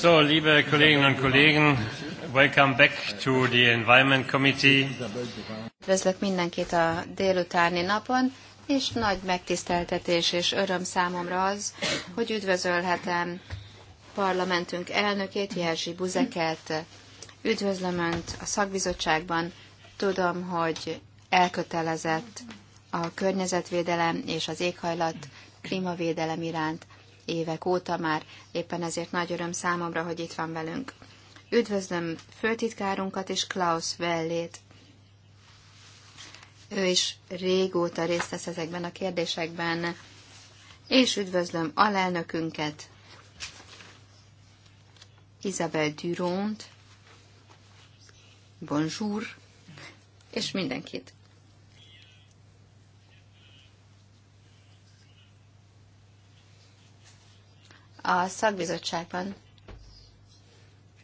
So, liebe Kolleginnen und Kollegen, welcome back to the Environment Committee. Üdvözlök mindenkit a délutáni napon, és nagy megtiszteltetés és öröm számomra az, hogy üdvözölhetem parlamentünk elnökét, Jerzy Buzeket. Üdvözlöm Önt a szakbizottságban. Tudom, hogy elkötelezett a környezetvédelem és az éghajlat klímavédelem iránt évek óta már, éppen ezért nagy öröm számomra, hogy itt van velünk. Üdvözlöm főtitkárunkat és Klaus Vellét. Ő is régóta részt vesz ezekben a kérdésekben, és üdvözlöm alelnökünket, Isabel Duront, bonjour, és mindenkit. A szakbizottságban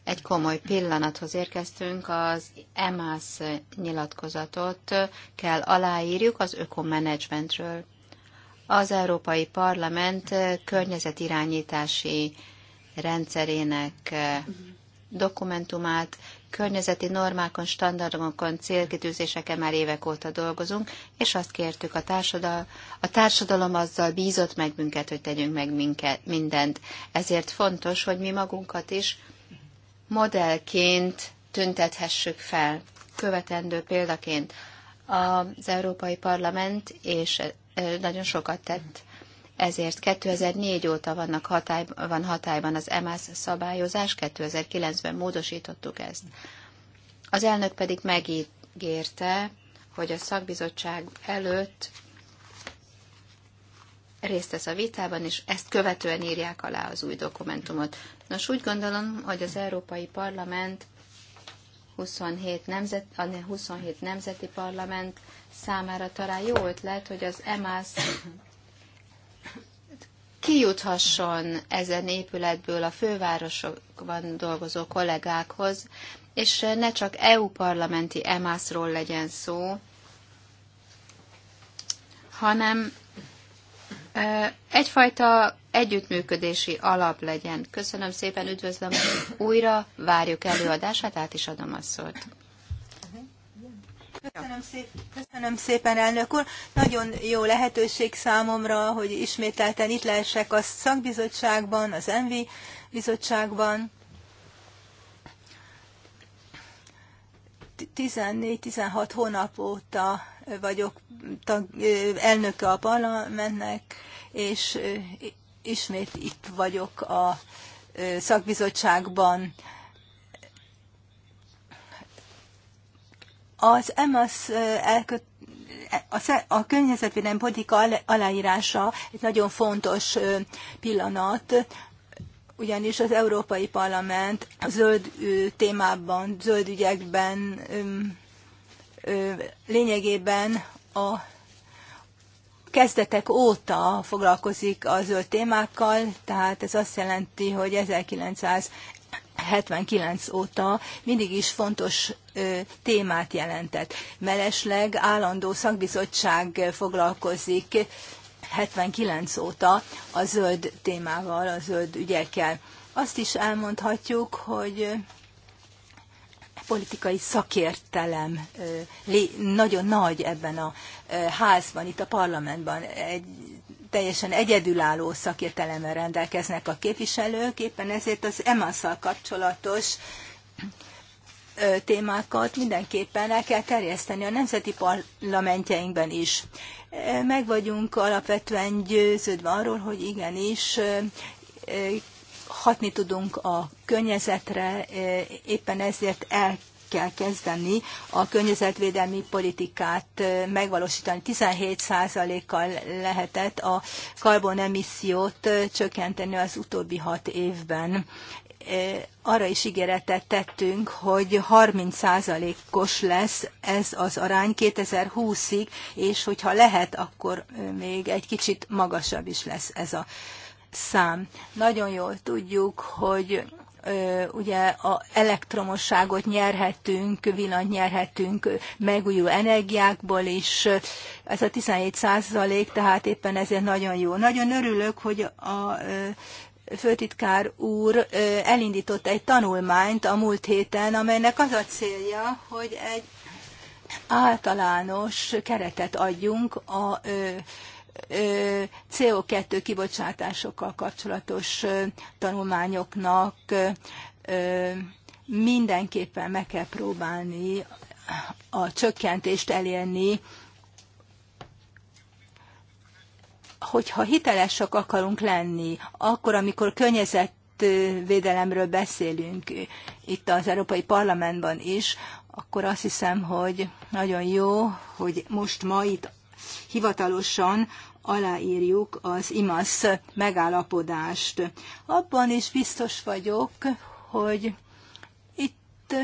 egy komoly pillanathoz érkeztünk, az EMAS nyilatkozatot kell aláírjuk az ökomenedzsmentről. Az Európai Parlament környezetirányítási rendszerének dokumentumát környezeti normákon, standardokon, célkitűzéseken már évek óta dolgozunk, és azt kértük a társadalom, a társadalom azzal bízott meg minket, hogy tegyünk meg minket, mindent. Ezért fontos, hogy mi magunkat is modellként tüntethessük fel, követendő példaként. Az Európai Parlament és nagyon sokat tett ezért 2004 óta vannak hatály, van hatályban az EMAS szabályozás, 2009-ben módosítottuk ezt. Az elnök pedig megígérte, hogy a szakbizottság előtt részt vesz a vitában, és ezt követően írják alá az új dokumentumot. Nos, úgy gondolom, hogy az Európai Parlament 27, nemzet, a 27 nemzeti parlament számára talán jó ötlet, hogy az EMAS kijuthasson ezen épületből a fővárosokban dolgozó kollégákhoz, és ne csak EU parlamenti EMAS-ról legyen szó, hanem egyfajta együttműködési alap legyen. Köszönöm szépen, üdvözlöm újra, várjuk előadását, át is adom a szót. Köszönöm szépen, köszönöm szépen, elnök úr. Nagyon jó lehetőség számomra, hogy ismételten itt lehessek a szakbizottságban, az ENVI bizottságban. 14-16 hónap óta vagyok tag, elnöke a parlamentnek, és ismét itt vagyok a szakbizottságban. Az EMAS elköt a környezetvédelmi politika aláírása egy nagyon fontos pillanat, ugyanis az Európai Parlament a zöld témában, zöld ügyekben lényegében a kezdetek óta foglalkozik a zöld témákkal, tehát ez azt jelenti, hogy 79 óta mindig is fontos témát jelentett. Melesleg állandó szakbizottság foglalkozik 79 óta a zöld témával, a zöld ügyekkel. Azt is elmondhatjuk, hogy politikai szakértelem nagyon nagy ebben a házban, itt a parlamentben. Egy teljesen egyedülálló szakértelemmel rendelkeznek a képviselők, éppen ezért az emasz szal kapcsolatos témákat mindenképpen el kell terjeszteni a nemzeti parlamentjeinkben is. Meg vagyunk alapvetően győződve arról, hogy igenis hatni tudunk a környezetre, éppen ezért el kell kezdeni a környezetvédelmi politikát megvalósítani. 17%-kal lehetett a karbonemissziót csökkenteni az utóbbi hat évben. Arra is ígéretet tettünk, hogy 30%-os lesz ez az arány 2020-ig, és hogyha lehet, akkor még egy kicsit magasabb is lesz ez a szám. Nagyon jól tudjuk, hogy ugye a elektromosságot nyerhetünk, villanyt nyerhetünk megújuló energiákból is, ez a 17 százalék, tehát éppen ezért nagyon jó. Nagyon örülök, hogy a főtitkár úr elindított egy tanulmányt a múlt héten, amelynek az a célja, hogy egy általános keretet adjunk a CO2 kibocsátásokkal kapcsolatos tanulmányoknak mindenképpen meg kell próbálni a csökkentést elérni, hogyha hitelesek akarunk lenni, akkor, amikor környezetvédelemről beszélünk itt az Európai Parlamentben is, akkor azt hiszem, hogy nagyon jó, hogy most ma itt hivatalosan aláírjuk az IMASZ megállapodást. Abban is biztos vagyok, hogy itt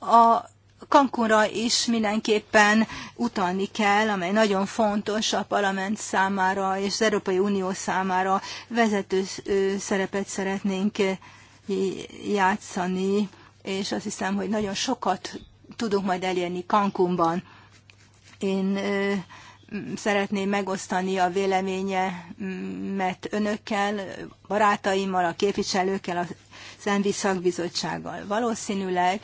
a Cancunra is mindenképpen utalni kell, amely nagyon fontos a parlament számára és az Európai Unió számára vezető szerepet szeretnénk játszani, és azt hiszem, hogy nagyon sokat tudunk majd elérni Cancunban. Én szeretném megosztani a véleményemet önökkel, barátaimmal, a képviselőkkel, a Szenvi Szakbizottsággal. Valószínűleg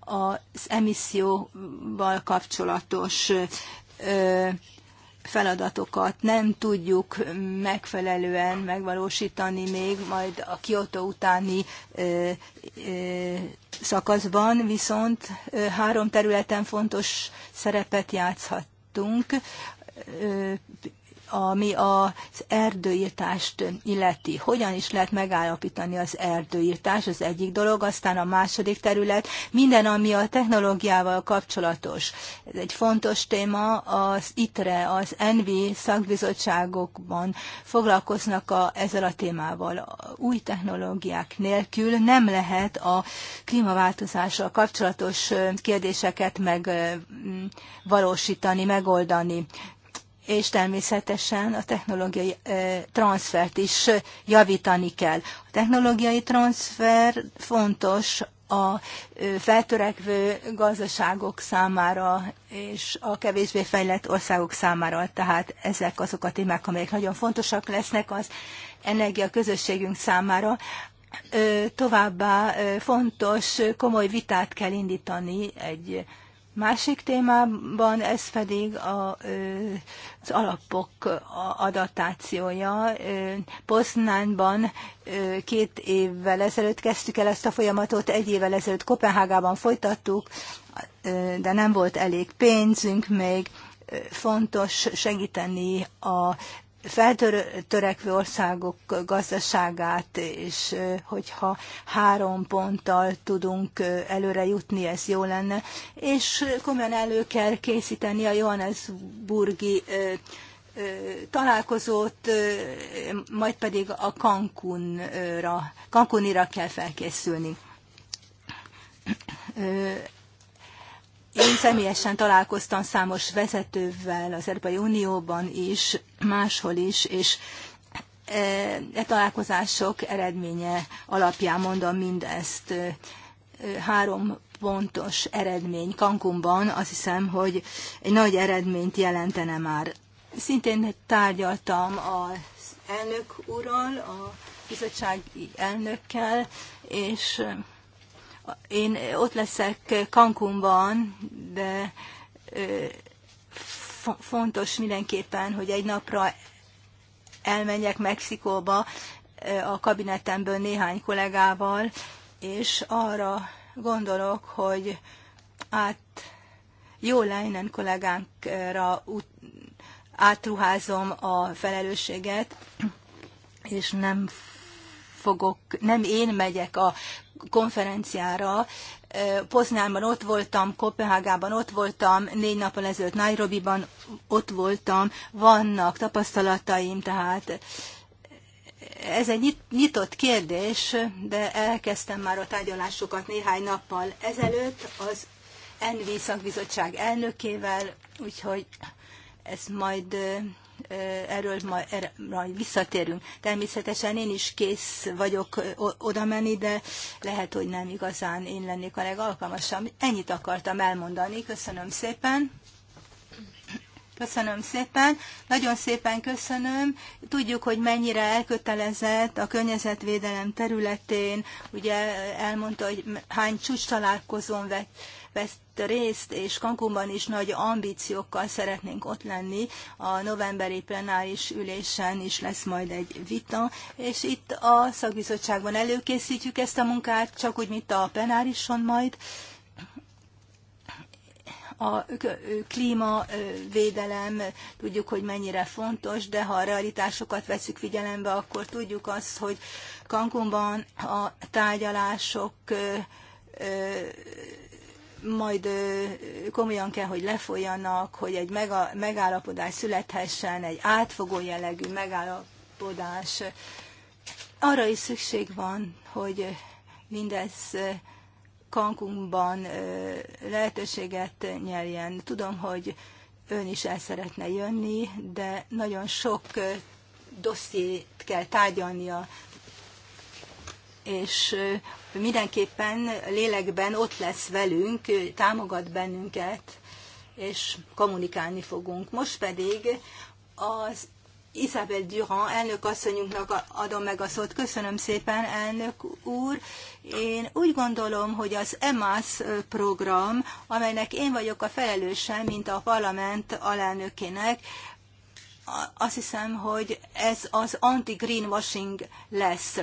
az emisszióval kapcsolatos feladatokat nem tudjuk megfelelően megvalósítani még majd a Kyoto utáni ö, ö, szakaszban, viszont ö, három területen fontos szerepet játszhattunk. Ö, ami az erdőírtást illeti. Hogyan is lehet megállapítani az erdőírtás, az egyik dolog, aztán a második terület, minden, ami a technológiával kapcsolatos. Ez egy fontos téma, az ITRE, az ENVI szakbizottságokban foglalkoznak a, ezzel a témával. Új technológiák nélkül nem lehet a klímaváltozással kapcsolatos kérdéseket megvalósítani, mm, megoldani és természetesen a technológiai transfert is javítani kell. A technológiai transfer fontos a feltörekvő gazdaságok számára és a kevésbé fejlett országok számára. Tehát ezek azok a témák, amelyek nagyon fontosak lesznek az energia közösségünk számára. Továbbá fontos, komoly vitát kell indítani egy Másik témában ez pedig a, az alapok adatációja. Poznánban két évvel ezelőtt kezdtük el ezt a folyamatot, egy évvel ezelőtt Kopenhágában folytattuk, de nem volt elég pénzünk még. Fontos segíteni a feltörekvő országok gazdaságát, és hogyha három ponttal tudunk előre jutni, ez jó lenne, és komolyan elő kell készíteni a Johannesburgi találkozót, majd pedig a Cancunra, Cancunira kell felkészülni én személyesen találkoztam számos vezetővel az Európai Unióban is, máshol is, és e, e találkozások eredménye alapján mondom mindezt. E, három pontos eredmény Cancunban azt hiszem, hogy egy nagy eredményt jelentene már. Szintén tárgyaltam az elnök úrral, a bizottsági elnökkel, és én ott leszek Cancúnban, de fontos mindenképpen, hogy egy napra elmenjek Mexikóba a kabinetemből néhány kollégával, és arra gondolok, hogy át jó lejnen kollégánkra átruházom a felelősséget, és nem fogok, nem én megyek a konferenciára. Poznánban ott voltam, Kopenhágában ott voltam, négy nappal ezelőtt Nairobiban ott voltam, vannak tapasztalataim, tehát ez egy nyitott kérdés, de elkezdtem már a tárgyalásokat néhány nappal ezelőtt az NV szakbizottság elnökével, úgyhogy ez majd erről majd visszatérünk. Természetesen én is kész vagyok oda menni, de lehet, hogy nem igazán én lennék a legalkalmasabb. Ennyit akartam elmondani. Köszönöm szépen. Köszönöm szépen, nagyon szépen köszönöm. Tudjuk, hogy mennyire elkötelezett a környezetvédelem területén, ugye elmondta, hogy hány csúcs találkozón vett vett részt, és Cancúnban is nagy ambíciókkal szeretnénk ott lenni. A novemberi plenáris ülésen is lesz majd egy vita, és itt a szakbizottságban előkészítjük ezt a munkát, csak úgy, mint a plenárison majd a klímavédelem, tudjuk, hogy mennyire fontos, de ha a realitásokat veszük figyelembe, akkor tudjuk azt, hogy kankumban a tárgyalások majd komolyan kell, hogy lefolyanak, hogy egy megállapodás születhessen, egy átfogó jellegű megállapodás. Arra is szükség van, hogy mindez kankunkban lehetőséget nyerjen. Tudom, hogy ön is el szeretne jönni, de nagyon sok dossziét kell a és mindenképpen lélekben ott lesz velünk, támogat bennünket, és kommunikálni fogunk. Most pedig az Isabel Durand elnökasszonyunknak adom meg a szót. Köszönöm szépen, elnök úr. Én úgy gondolom, hogy az EMAS program, amelynek én vagyok a felelőse, mint a parlament alelnökének, azt hiszem, hogy ez az anti-greenwashing lesz.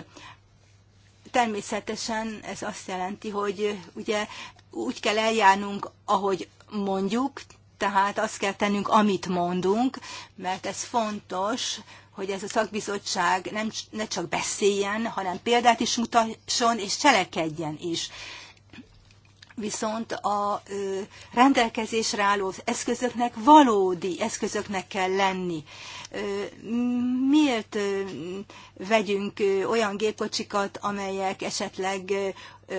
Természetesen ez azt jelenti, hogy ugye úgy kell eljárnunk, ahogy mondjuk, tehát azt kell tennünk, amit mondunk, mert ez fontos, hogy ez a szakbizottság nem, ne csak beszéljen, hanem példát is mutasson, és cselekedjen is viszont a rendelkezésre álló eszközöknek valódi eszközöknek kell lenni. Miért vegyünk olyan gépkocsikat, amelyek esetleg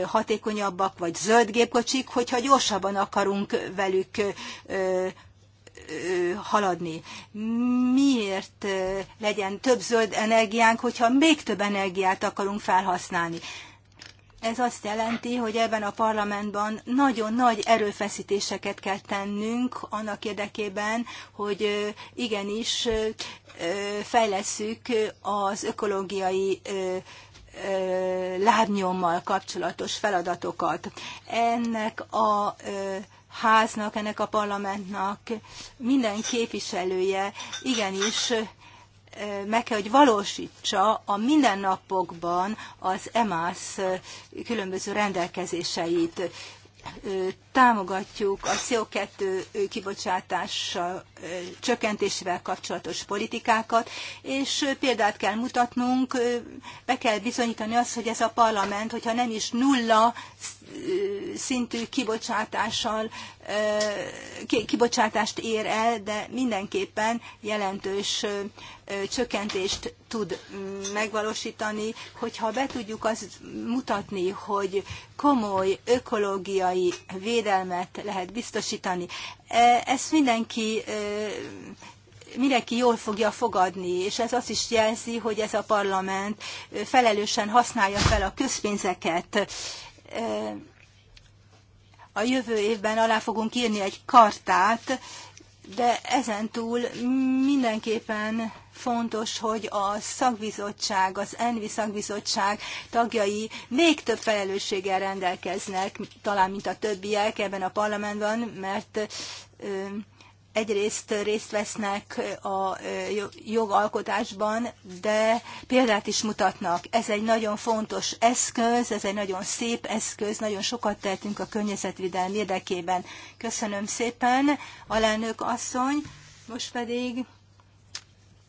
hatékonyabbak, vagy zöld gépkocsik, hogyha gyorsabban akarunk velük haladni. Miért legyen több zöld energiánk, hogyha még több energiát akarunk felhasználni? Ez azt jelenti, hogy ebben a parlamentben nagyon nagy erőfeszítéseket kell tennünk annak érdekében, hogy igenis fejleszük az ökológiai lábnyommal kapcsolatos feladatokat. Ennek a háznak, ennek a parlamentnak minden képviselője igenis meg kell, hogy valósítsa a mindennapokban az EMAS különböző rendelkezéseit támogatjuk a CO2 kibocsátással csökkentésével kapcsolatos politikákat, és példát kell mutatnunk, be kell bizonyítani azt, hogy ez a parlament, hogyha nem is nulla szintű kibocsátással, kibocsátást ér el, de mindenképpen jelentős csökkentést tud mm, megvalósítani, hogyha be tudjuk azt mutatni, hogy komoly ökológiai védelmi védelmet lehet biztosítani. E, ezt mindenki e, mindenki jól fogja fogadni, és ez azt is jelzi, hogy ez a parlament e, felelősen használja fel a közpénzeket. A jövő évben alá fogunk írni egy kartát, de ezen túl mindenképpen fontos, hogy a szakbizottság, az ENVI szakbizottság tagjai még több felelősséggel rendelkeznek, talán mint a többiek ebben a parlamentben, mert egyrészt részt vesznek a jogalkotásban, de példát is mutatnak. Ez egy nagyon fontos eszköz, ez egy nagyon szép eszköz, nagyon sokat tehetünk a környezetvédelmi érdekében. Köszönöm szépen, alelnök asszony, most pedig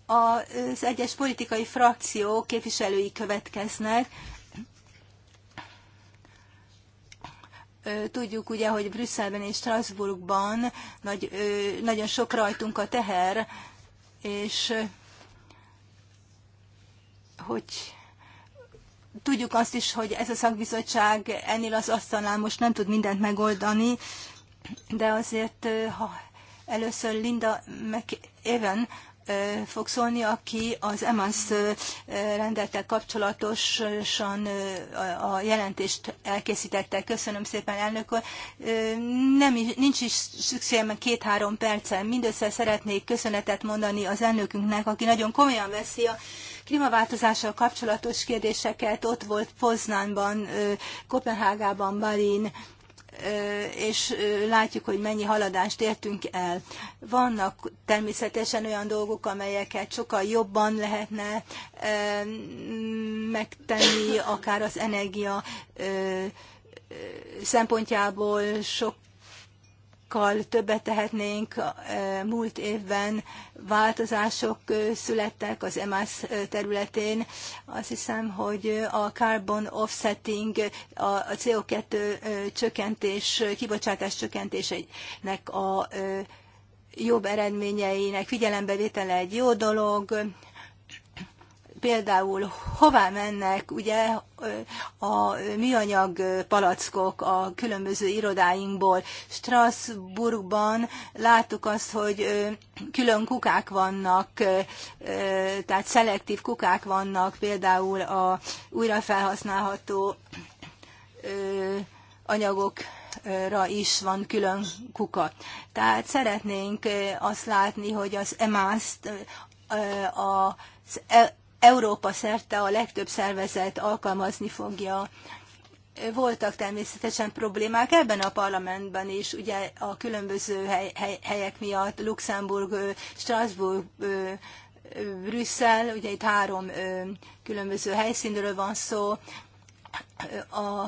az egyes politikai frakció képviselői következnek. Tudjuk ugye, hogy Brüsszelben és Strasbourgban nagy, nagyon sok rajtunk a teher, és hogy tudjuk azt is, hogy ez a szakbizottság ennél az asztalnál most nem tud mindent megoldani, de azért ha először Linda McEwen fog szólni, aki az EMASZ rendeltel kapcsolatosan a jelentést elkészítette. Köszönöm szépen, elnök úr. Nem, nincs is szükségem két-három percen. Mindössze szeretnék köszönetet mondani az elnökünknek, aki nagyon komolyan veszi a klímaváltozással kapcsolatos kérdéseket. Ott volt Poznánban, Kopenhágában, Balin, és látjuk, hogy mennyi haladást értünk el. Vannak természetesen olyan dolgok, amelyeket sokkal jobban lehetne megtenni, akár az energia szempontjából sok sokkal többet tehetnénk. Múlt évben változások születtek az EMAS területén. Azt hiszem, hogy a carbon offsetting, a CO2 csökkentés, kibocsátás csökkentésének a jobb eredményeinek figyelembevétele egy jó dolog, például hová mennek ugye a műanyag palackok a különböző irodáinkból. Strasbourgban láttuk azt, hogy külön kukák vannak, tehát szelektív kukák vannak például a újrafelhasználható anyagok is van külön kuka. Tehát szeretnénk azt látni, hogy az EMAS-t az e- Európa szerte a legtöbb szervezet alkalmazni fogja. Voltak természetesen problémák ebben a parlamentben is, ugye a különböző hely, hely, helyek miatt, Luxemburg, Strasbourg, Brüsszel, ugye itt három különböző helyszínről van szó, a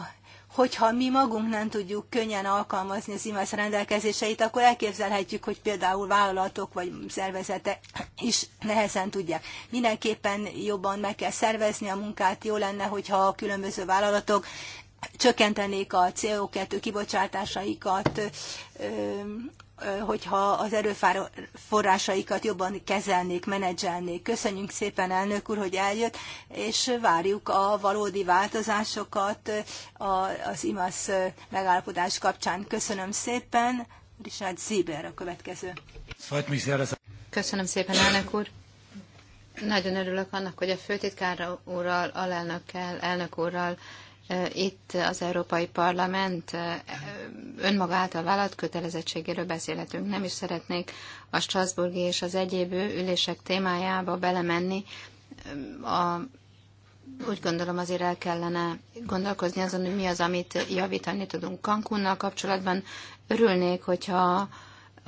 hogyha mi magunk nem tudjuk könnyen alkalmazni az IMASZ rendelkezéseit, akkor elképzelhetjük, hogy például vállalatok vagy szervezetek is nehezen tudják. Mindenképpen jobban meg kell szervezni a munkát, jó lenne, hogyha a különböző vállalatok csökkentenék a CO2 kibocsátásaikat, hogyha az erőforrásaikat jobban kezelnék, menedzselnék. Köszönjük szépen, elnök úr, hogy eljött, és várjuk a valódi változásokat az imas megállapodás kapcsán. Köszönöm szépen. Richard Zieber a következő. Köszönöm szépen, elnök úr. Nagyon örülök annak, hogy a főtitkár úrral, alelnökkel, elnök úrral itt az Európai Parlament önmaga által vállalt kötelezettségéről beszélhetünk. Nem is szeretnék a Strasburgi és az egyéb ülések témájába belemenni. A, úgy gondolom azért el kellene gondolkozni azon, hogy mi az, amit javítani tudunk Cancunnal kapcsolatban. Örülnék, hogyha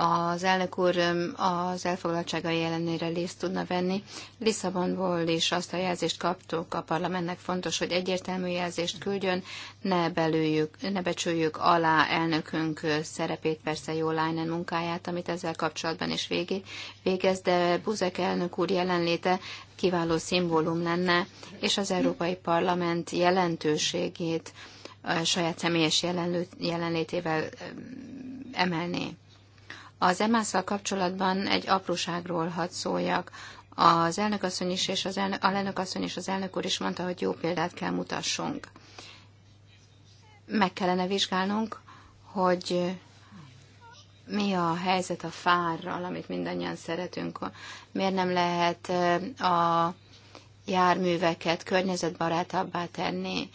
az elnök úr az elfoglaltságai ellenére részt tudna venni. Lisszabonból is azt a jelzést kaptuk, a parlamentnek fontos, hogy egyértelmű jelzést küldjön, ne, belüljük, ne becsüljük alá elnökünk szerepét, persze jó Lájnen munkáját, amit ezzel kapcsolatban is végé, végez, de Buzek elnök úr jelenléte kiváló szimbólum lenne, és az Európai Parlament jelentőségét saját személyes jelenlétével emelné. Az emász kapcsolatban egy apróságról hadd szóljak. Az elnökasszony is, és az elnök, a elnökasszony és az elnök úr is mondta, hogy jó példát kell mutassunk. Meg kellene vizsgálnunk, hogy mi a helyzet a fárral, amit mindannyian szeretünk. Miért nem lehet a járműveket környezetbarátabbá tenni?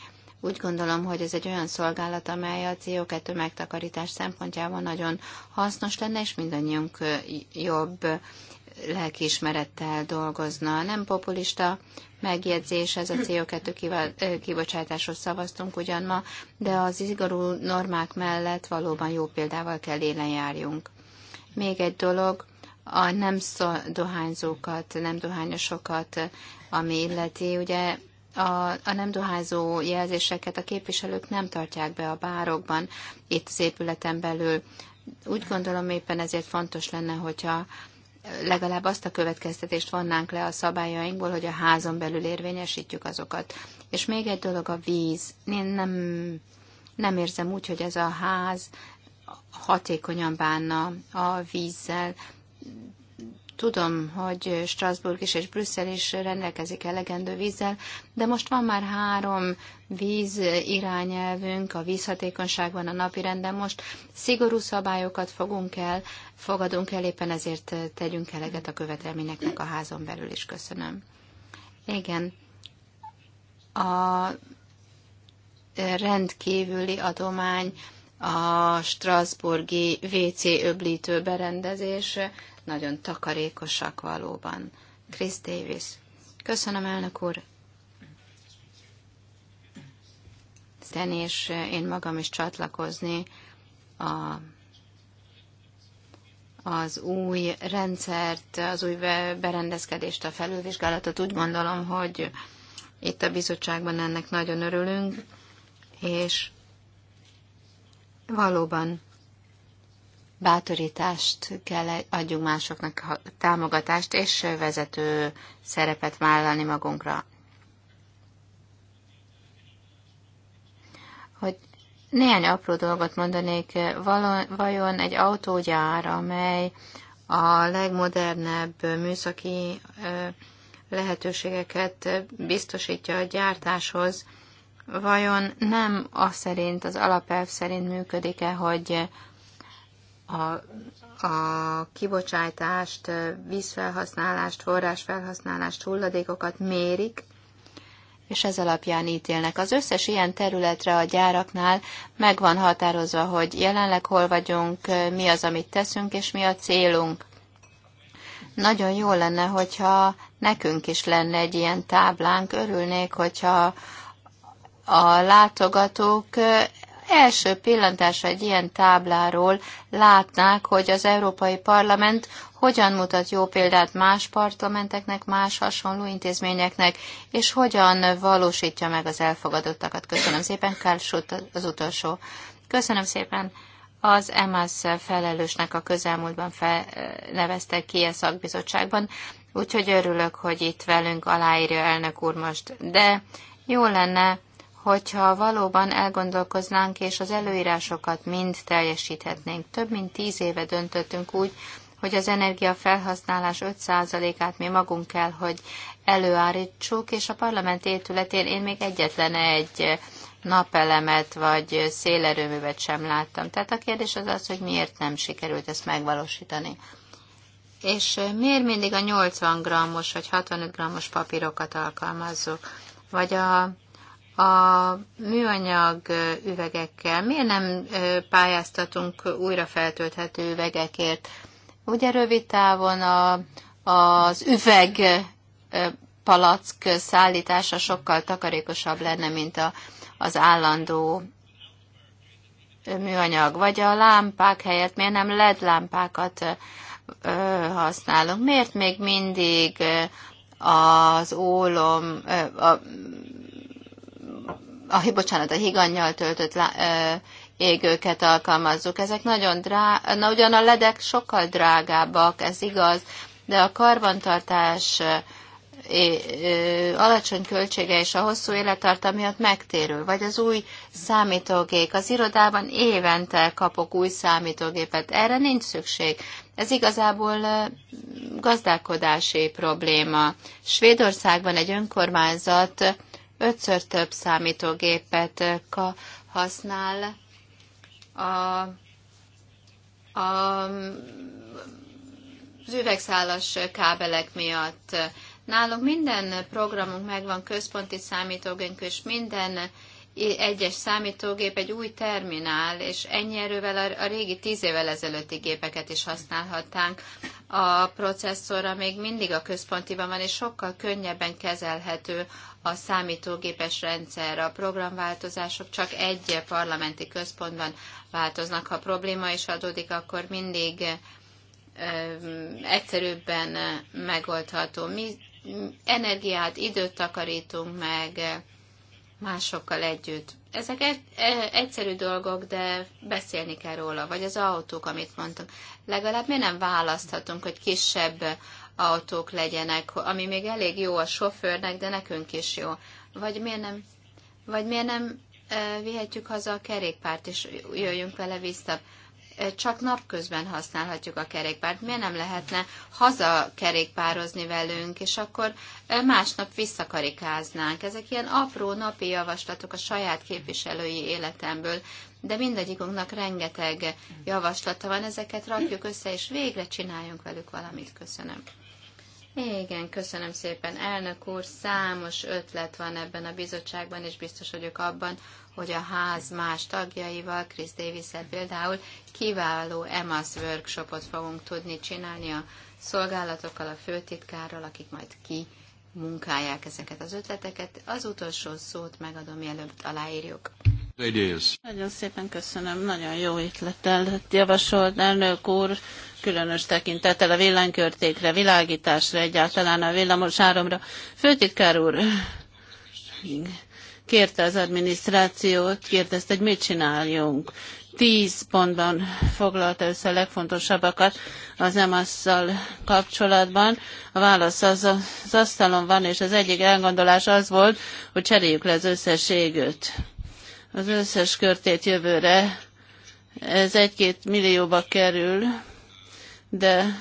Úgy gondolom, hogy ez egy olyan szolgálat, amely a CO2 megtakarítás szempontjából nagyon hasznos lenne, és mindannyiunk jobb lelkiismerettel dolgozna. Nem populista megjegyzés, ez a CO2 kibocsátásról szavaztunk ugyan ma, de az izgarú normák mellett valóban jó példával kell élen járjunk. Még egy dolog, a nem dohányzókat, nem dohányosokat, ami illeti, ugye a, a nem dohányzó jelzéseket a képviselők nem tartják be a bárokban, itt az épületen belül. Úgy gondolom éppen ezért fontos lenne, hogyha legalább azt a következtetést vannánk le a szabályainkból, hogy a házon belül érvényesítjük azokat. És még egy dolog a víz. Én nem, nem érzem úgy, hogy ez a ház hatékonyan bánna a vízzel. Tudom, hogy Strasbourg is és Brüsszel is rendelkezik elegendő vízzel, de most van már három víz irányelvünk, a vízhatékonyság van a napi renden most. Szigorú szabályokat fogunk el, fogadunk el, éppen ezért tegyünk eleget a követelményeknek a házon belül is. Köszönöm. Igen. A rendkívüli adomány a Strasburgi WC öblítő berendezés nagyon takarékosak valóban. Chris Davis. Köszönöm, elnök úr. Szen és én magam is csatlakozni a, az új rendszert, az új berendezkedést, a felülvizsgálatot. Úgy gondolom, hogy itt a bizottságban ennek nagyon örülünk, és valóban bátorítást kell adjunk másoknak, támogatást és vezető szerepet vállalni magunkra. Hogy néhány apró dolgot mondanék, vajon egy autógyár, amely a legmodernebb műszaki lehetőségeket biztosítja a gyártáshoz, vajon nem a szerint, az alapelv szerint működik-e, hogy a, a kibocsátást, vízfelhasználást, forrásfelhasználást, hulladékokat mérik, és ez alapján ítélnek. Az összes ilyen területre a gyáraknál meg van határozva, hogy jelenleg hol vagyunk, mi az, amit teszünk, és mi a célunk. Nagyon jó lenne, hogyha nekünk is lenne egy ilyen táblánk, örülnék, hogyha a látogatók első pillantásra egy ilyen tábláról látnák, hogy az Európai Parlament hogyan mutat jó példát más parlamenteknek, más hasonló intézményeknek, és hogyan valósítja meg az elfogadottakat. Köszönöm szépen, Karl Schutt az utolsó. Köszönöm szépen az EMAS felelősnek a közelmúltban fe nevezte ki a szakbizottságban, úgyhogy örülök, hogy itt velünk aláírja elnök úr most, de jó lenne, hogyha valóban elgondolkoznánk, és az előírásokat mind teljesíthetnénk. Több mint tíz éve döntöttünk úgy, hogy az energiafelhasználás 5%-át mi magunk kell, hogy előállítsuk, és a parlament épületén én még egyetlen egy napelemet vagy szélerőművet sem láttam. Tehát a kérdés az az, hogy miért nem sikerült ezt megvalósítani. És miért mindig a 80 grammos vagy 65 grammos papírokat alkalmazzuk? Vagy a a műanyag üvegekkel miért nem pályáztatunk újra feltölthető üvegekért? Ugye rövid távon a, az üveg palack szállítása sokkal takarékosabb lenne, mint a, az állandó műanyag, vagy a lámpák helyett miért nem LED lámpákat ö, használunk? Miért még mindig az ólom, ö, a a, bocsánat, a higannyal töltött lá, ö, égőket alkalmazzuk. Ezek nagyon drága, na ugyan a ledek sokkal drágábbak, ez igaz, de a karbantartás ö, ö, alacsony költsége és a hosszú élettartam miatt megtérül, vagy az új számítógép. Az irodában évente kapok új számítógépet, erre nincs szükség. Ez igazából gazdálkodási probléma. Svédországban egy önkormányzat ötször több számítógépet eh, használ a, a, az üvegszálas kábelek miatt. Nálunk minden programunk megvan, központi számítógépünk, és minden egyes számítógép egy új terminál, és ennyi erővel a, a régi tíz évvel ezelőtti gépeket is használhatnánk, a processzorra még mindig a központiban van, és sokkal könnyebben kezelhető a számítógépes rendszer. A programváltozások csak egy parlamenti központban változnak. Ha probléma is adódik, akkor mindig ö, egyszerűbben megoldható. Mi energiát, időt takarítunk meg másokkal együtt. Ezek egy, e, egyszerű dolgok, de beszélni kell róla, vagy az autók, amit mondtam. Legalább mi nem választhatunk, hogy kisebb autók legyenek, ami még elég jó a sofőrnek, de nekünk is jó. Vagy miért nem, vagy miért nem e, vihetjük haza a kerékpárt, és jöjjünk vele vissza csak napközben használhatjuk a kerékpárt. Miért nem lehetne haza kerékpározni velünk, és akkor másnap visszakarikáznánk. Ezek ilyen apró napi javaslatok a saját képviselői életemből, de mindegyikunknak rengeteg javaslata van, ezeket rakjuk össze, és végre csináljunk velük valamit. Köszönöm. Igen, köszönöm szépen, elnök úr. Számos ötlet van ebben a bizottságban, és biztos vagyok abban, hogy a ház más tagjaival, Chris davis például kiváló EMAS workshopot fogunk tudni csinálni a szolgálatokkal, a főtitkárral, akik majd ki munkálják ezeket az ötleteket. Az utolsó szót megadom, mielőtt aláírjuk. Nagyon szépen köszönöm, nagyon jó ötlettel javasolt elnök úr, különös tekintettel a villanykörtékre, világításra, egyáltalán a villamos áramra. Főtitkár úr, kérte az adminisztrációt, kérdezte, hogy mit csináljunk. Tíz pontban foglalta össze a legfontosabbakat az EMAS-szal kapcsolatban. A válasz az, az asztalon van, és az egyik elgondolás az volt, hogy cseréljük le az összes égőt. Az összes körtét jövőre. Ez egy-két millióba kerül, de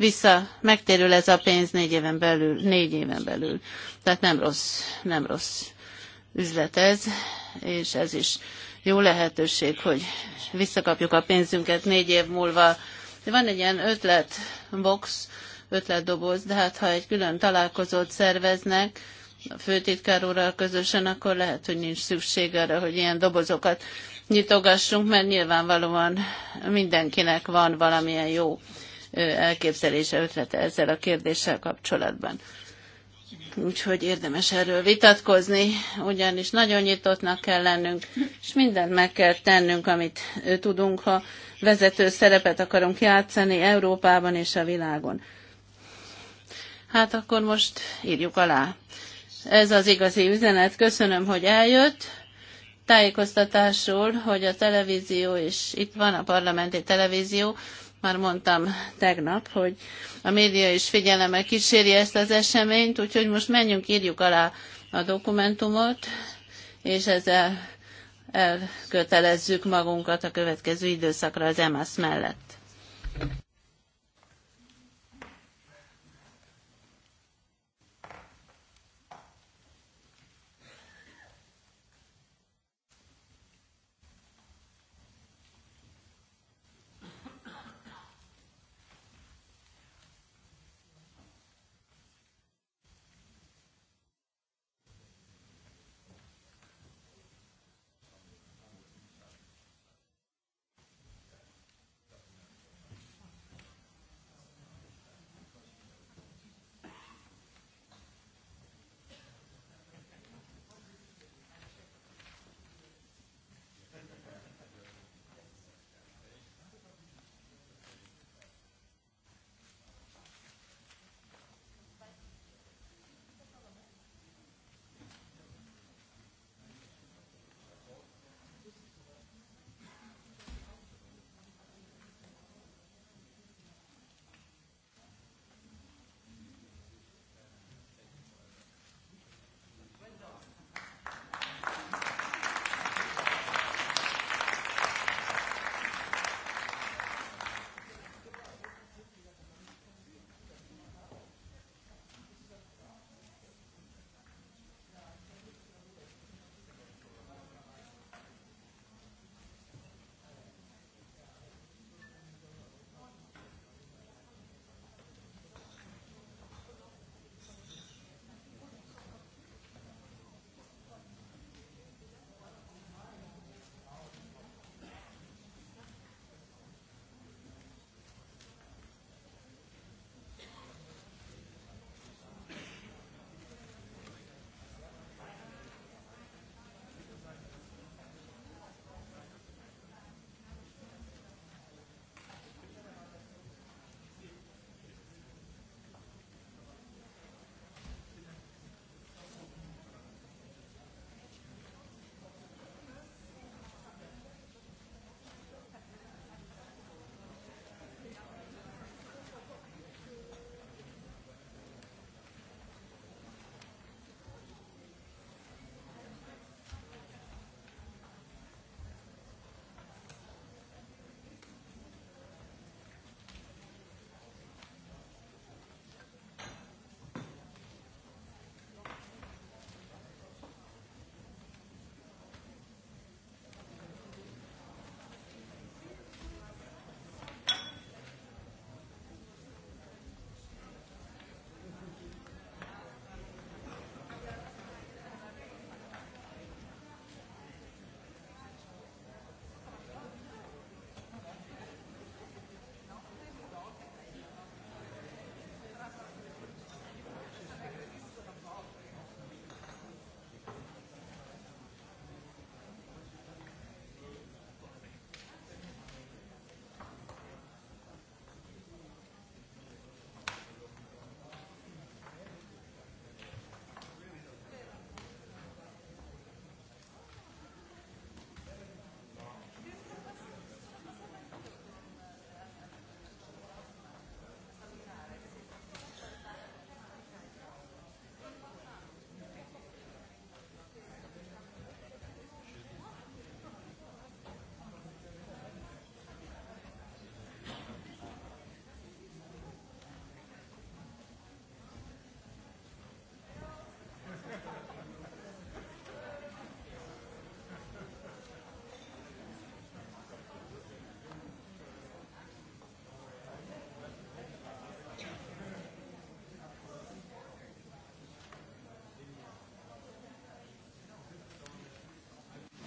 vissza, megtérül ez a pénz négy éven belül, négy éven belül. Tehát nem rossz, nem rossz üzlet ez, és ez is jó lehetőség, hogy visszakapjuk a pénzünket négy év múlva. Van egy ilyen ötlet box, ötletdoboz, de hát ha egy külön találkozót szerveznek, a főtitkár úrral közösen, akkor lehet, hogy nincs szükség arra, hogy ilyen dobozokat nyitogassunk, mert nyilvánvalóan mindenkinek van valamilyen jó elképzelése, ötlete ezzel a kérdéssel kapcsolatban. Úgyhogy érdemes erről vitatkozni, ugyanis nagyon nyitottnak kell lennünk, és mindent meg kell tennünk, amit tudunk, ha vezető szerepet akarunk játszani Európában és a világon. Hát akkor most írjuk alá. Ez az igazi üzenet. Köszönöm, hogy eljött. Tájékoztatásról, hogy a televízió, és itt van a parlamenti televízió, már mondtam tegnap, hogy a média is figyelemmel kíséri ezt az eseményt, úgyhogy most menjünk, írjuk alá a dokumentumot, és ezzel elkötelezzük magunkat a következő időszakra az EMASZ mellett.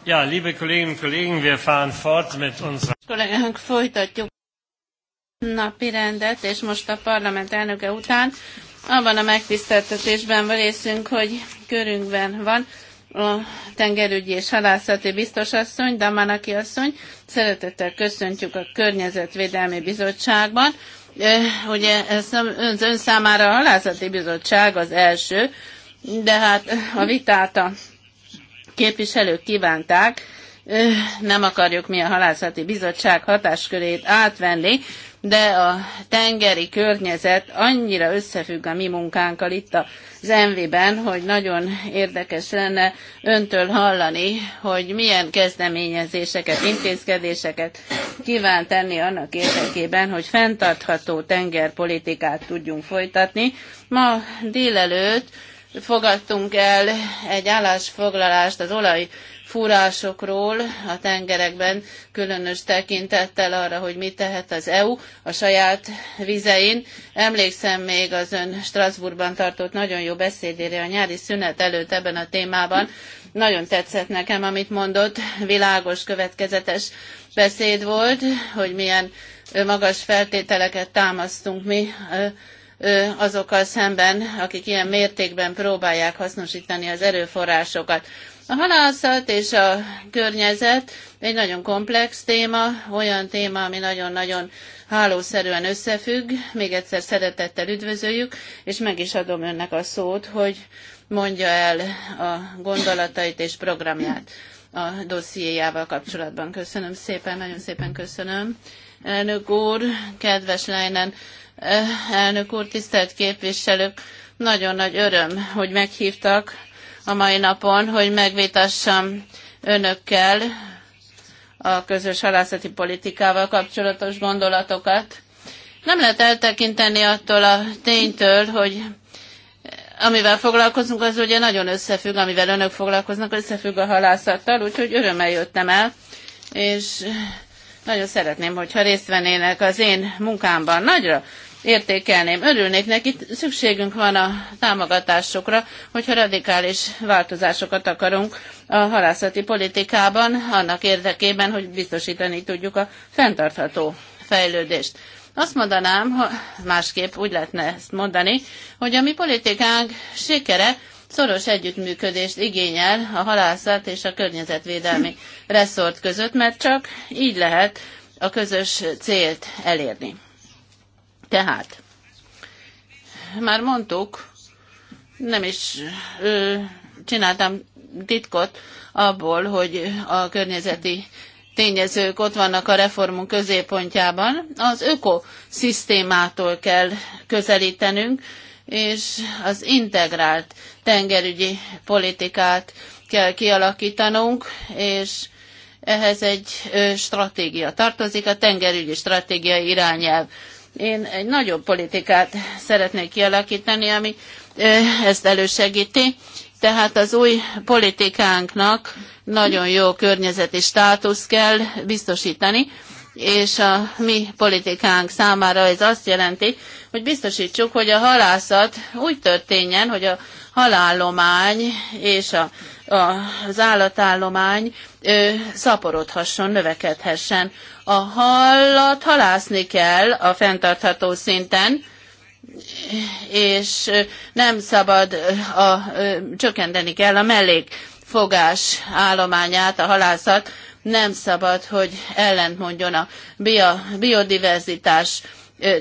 Ja, liebe Kolleginnen und Kollegen, wir fahren fort mit unserer... Kollegenk, folytatjuk napi rendet, és most a parlament elnöke után abban a megtiszteltetésben van részünk, hogy körünkben van a tengerügyi és halászati biztosasszony, Damanaki asszony. Szeretettel köszöntjük a Környezetvédelmi Bizottságban. Ugye ez ön, ön számára a halászati bizottság az első, de hát a vitát a képviselők kívánták, nem akarjuk mi a halászati bizottság hatáskörét átvenni, de a tengeri környezet annyira összefügg a mi munkánkkal itt az MV-ben, hogy nagyon érdekes lenne öntől hallani, hogy milyen kezdeményezéseket, intézkedéseket kíván tenni annak érdekében, hogy fenntartható tengerpolitikát tudjunk folytatni. Ma délelőtt fogadtunk el egy állásfoglalást az olaj fúrásokról a tengerekben, különös tekintettel arra, hogy mit tehet az EU a saját vizein. Emlékszem még az ön Strasbourgban tartott nagyon jó beszédére a nyári szünet előtt ebben a témában. Nagyon tetszett nekem, amit mondott, világos, következetes beszéd volt, hogy milyen magas feltételeket támasztunk mi azokkal szemben, akik ilyen mértékben próbálják hasznosítani az erőforrásokat. A halászat és a környezet egy nagyon komplex téma, olyan téma, ami nagyon-nagyon hálószerűen összefügg. Még egyszer szeretettel üdvözöljük, és meg is adom önnek a szót, hogy mondja el a gondolatait és programját a dossziéjával kapcsolatban. Köszönöm szépen, nagyon szépen köszönöm. Elnök úr, kedves Leinen Eh, elnök úr, tisztelt képviselők! Nagyon nagy öröm, hogy meghívtak a mai napon, hogy megvitassam önökkel a közös halászati politikával kapcsolatos gondolatokat. Nem lehet eltekinteni attól a ténytől, hogy amivel foglalkozunk, az ugye nagyon összefügg, amivel önök foglalkoznak, összefügg a halászattal, úgyhogy örömmel jöttem el, és nagyon szeretném, hogyha részt vennének az én munkámban. Nagyra értékelném, örülnék neki, szükségünk van a támogatásokra, hogyha radikális változásokat akarunk a halászati politikában, annak érdekében, hogy biztosítani tudjuk a fenntartható fejlődést. Azt mondanám, ha másképp úgy lehetne ezt mondani, hogy a mi politikánk sikere szoros együttműködést igényel a halászat és a környezetvédelmi reszort között, mert csak így lehet a közös célt elérni. Tehát, már mondtuk, nem is ö, csináltam titkot abból, hogy a környezeti tényezők ott vannak a reformunk középpontjában. Az ökoszisztémától kell közelítenünk, és az integrált tengerügyi politikát kell kialakítanunk, és ehhez egy stratégia tartozik, a tengerügyi stratégia irányelv. Én egy nagyobb politikát szeretnék kialakítani, ami ezt elősegíti, tehát az új politikánknak nagyon jó környezeti státusz kell biztosítani, és a mi politikánk számára ez azt jelenti, hogy biztosítsuk, hogy a halászat úgy történjen, hogy a halállomány és a, a, az állatállomány ö, szaporodhasson, növekedhessen. A hallat halászni kell a fenntartható szinten, és nem szabad a, a, csökkenteni kell a mellékfogás állományát a halászat nem szabad, hogy ellentmondjon a bio, biodiverzitás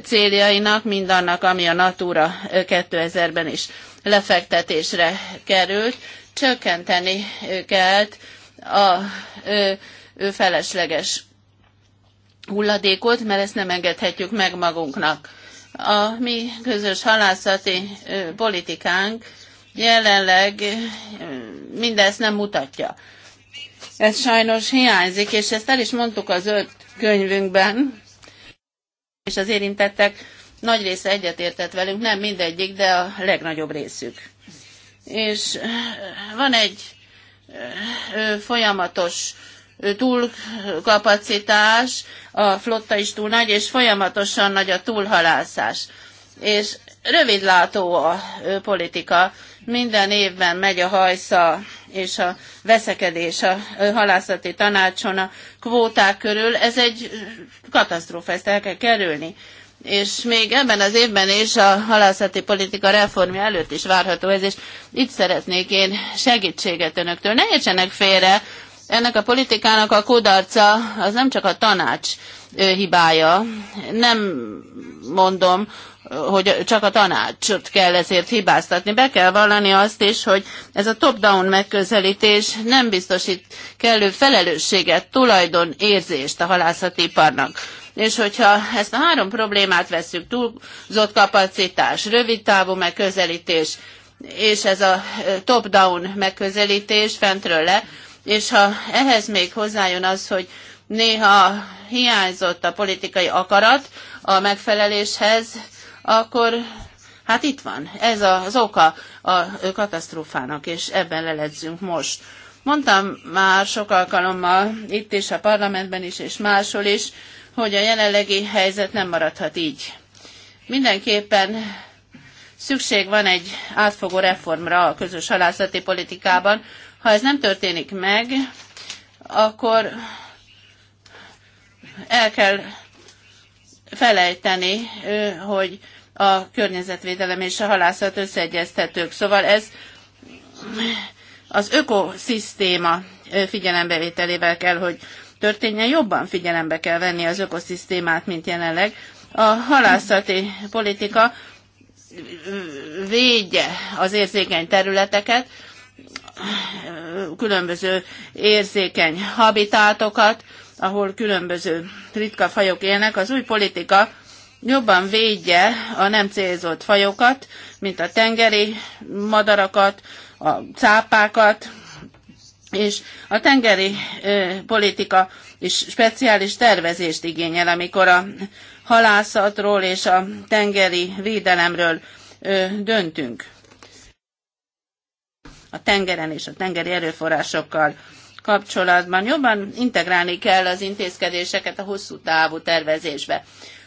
céljainak, mindannak, ami a Natura 2000-ben is lefektetésre került. Csökkenteni kellett a ö, ö, felesleges hulladékot, mert ezt nem engedhetjük meg magunknak. A mi közös halászati ö, politikánk jelenleg ö, mindezt nem mutatja. Ez sajnos hiányzik, és ezt el is mondtuk az öt könyvünkben, és az érintettek nagy része egyetértett velünk, nem mindegyik, de a legnagyobb részük. És eh, van egy eh, folyamatos túlkapacitás, a flotta is túl nagy, és folyamatosan nagy a túlhalászás. És rövidlátó a politika, minden évben megy a hajsza és a veszekedés a halászati tanácson a kvóták körül. Ez egy katasztrófa, ezt el kell kerülni és még ebben az évben is a halászati politika reformja előtt is várható ez, és itt szeretnék én segítséget önöktől. Ne értsenek félre, ennek a politikának a kudarca az nem csak a tanács hibája. Nem mondom, hogy csak a tanácsot kell ezért hibáztatni. Be kell vallani azt is, hogy ez a top-down megközelítés nem biztosít kellő felelősséget, tulajdon érzést a halászatiparnak. És hogyha ezt a három problémát veszük, túlzott kapacitás, rövid távú megközelítés, és ez a top-down megközelítés fentről le, és ha ehhez még hozzájön az, hogy néha hiányzott a politikai akarat a megfeleléshez, akkor hát itt van, ez az oka a katasztrófának, és ebben leledzünk most. Mondtam már sok alkalommal itt is, a parlamentben is, és máshol is, hogy a jelenlegi helyzet nem maradhat így. Mindenképpen szükség van egy átfogó reformra a közös halászati politikában. Ha ez nem történik meg, akkor el kell felejteni, hogy a környezetvédelem és a halászat összeegyeztetők. Szóval ez az ökoszisztéma figyelembevételével kell, hogy történjen, jobban figyelembe kell venni az ökoszisztémát, mint jelenleg. A halászati politika védje az érzékeny területeket, különböző érzékeny habitátokat, ahol különböző ritka fajok élnek, az új politika jobban védje a nem célzott fajokat, mint a tengeri madarakat, a cápákat, és a tengeri ö, politika is speciális tervezést igényel, amikor a halászatról és a tengeri védelemről ö, döntünk. A tengeren és a tengeri erőforrásokkal kapcsolatban. Jobban integrálni kell az intézkedéseket a hosszú távú tervezésbe.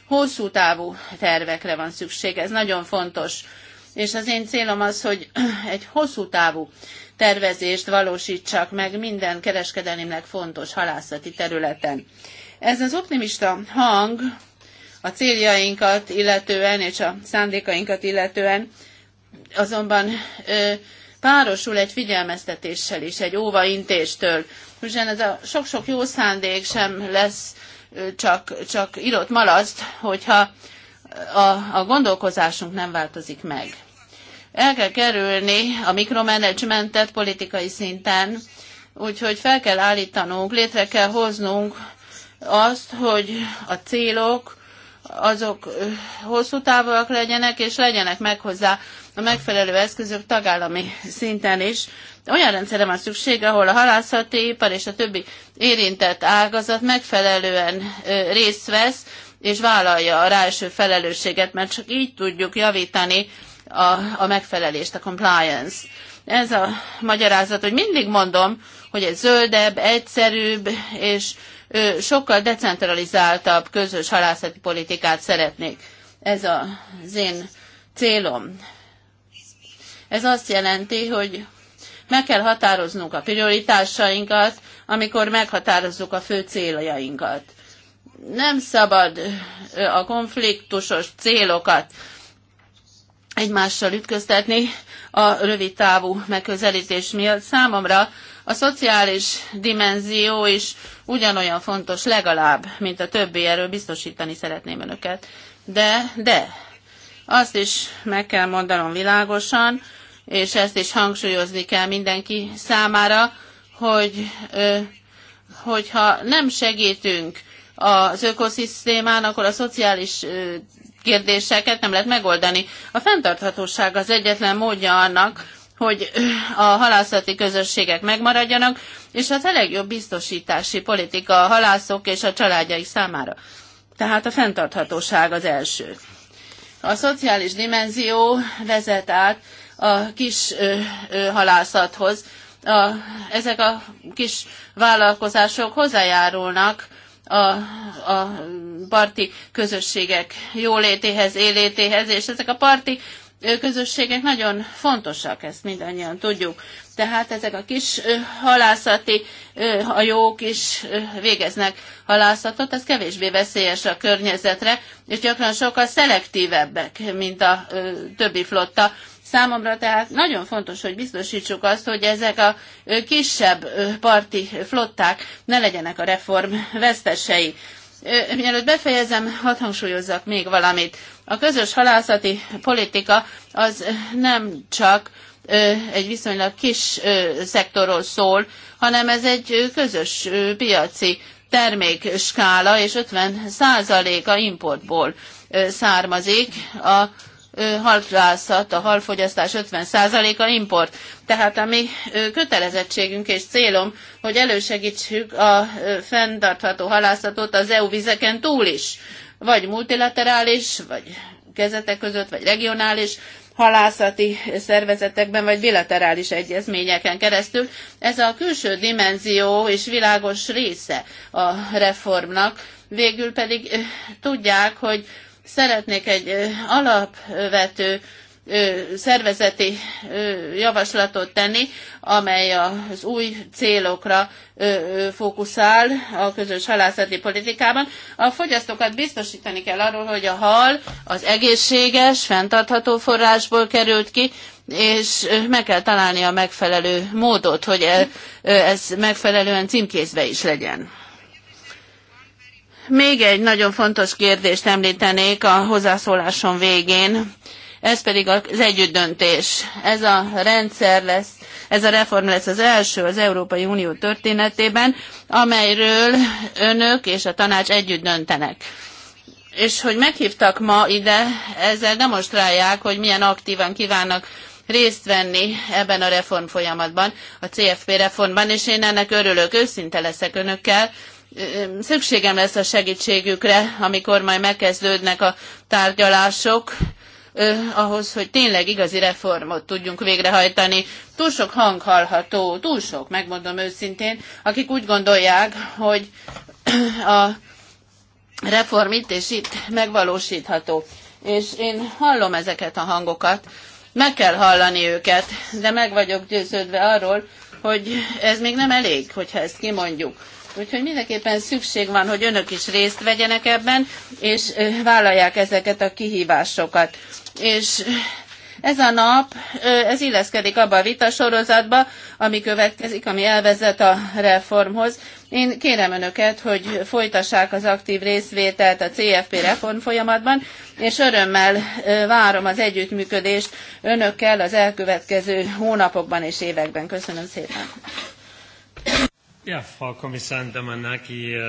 Hosszú távú tervekre van szükség, ez nagyon fontos. És az én célom az, hogy egy hosszú távú tervezést valósítsak meg minden kereskedelmnek fontos halászati területen. Ez az optimista hang a céljainkat illetően és a szándékainkat illetően azonban párosul egy figyelmeztetéssel is, egy óvaintéstől. Ugyan ez a sok-sok jó szándék sem lesz csak, csak írott malaszt, hogyha a, a gondolkozásunk nem változik meg. El kell kerülni a mikromanagementet politikai szinten, úgyhogy fel kell állítanunk, létre kell hoznunk azt, hogy a célok azok hosszú távúak legyenek, és legyenek meg hozzá a megfelelő eszközök tagállami szinten is. Olyan rendszerre van szükség, ahol a halászati ipar és a többi érintett ágazat megfelelően részt vesz, és vállalja a ráeső felelősséget, mert csak így tudjuk javítani a, a megfelelést, a compliance. Ez a magyarázat, hogy mindig mondom, hogy egy zöldebb, egyszerűbb és ö, sokkal decentralizáltabb közös halászati politikát szeretnék. Ez az én célom. Ez azt jelenti, hogy meg kell határoznunk a prioritásainkat, amikor meghatározzuk a fő céljainkat. Nem szabad a konfliktusos célokat egymással ütköztetni a rövid távú megközelítés miatt. Számomra a szociális dimenzió is ugyanolyan fontos legalább, mint a többi, erről biztosítani szeretném önöket. De, de, azt is meg kell mondanom világosan, és ezt is hangsúlyozni kell mindenki számára, hogy hogyha nem segítünk az ökoszisztémán, akkor a szociális kérdéseket nem lehet megoldani. A fenntarthatóság az egyetlen módja annak, hogy a halászati közösségek megmaradjanak, és az a legjobb biztosítási politika a halászok és a családjaik számára. Tehát a fenntarthatóság az első. A szociális dimenzió vezet át a kis ö, ö, halászathoz. A, ezek a kis vállalkozások hozzájárulnak a, a parti közösségek jólétéhez, élétéhez, és ezek a parti közösségek nagyon fontosak, ezt mindannyian tudjuk. Tehát ezek a kis halászati hajók is végeznek halászatot, ez kevésbé veszélyes a környezetre, és gyakran sokkal szelektívebbek, mint a többi flotta. Számomra tehát nagyon fontos, hogy biztosítsuk azt, hogy ezek a kisebb parti flották ne legyenek a reform vesztesei. Mielőtt befejezem, hadd hangsúlyozzak még valamit. A közös halászati politika az nem csak egy viszonylag kis szektorról szól, hanem ez egy közös piaci termékskála, és 50 százaléka importból származik. A halkrászat, a halfogyasztás 50%-a import. Tehát a mi kötelezettségünk és célom, hogy elősegítsük a fenntartható halászatot az EU vizeken túl is, vagy multilaterális, vagy kezetek között, vagy regionális halászati szervezetekben vagy bilaterális egyezményeken keresztül. Ez a külső dimenzió és világos része a reformnak. Végül pedig tudják, hogy szeretnék egy alapvető szervezeti javaslatot tenni, amely az új célokra fókuszál a közös halászati politikában. A fogyasztókat biztosítani kell arról, hogy a hal az egészséges, fenntartható forrásból került ki, és meg kell találni a megfelelő módot, hogy e, ez megfelelően címkézve is legyen. Még egy nagyon fontos kérdést említenék a hozzászólásom végén ez pedig az együttdöntés. Ez a rendszer lesz, ez a reform lesz az első az Európai Unió történetében, amelyről önök és a tanács együtt döntenek. És hogy meghívtak ma ide, ezzel demonstrálják, hogy milyen aktívan kívánnak részt venni ebben a reform folyamatban, a CFP reformban, és én ennek örülök, őszinte leszek önökkel. Szükségem lesz a segítségükre, amikor majd megkezdődnek a tárgyalások ahhoz, hogy tényleg igazi reformot tudjunk végrehajtani. Túl sok hang hallható, túl sok, megmondom őszintén, akik úgy gondolják, hogy a reform itt és itt megvalósítható. És én hallom ezeket a hangokat, meg kell hallani őket, de meg vagyok győződve arról, hogy ez még nem elég, hogyha ezt kimondjuk. Úgyhogy mindenképpen szükség van, hogy önök is részt vegyenek ebben, és vállalják ezeket a kihívásokat. És ez a nap, ez illeszkedik abba a vitasorozatba, ami következik, ami elvezet a reformhoz. Én kérem Önöket, hogy folytassák az aktív részvételt a CFP reform folyamatban, és örömmel várom az együttműködést Önökkel az elkövetkező hónapokban és években. Köszönöm szépen. Ja, Frau Kommissar Damanaki, uh,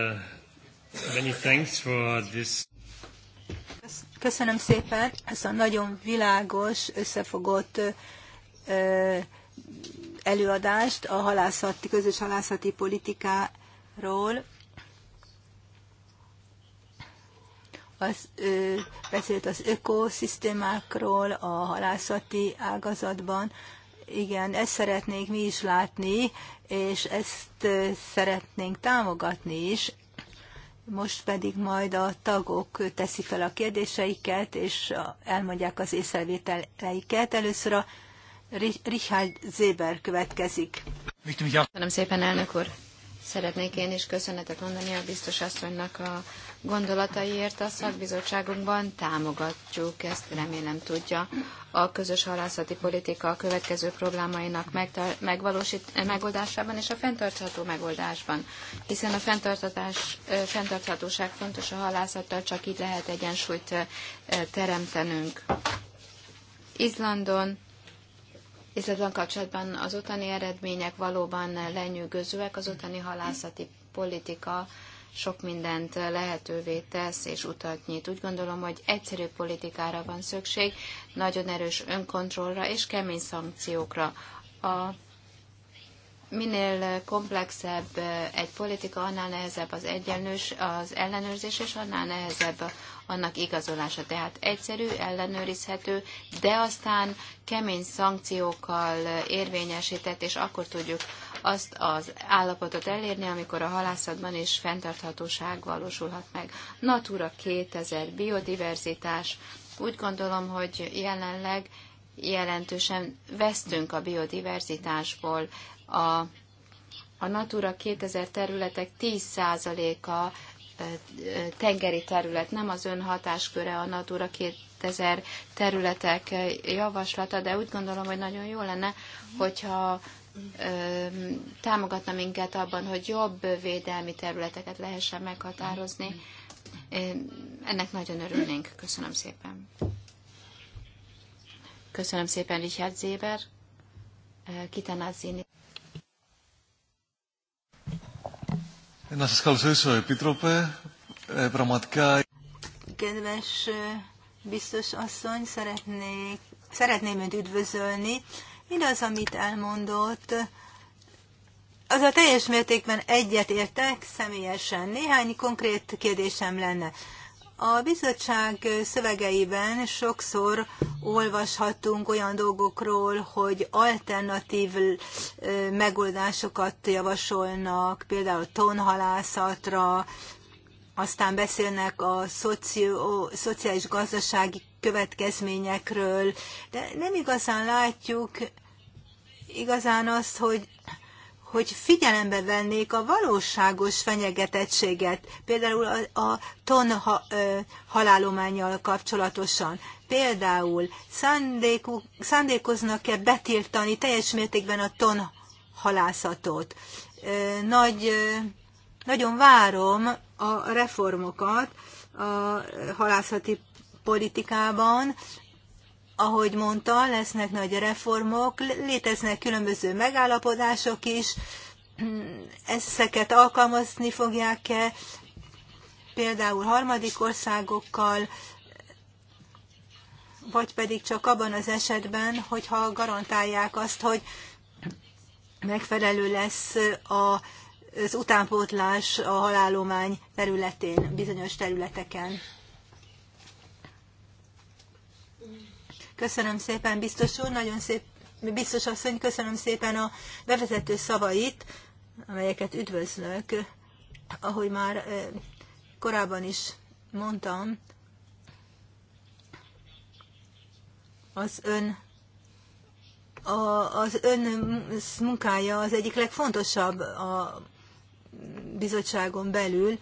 äh, many thanks for this. Köszönöm szépen ezt a nagyon világos, összefogott előadást a halászati, közös halászati politikáról. Az, ö, beszélt az ökoszisztémákról a halászati ágazatban. Igen, ezt szeretnénk mi is látni, és ezt szeretnénk támogatni is. Most pedig majd a tagok teszik fel a kérdéseiket, és elmondják az észrevételeiket. Először a Richard Zéber következik. Köszönöm szépen, elnök úr! Szeretnék én is köszönetet mondani a biztos asszonynak a gondolataiért a szakbizottságunkban támogatjuk, ezt remélem tudja. A közös halászati politika a következő problémáinak megoldásában és a fenntartható megoldásban, hiszen a fenntartatás, fenntarthatóság fontos a halászattal, csak így lehet egyensúlyt teremtenünk. Izlandon Izlandon kapcsolatban az ottani eredmények valóban lenyűgözőek, az ottani halászati politika sok mindent lehetővé tesz és utat nyit. Úgy gondolom, hogy egyszerű politikára van szükség, nagyon erős önkontrollra és kemény szankciókra. A minél komplexebb egy politika, annál nehezebb az egyenlős, az ellenőrzés, és annál nehezebb annak igazolása. Tehát egyszerű, ellenőrizhető, de aztán kemény szankciókkal érvényesített, és akkor tudjuk azt az állapotot elérni, amikor a halászatban is fenntarthatóság valósulhat meg. Natura 2000, biodiverzitás. Úgy gondolom, hogy jelenleg jelentősen vesztünk a biodiverzitásból. A, a Natura 2000 területek 10%-a tengeri terület, nem az ön hatásköre a Natura 2000 területek javaslata, de úgy gondolom, hogy nagyon jó lenne, hogyha támogatna minket abban, hogy jobb védelmi területeket lehessen meghatározni. Ennek nagyon örülnénk. Köszönöm szépen. Köszönöm szépen Richard Zéber, Kitanázzini. Kedves biztos asszony, szeretnék, szeretném önt üdvözölni Mindaz, amit elmondott, az a teljes mértékben egyet értek személyesen. Néhány konkrét kérdésem lenne. A bizottság szövegeiben sokszor olvashatunk olyan dolgokról, hogy alternatív megoldásokat javasolnak, például tonhalászatra, aztán beszélnek a szociális-gazdasági következményekről, de nem igazán látjuk igazán azt, hogy hogy figyelembe vennék a valóságos fenyegetettséget, például a, a ton ha, ö, halálományjal kapcsolatosan. Például szándékoznak-e betiltani teljes mértékben a ton halászatot. Ö, nagy, ö, nagyon várom a reformokat a halászati politikában, ahogy mondta, lesznek nagy reformok, léteznek különböző megállapodások is, ezeket alkalmazni fogják-e például harmadik országokkal, vagy pedig csak abban az esetben, hogyha garantálják azt, hogy megfelelő lesz a, az utánpótlás a halálomány területén, bizonyos területeken. Köszönöm szépen, biztos úr, nagyon szép, biztos asszony, köszönöm szépen a bevezető szavait, amelyeket üdvözlök. Ahogy már korábban is mondtam, az ön a, az ön munkája az egyik legfontosabb a bizottságon belül.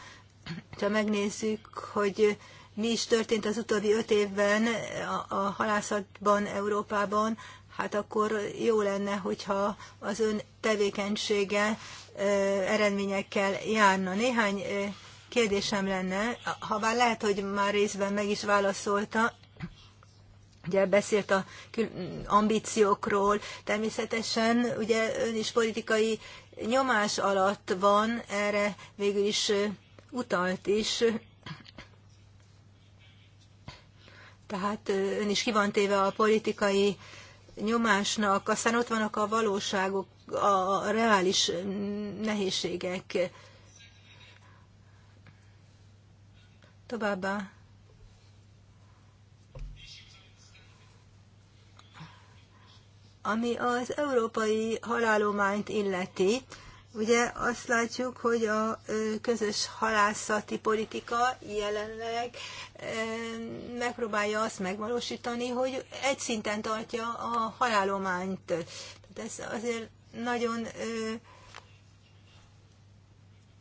Ha megnézzük, hogy mi is történt az utóbbi öt évben a, a halászatban Európában, hát akkor jó lenne, hogyha az ön tevékenysége eredményekkel járna. Néhány kérdésem lenne, ha bár lehet, hogy már részben meg is válaszolta, Ugye beszélt a ambíciókról, természetesen ugye ön is politikai nyomás alatt van, erre végül is utalt is, tehát ön is kivantéve a politikai nyomásnak, aztán ott vannak a valóságok, a reális nehézségek. Továbbá. Ami az európai halálományt illeti, Ugye azt látjuk, hogy a közös halászati politika jelenleg megpróbálja azt megvalósítani, hogy egy szinten tartja a halálományt. Tehát ez azért nagyon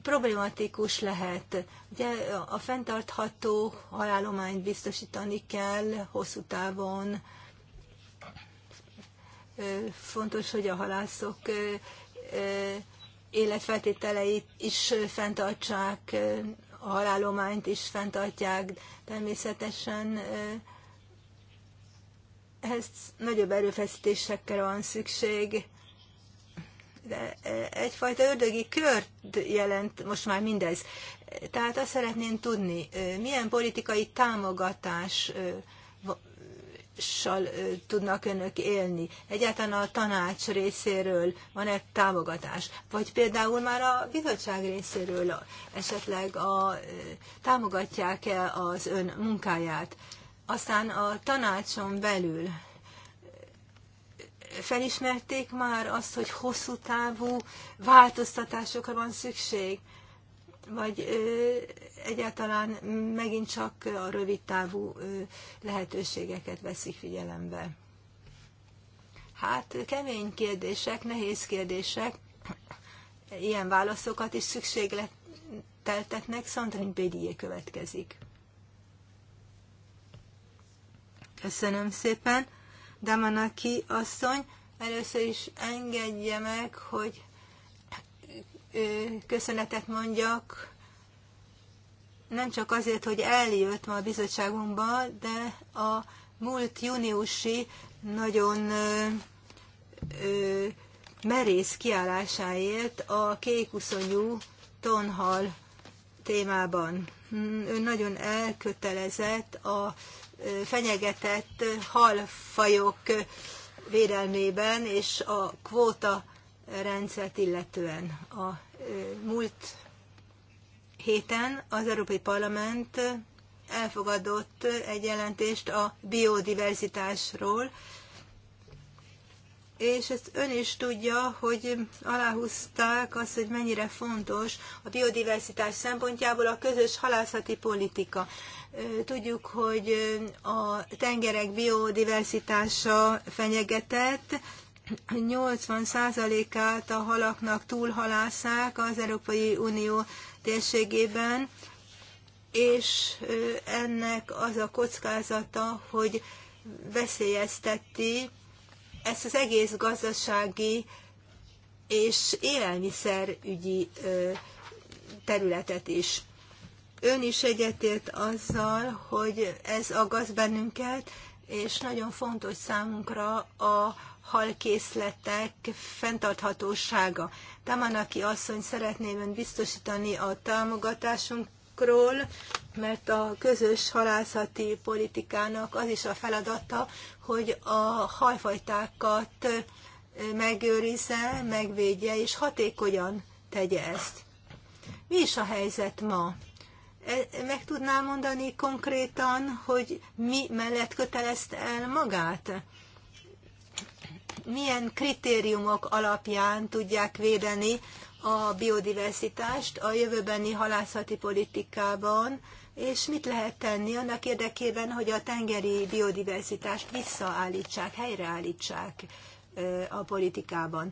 problematikus lehet. Ugye a fenntartható halálományt biztosítani kell hosszú távon. Fontos, hogy a halászok életfeltételeit is fenntartsák, a halálományt is fenntartják természetesen. Ehhez nagyobb erőfeszítésekkel van szükség, de egyfajta ördögi kört jelent most már mindez. Tehát azt szeretném tudni, milyen politikai támogatás tudnak önök élni? Egyáltalán a tanács részéről van-e támogatás? Vagy például már a bizottság részéről esetleg a, támogatják-e az ön munkáját? Aztán a tanácson belül felismerték már azt, hogy hosszú távú változtatásokra van szükség? Vagy egyáltalán megint csak a rövid távú lehetőségeket veszik figyelembe. Hát kemény kérdések, nehéz kérdések, ilyen válaszokat is szükségleteltetnek. Szandrin Bédié következik. Köszönöm szépen. Damanaki asszony, először is engedje meg, hogy köszönetet mondjak nem csak azért, hogy eljött ma a bizottságunkba, de a múlt júniusi nagyon ö, ö, merész kiállásáért a kékuszonyú tonhal témában. Ő nagyon elkötelezett a fenyegetett halfajok védelmében és a kvóta rendszert illetően. A múlt héten az Európai Parlament elfogadott egy jelentést a biodiverzitásról, és ezt ön is tudja, hogy aláhúzták azt, hogy mennyire fontos a biodiverzitás szempontjából a közös halászati politika. Tudjuk, hogy a tengerek biodiverzitása fenyegetett, 80%-át a halaknak túlhalászák az Európai Unió térségében, és ennek az a kockázata, hogy veszélyezteti ezt az egész gazdasági és élelmiszerügyi területet is. Ön is egyetért azzal, hogy ez aggaszt bennünket, és nagyon fontos számunkra a halkészletek fenntarthatósága. Tamanaki asszony, szeretném ön biztosítani a támogatásunkról, mert a közös halászati politikának az is a feladata, hogy a halfajtákat megőrizze, megvédje és hatékonyan tegye ezt. Mi is a helyzet ma? E, meg tudná mondani konkrétan, hogy mi mellett kötelezte el magát? milyen kritériumok alapján tudják védeni a biodiversitást a jövőbeni halászati politikában, és mit lehet tenni annak érdekében, hogy a tengeri biodiversitást visszaállítsák, helyreállítsák a politikában.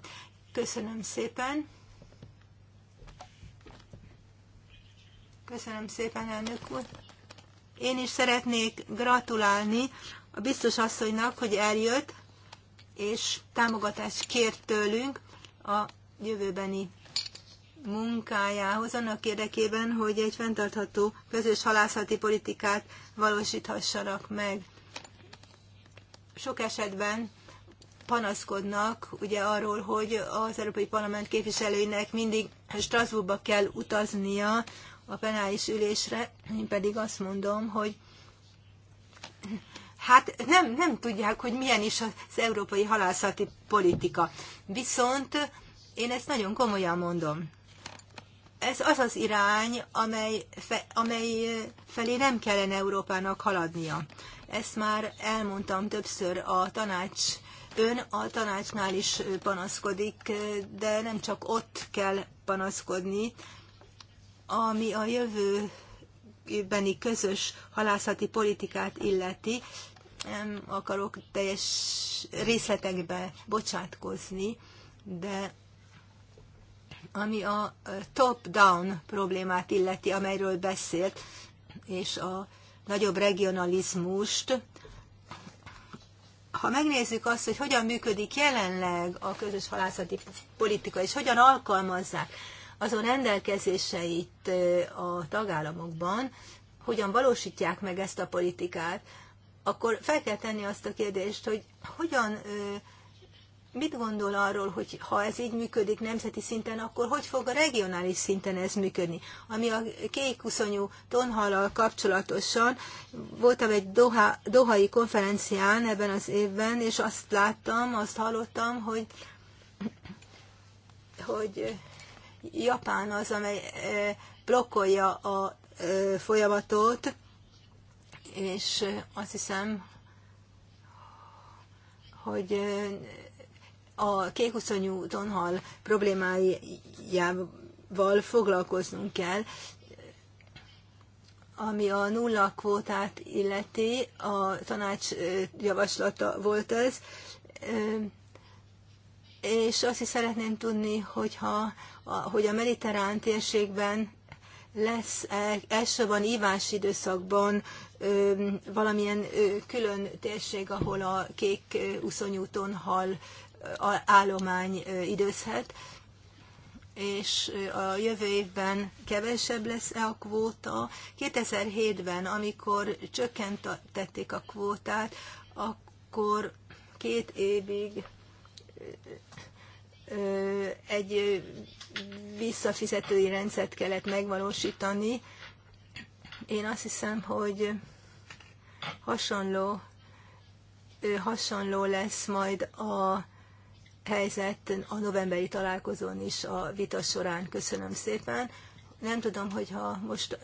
Köszönöm szépen! Köszönöm szépen, elnök úr! Én is szeretnék gratulálni a biztos asszonynak, hogy eljött, és támogatást kért tőlünk a jövőbeni munkájához, annak érdekében, hogy egy fenntartható közös halászati politikát valósíthassanak meg. Sok esetben panaszkodnak ugye arról, hogy az Európai Parlament képviselőinek mindig Strasbourgba kell utaznia a penális ülésre. Én pedig azt mondom, hogy hát nem, nem tudják, hogy milyen is az európai halászati politika. Viszont én ezt nagyon komolyan mondom. Ez az az irány, amely, fe, amely felé nem kellene Európának haladnia. Ezt már elmondtam többször a tanács ön a tanácsnál is panaszkodik, de nem csak ott kell panaszkodni, ami a jövőbeni közös halászati politikát illeti, nem akarok teljes részletekbe bocsátkozni, de ami a top-down problémát illeti, amelyről beszélt, és a nagyobb regionalizmust, ha megnézzük azt, hogy hogyan működik jelenleg a közös halászati politika, és hogyan alkalmazzák azon rendelkezéseit a tagállamokban, hogyan valósítják meg ezt a politikát, akkor fel kell tenni azt a kérdést, hogy hogyan, mit gondol arról, hogy ha ez így működik nemzeti szinten, akkor hogy fog a regionális szinten ez működni? Ami a kékuszonyú tonhalal kapcsolatosan, voltam egy Doha, dohai konferencián ebben az évben, és azt láttam, azt hallottam, hogy, hogy Japán az, amely blokkolja a folyamatot, és azt hiszem, hogy a kékuszonyú tonhal problémájával foglalkoznunk kell, ami a nulla kvótát illeti, a tanács javaslata volt ez, és azt is szeretném tudni, hogyha, hogy a mediterrán térségben lesz elsősorban ívás időszakban valamilyen külön térség, ahol a kék úszonyúton hal állomány időzhet, és a jövő évben kevesebb lesz -e a kvóta. 2007-ben, amikor csökkentették a kvótát, akkor két évig egy visszafizetői rendszert kellett megvalósítani. Én azt hiszem, hogy Hasonló, hasonló lesz majd a helyzet a novemberi találkozón is a vita során. Köszönöm szépen. Nem tudom, hogyha most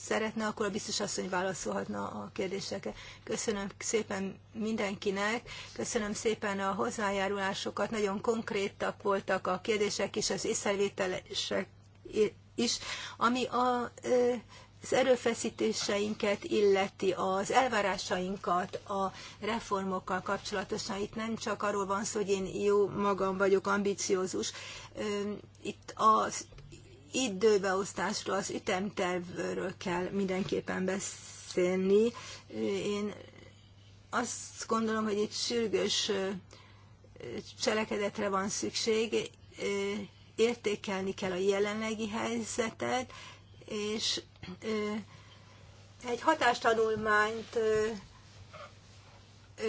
szeretne, akkor a biztos asszony válaszolhatna a kérdésekre. Köszönöm szépen mindenkinek, köszönöm szépen a hozzájárulásokat, nagyon konkrétak voltak a kérdések és az észrevételések is, ami a az erőfeszítéseinket illeti, az elvárásainkat a reformokkal kapcsolatosan. Itt nem csak arról van szó, hogy én jó magam vagyok ambiciózus. Itt az időbeosztásról, az ütemtervről kell mindenképpen beszélni. Én azt gondolom, hogy itt sürgős cselekedetre van szükség, értékelni kell a jelenlegi helyzetet, és egy hatástanulmányt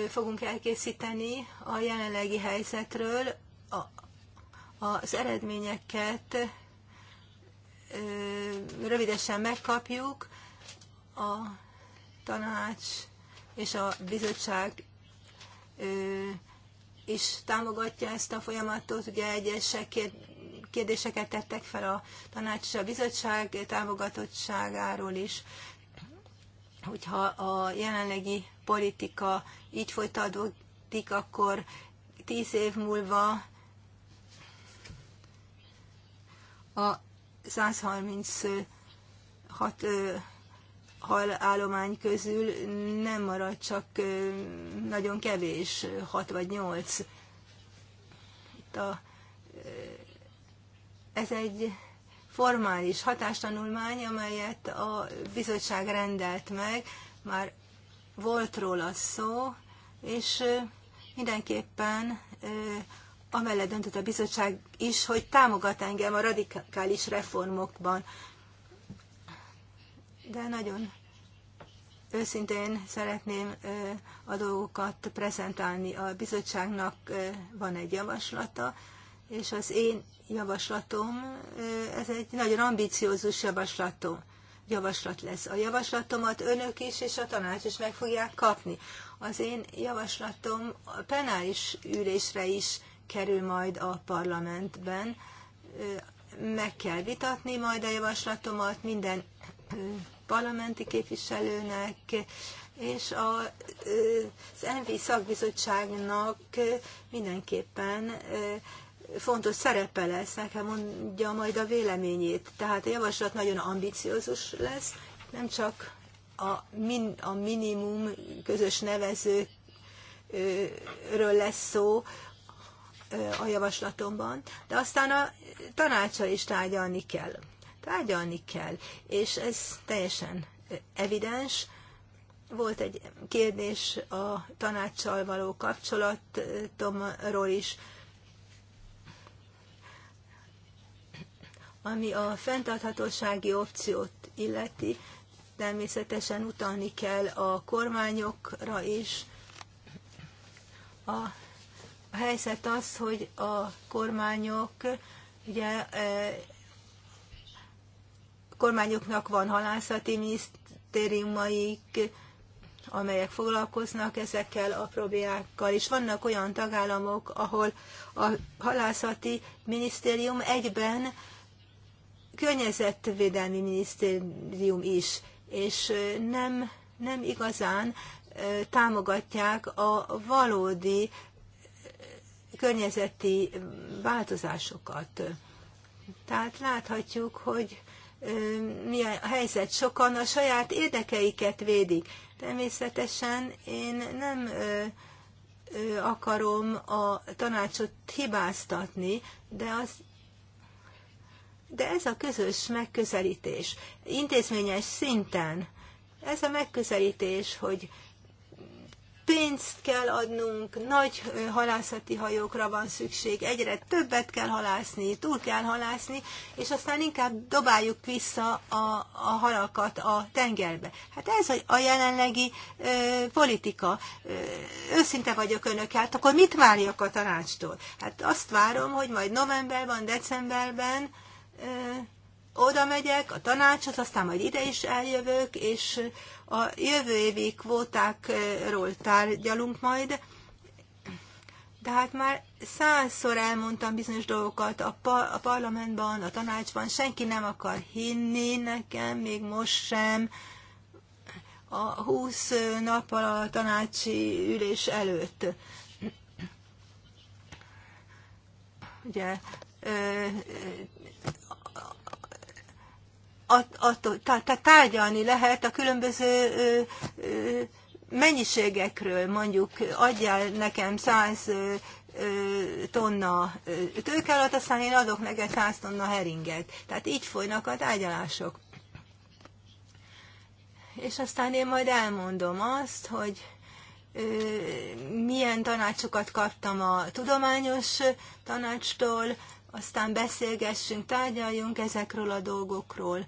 fogunk elkészíteni a jelenlegi helyzetről, a, az eredményeket rövidesen megkapjuk, a tanács és a bizottság is támogatja ezt a folyamatot, ugye egyesek kérdéseket tettek fel a tanács és a bizottság támogatottságáról is. Hogyha a jelenlegi politika így folytatódik, akkor tíz év múlva a 136 halállomány közül nem marad csak nagyon kevés, 6 vagy 8. Itt a ez egy formális hatástanulmány, amelyet a bizottság rendelt meg, már volt róla szó, és mindenképpen amellett döntött a bizottság is, hogy támogat engem a radikális reformokban. De nagyon őszintén szeretném a dolgokat prezentálni. A bizottságnak van egy javaslata, és az én javaslatom, ez egy nagyon ambiciózus javaslatom, javaslat lesz. A javaslatomat önök is és a tanács is meg fogják kapni. Az én javaslatom a penális ülésre is kerül majd a parlamentben. Meg kell vitatni majd a javaslatomat minden parlamenti képviselőnek, és a, az NV szakbizottságnak mindenképpen fontos szerepe lesz, nekem mondja majd a véleményét. Tehát a javaslat nagyon ambiciózus lesz, nem csak a, min, a minimum közös nevezőről lesz szó a javaslatomban, de aztán a tanácsa is tárgyalni kell. Tárgyalni kell, és ez teljesen evidens. Volt egy kérdés a tanácssal való kapcsolatomról is, Ami a fenntarthatósági opciót illeti, természetesen utalni kell a kormányokra is. A, a helyzet az, hogy a kormányok ugye e, kormányoknak van halászati minisztériumaik, amelyek foglalkoznak ezekkel a problémákkal, és vannak olyan tagállamok, ahol a halászati minisztérium egyben környezetvédelmi minisztérium is, és nem, nem igazán támogatják a valódi környezeti változásokat. Tehát láthatjuk, hogy mi a helyzet. Sokan a saját érdekeiket védik. Természetesen én nem akarom a tanácsot hibáztatni, de azt de ez a közös megközelítés, intézményes szinten, ez a megközelítés, hogy pénzt kell adnunk, nagy halászati hajókra van szükség, egyre többet kell halászni, túl kell halászni, és aztán inkább dobáljuk vissza a, a halakat a tengerbe. Hát ez a jelenlegi ö, politika. Ö, őszinte vagyok önök, hát akkor mit várjak a tanácstól? Hát azt várom, hogy majd novemberben, decemberben oda megyek, a tanácshoz, aztán majd ide is eljövök, és a jövő évi kvótákról tárgyalunk majd. De hát már százszor elmondtam bizonyos dolgokat a, par- a parlamentban, a tanácsban, senki nem akar hinni nekem, még most sem, a 20 nap a tanácsi ülés előtt. Ugye tehát tárgyalni lehet a különböző mennyiségekről, mondjuk adjál nekem 100 tonna tőkelat, aztán én adok neked 100 tonna heringet. Tehát így folynak a tárgyalások. És aztán én majd elmondom azt, hogy milyen tanácsokat kaptam a tudományos tanácstól, aztán beszélgessünk, tárgyaljunk ezekről a dolgokról.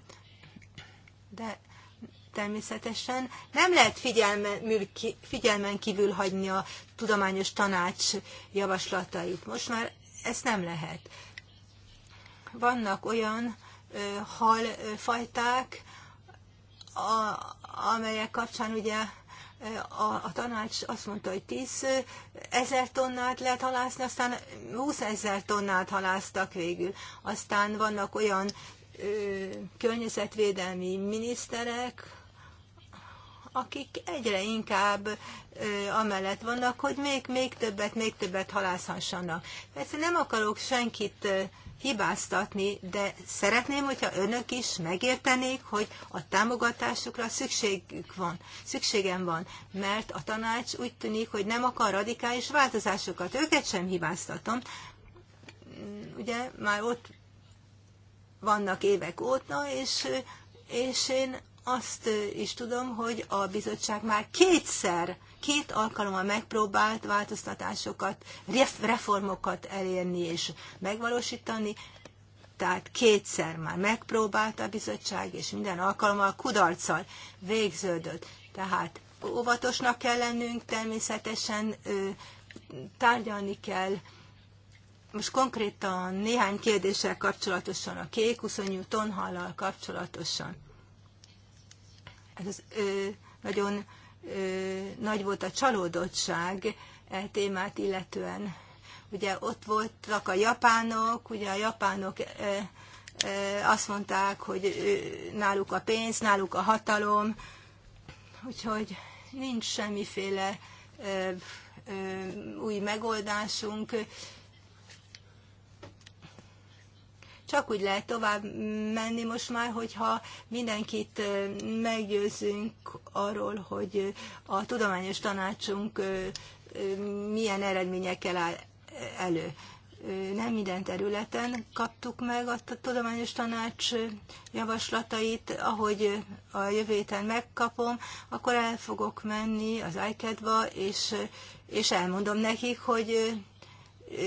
De természetesen nem lehet figyelmen, figyelmen kívül hagyni a tudományos tanács javaslatait. Most már ezt nem lehet. Vannak olyan ö, halfajták, a, amelyek kapcsán ugye a, a tanács azt mondta, hogy 10 ezer tonnát lehet halászni, aztán 20 ezer tonnát halásztak végül. Aztán vannak olyan ö, környezetvédelmi miniszterek, akik egyre inkább ö, amellett vannak, hogy még, még többet, még többet halászhassanak. Persze nem akarok senkit hibáztatni, de szeretném, hogyha önök is megértenék, hogy a támogatásukra szükségük van, szükségem van, mert a tanács úgy tűnik, hogy nem akar radikális változásokat. Őket sem hibáztatom. Ugye már ott vannak évek óta, és, és én azt is tudom, hogy a bizottság már kétszer két alkalommal megpróbált változtatásokat, reformokat elérni és megvalósítani, tehát kétszer már megpróbált a bizottság, és minden alkalommal kudarccal végződött. Tehát óvatosnak kell lennünk, természetesen tárgyalni kell. Most konkrétan néhány kérdéssel kapcsolatosan, a kék uszonyú tonhallal kapcsolatosan. Ez az, ö, nagyon nagy volt a csalódottság e témát illetően. Ugye ott voltak a japánok, ugye a japánok azt mondták, hogy náluk a pénz, náluk a hatalom, úgyhogy nincs semmiféle új megoldásunk. Csak úgy lehet tovább menni most már, hogyha mindenkit meggyőzünk arról, hogy a tudományos tanácsunk milyen eredményekkel áll elő. Nem minden területen kaptuk meg a tudományos tanács javaslatait, ahogy a jövő héten megkapom, akkor el fogok menni az iCAD-ba, és, és elmondom nekik, hogy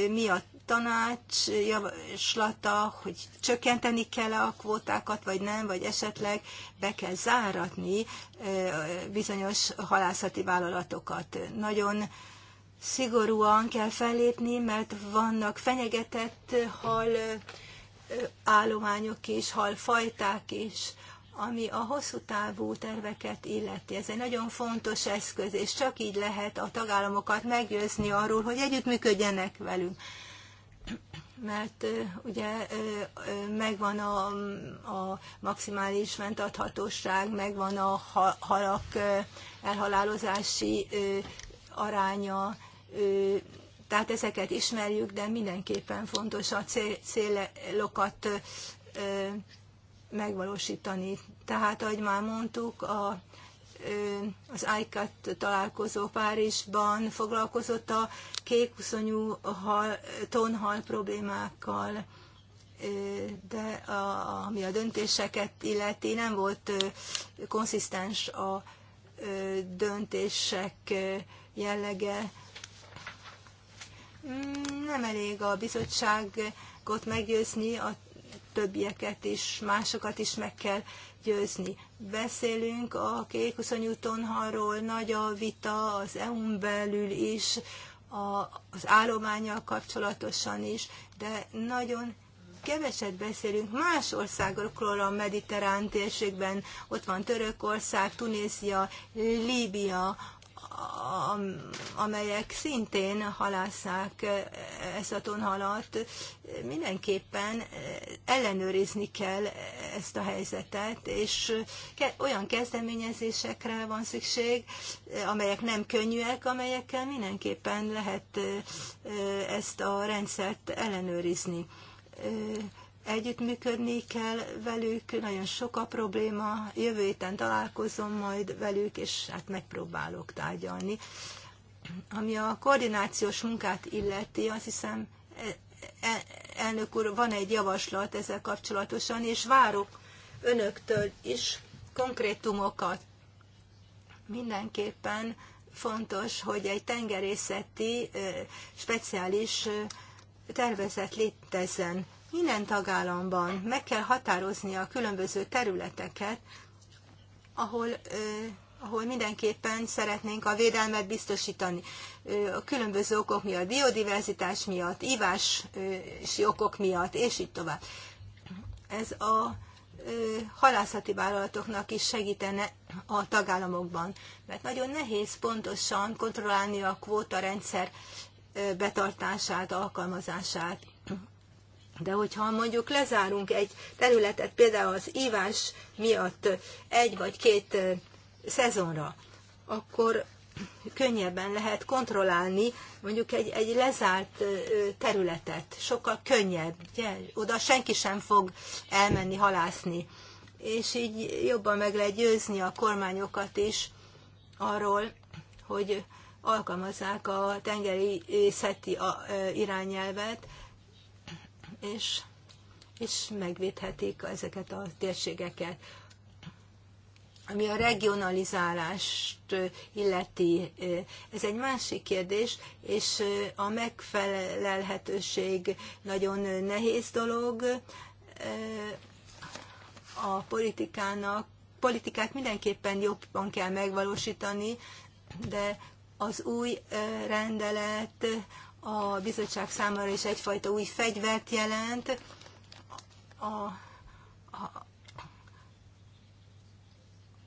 mi a tanács javaslata, hogy csökkenteni kell a kvótákat, vagy nem, vagy esetleg be kell záratni bizonyos halászati vállalatokat. Nagyon szigorúan kell fellépni, mert vannak fenyegetett hal állományok is, halfajták is, ami a hosszú távú terveket illeti. Ez egy nagyon fontos eszköz, és csak így lehet a tagállamokat meggyőzni arról, hogy együttműködjenek velünk mert ugye megvan a, a maximális fenntarthatóság, megvan a halak elhalálozási aránya, tehát ezeket ismerjük, de mindenképpen fontos a célokat megvalósítani. Tehát, ahogy már mondtuk, a az ICAT találkozó Párizsban foglalkozott a kékuszonyú hal, tonhal problémákkal, de a, ami a döntéseket illeti, nem volt konszisztens a döntések jellege. Mm, nem elég a bizottságot meggyőzni, a többieket is, másokat is meg kell győzni beszélünk a kék uszonyútonhalról, nagy a vita az EU-n belül is, a, az állományjal kapcsolatosan is, de nagyon keveset beszélünk más országokról a mediterrán térségben. Ott van Törökország, Tunézia, Líbia, amelyek szintén halásszák ezt a tonhalat, mindenképpen ellenőrizni kell ezt a helyzetet, és olyan kezdeményezésekre van szükség, amelyek nem könnyűek, amelyekkel mindenképpen lehet ezt a rendszert ellenőrizni együttműködni kell velük, nagyon sok a probléma, jövő héten találkozom majd velük, és hát megpróbálok tárgyalni. Ami a koordinációs munkát illeti, azt hiszem, e, e, elnök úr, van egy javaslat ezzel kapcsolatosan, és várok önöktől is konkrétumokat. Mindenképpen fontos, hogy egy tengerészeti speciális tervezet létezzen minden tagállamban meg kell határozni a különböző területeket, ahol, ahol mindenképpen szeretnénk a védelmet biztosítani. a különböző okok miatt, biodiverzitás miatt, eh, okok miatt, és így tovább. Ez a halászati vállalatoknak is segítene a tagállamokban, mert nagyon nehéz pontosan kontrollálni a kvótarendszer betartását, alkalmazását. De hogyha mondjuk lezárunk egy területet, például az ívás miatt egy vagy két szezonra, akkor könnyebben lehet kontrollálni mondjuk egy, egy lezárt területet. Sokkal könnyebb, ugye? Oda senki sem fog elmenni halászni. És így jobban meg lehet győzni a kormányokat is arról, hogy alkalmazzák a tengerészeti irányelvet, és, és megvédhetik ezeket a térségeket. Ami a regionalizálást illeti, ez egy másik kérdés, és a megfelelhetőség nagyon nehéz dolog. A politikának, politikát mindenképpen jobban kell megvalósítani, de az új rendelet a bizottság számára is egyfajta új fegyvert jelent. A, a,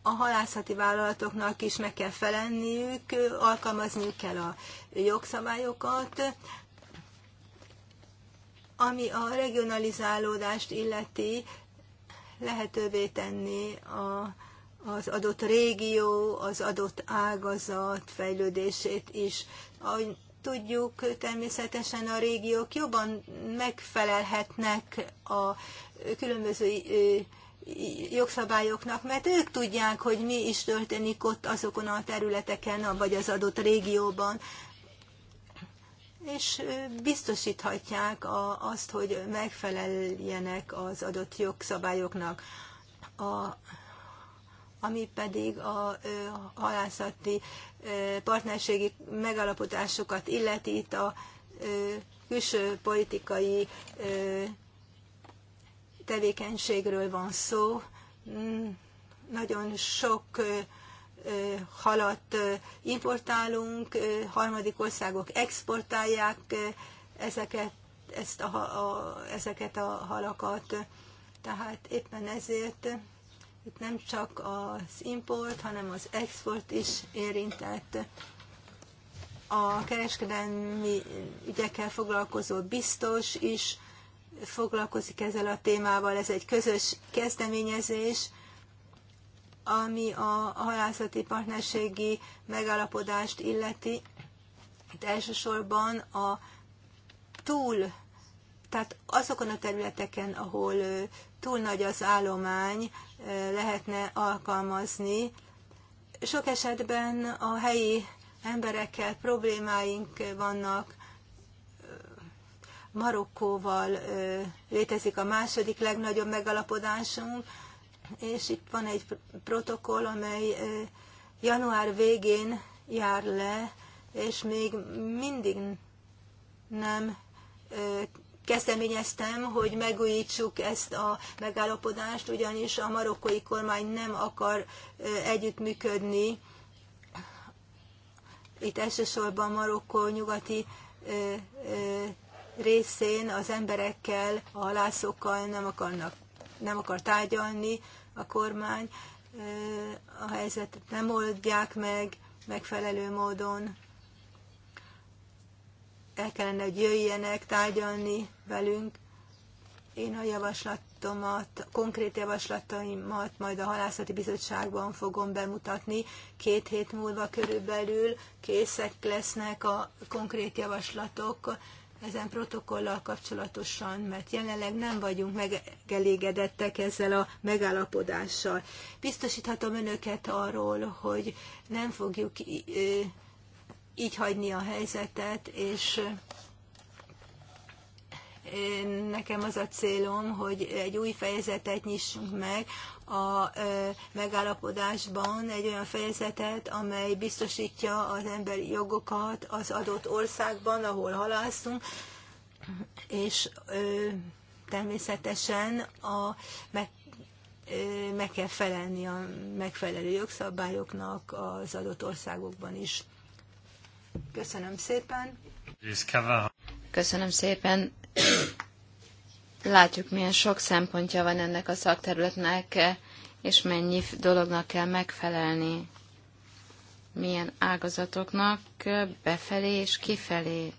a halászati vállalatoknak is meg kell felelniük, alkalmazniuk kell a jogszabályokat. Ami a regionalizálódást illeti, lehetővé tenni a, az adott régió, az adott ágazat fejlődését is. Ahogy tudjuk, természetesen a régiók jobban megfelelhetnek a különböző jogszabályoknak, mert ők tudják, hogy mi is történik ott azokon a területeken, vagy az adott régióban, és biztosíthatják azt, hogy megfeleljenek az adott jogszabályoknak. A, ami pedig a, a halászati partnerségi megalapotásokat illeti, itt a külső politikai tevékenységről van szó. Mm, nagyon sok halat importálunk, harmadik országok exportálják ezeket, ezt a, a, ezeket a halakat. Tehát éppen ezért itt nem csak az import, hanem az export is érintett. A kereskedelmi ügyekkel foglalkozó biztos is foglalkozik ezzel a témával. Ez egy közös kezdeményezés, ami a halászati partnerségi megállapodást illeti. Itt elsősorban a túl, tehát azokon a területeken, ahol túl nagy az állomány, lehetne alkalmazni. Sok esetben a helyi emberekkel problémáink vannak, Marokkóval létezik a második legnagyobb megalapodásunk, és itt van egy protokoll, amely január végén jár le, és még mindig nem kezdeményeztem, hogy megújítsuk ezt a megállapodást, ugyanis a marokkói kormány nem akar együttműködni. Itt elsősorban Marokkó nyugati részén az emberekkel, a halászokkal nem, akarnak, nem akar tárgyalni a kormány, a helyzetet nem oldják meg megfelelő módon el kellene, hogy jöjjenek tárgyalni velünk. Én a javaslatomat, konkrét javaslataimat majd a halászati bizottságban fogom bemutatni. Két hét múlva körülbelül készek lesznek a konkrét javaslatok ezen protokollal kapcsolatosan, mert jelenleg nem vagyunk megelégedettek ezzel a megállapodással. Biztosíthatom önöket arról, hogy nem fogjuk így hagyni a helyzetet, és eh, nekem az a célom, hogy egy új fejezetet nyissunk meg a eh, megállapodásban, egy olyan fejezetet, amely biztosítja az emberi jogokat az adott országban, ahol halászunk, és eh, természetesen a, meg, meg kell felelni a megfelelő jogszabályoknak az adott országokban is. Köszönöm szépen. Köszönöm szépen. Látjuk, milyen sok szempontja van ennek a szakterületnek, és mennyi dolognak kell megfelelni. Milyen ágazatoknak befelé és kifelé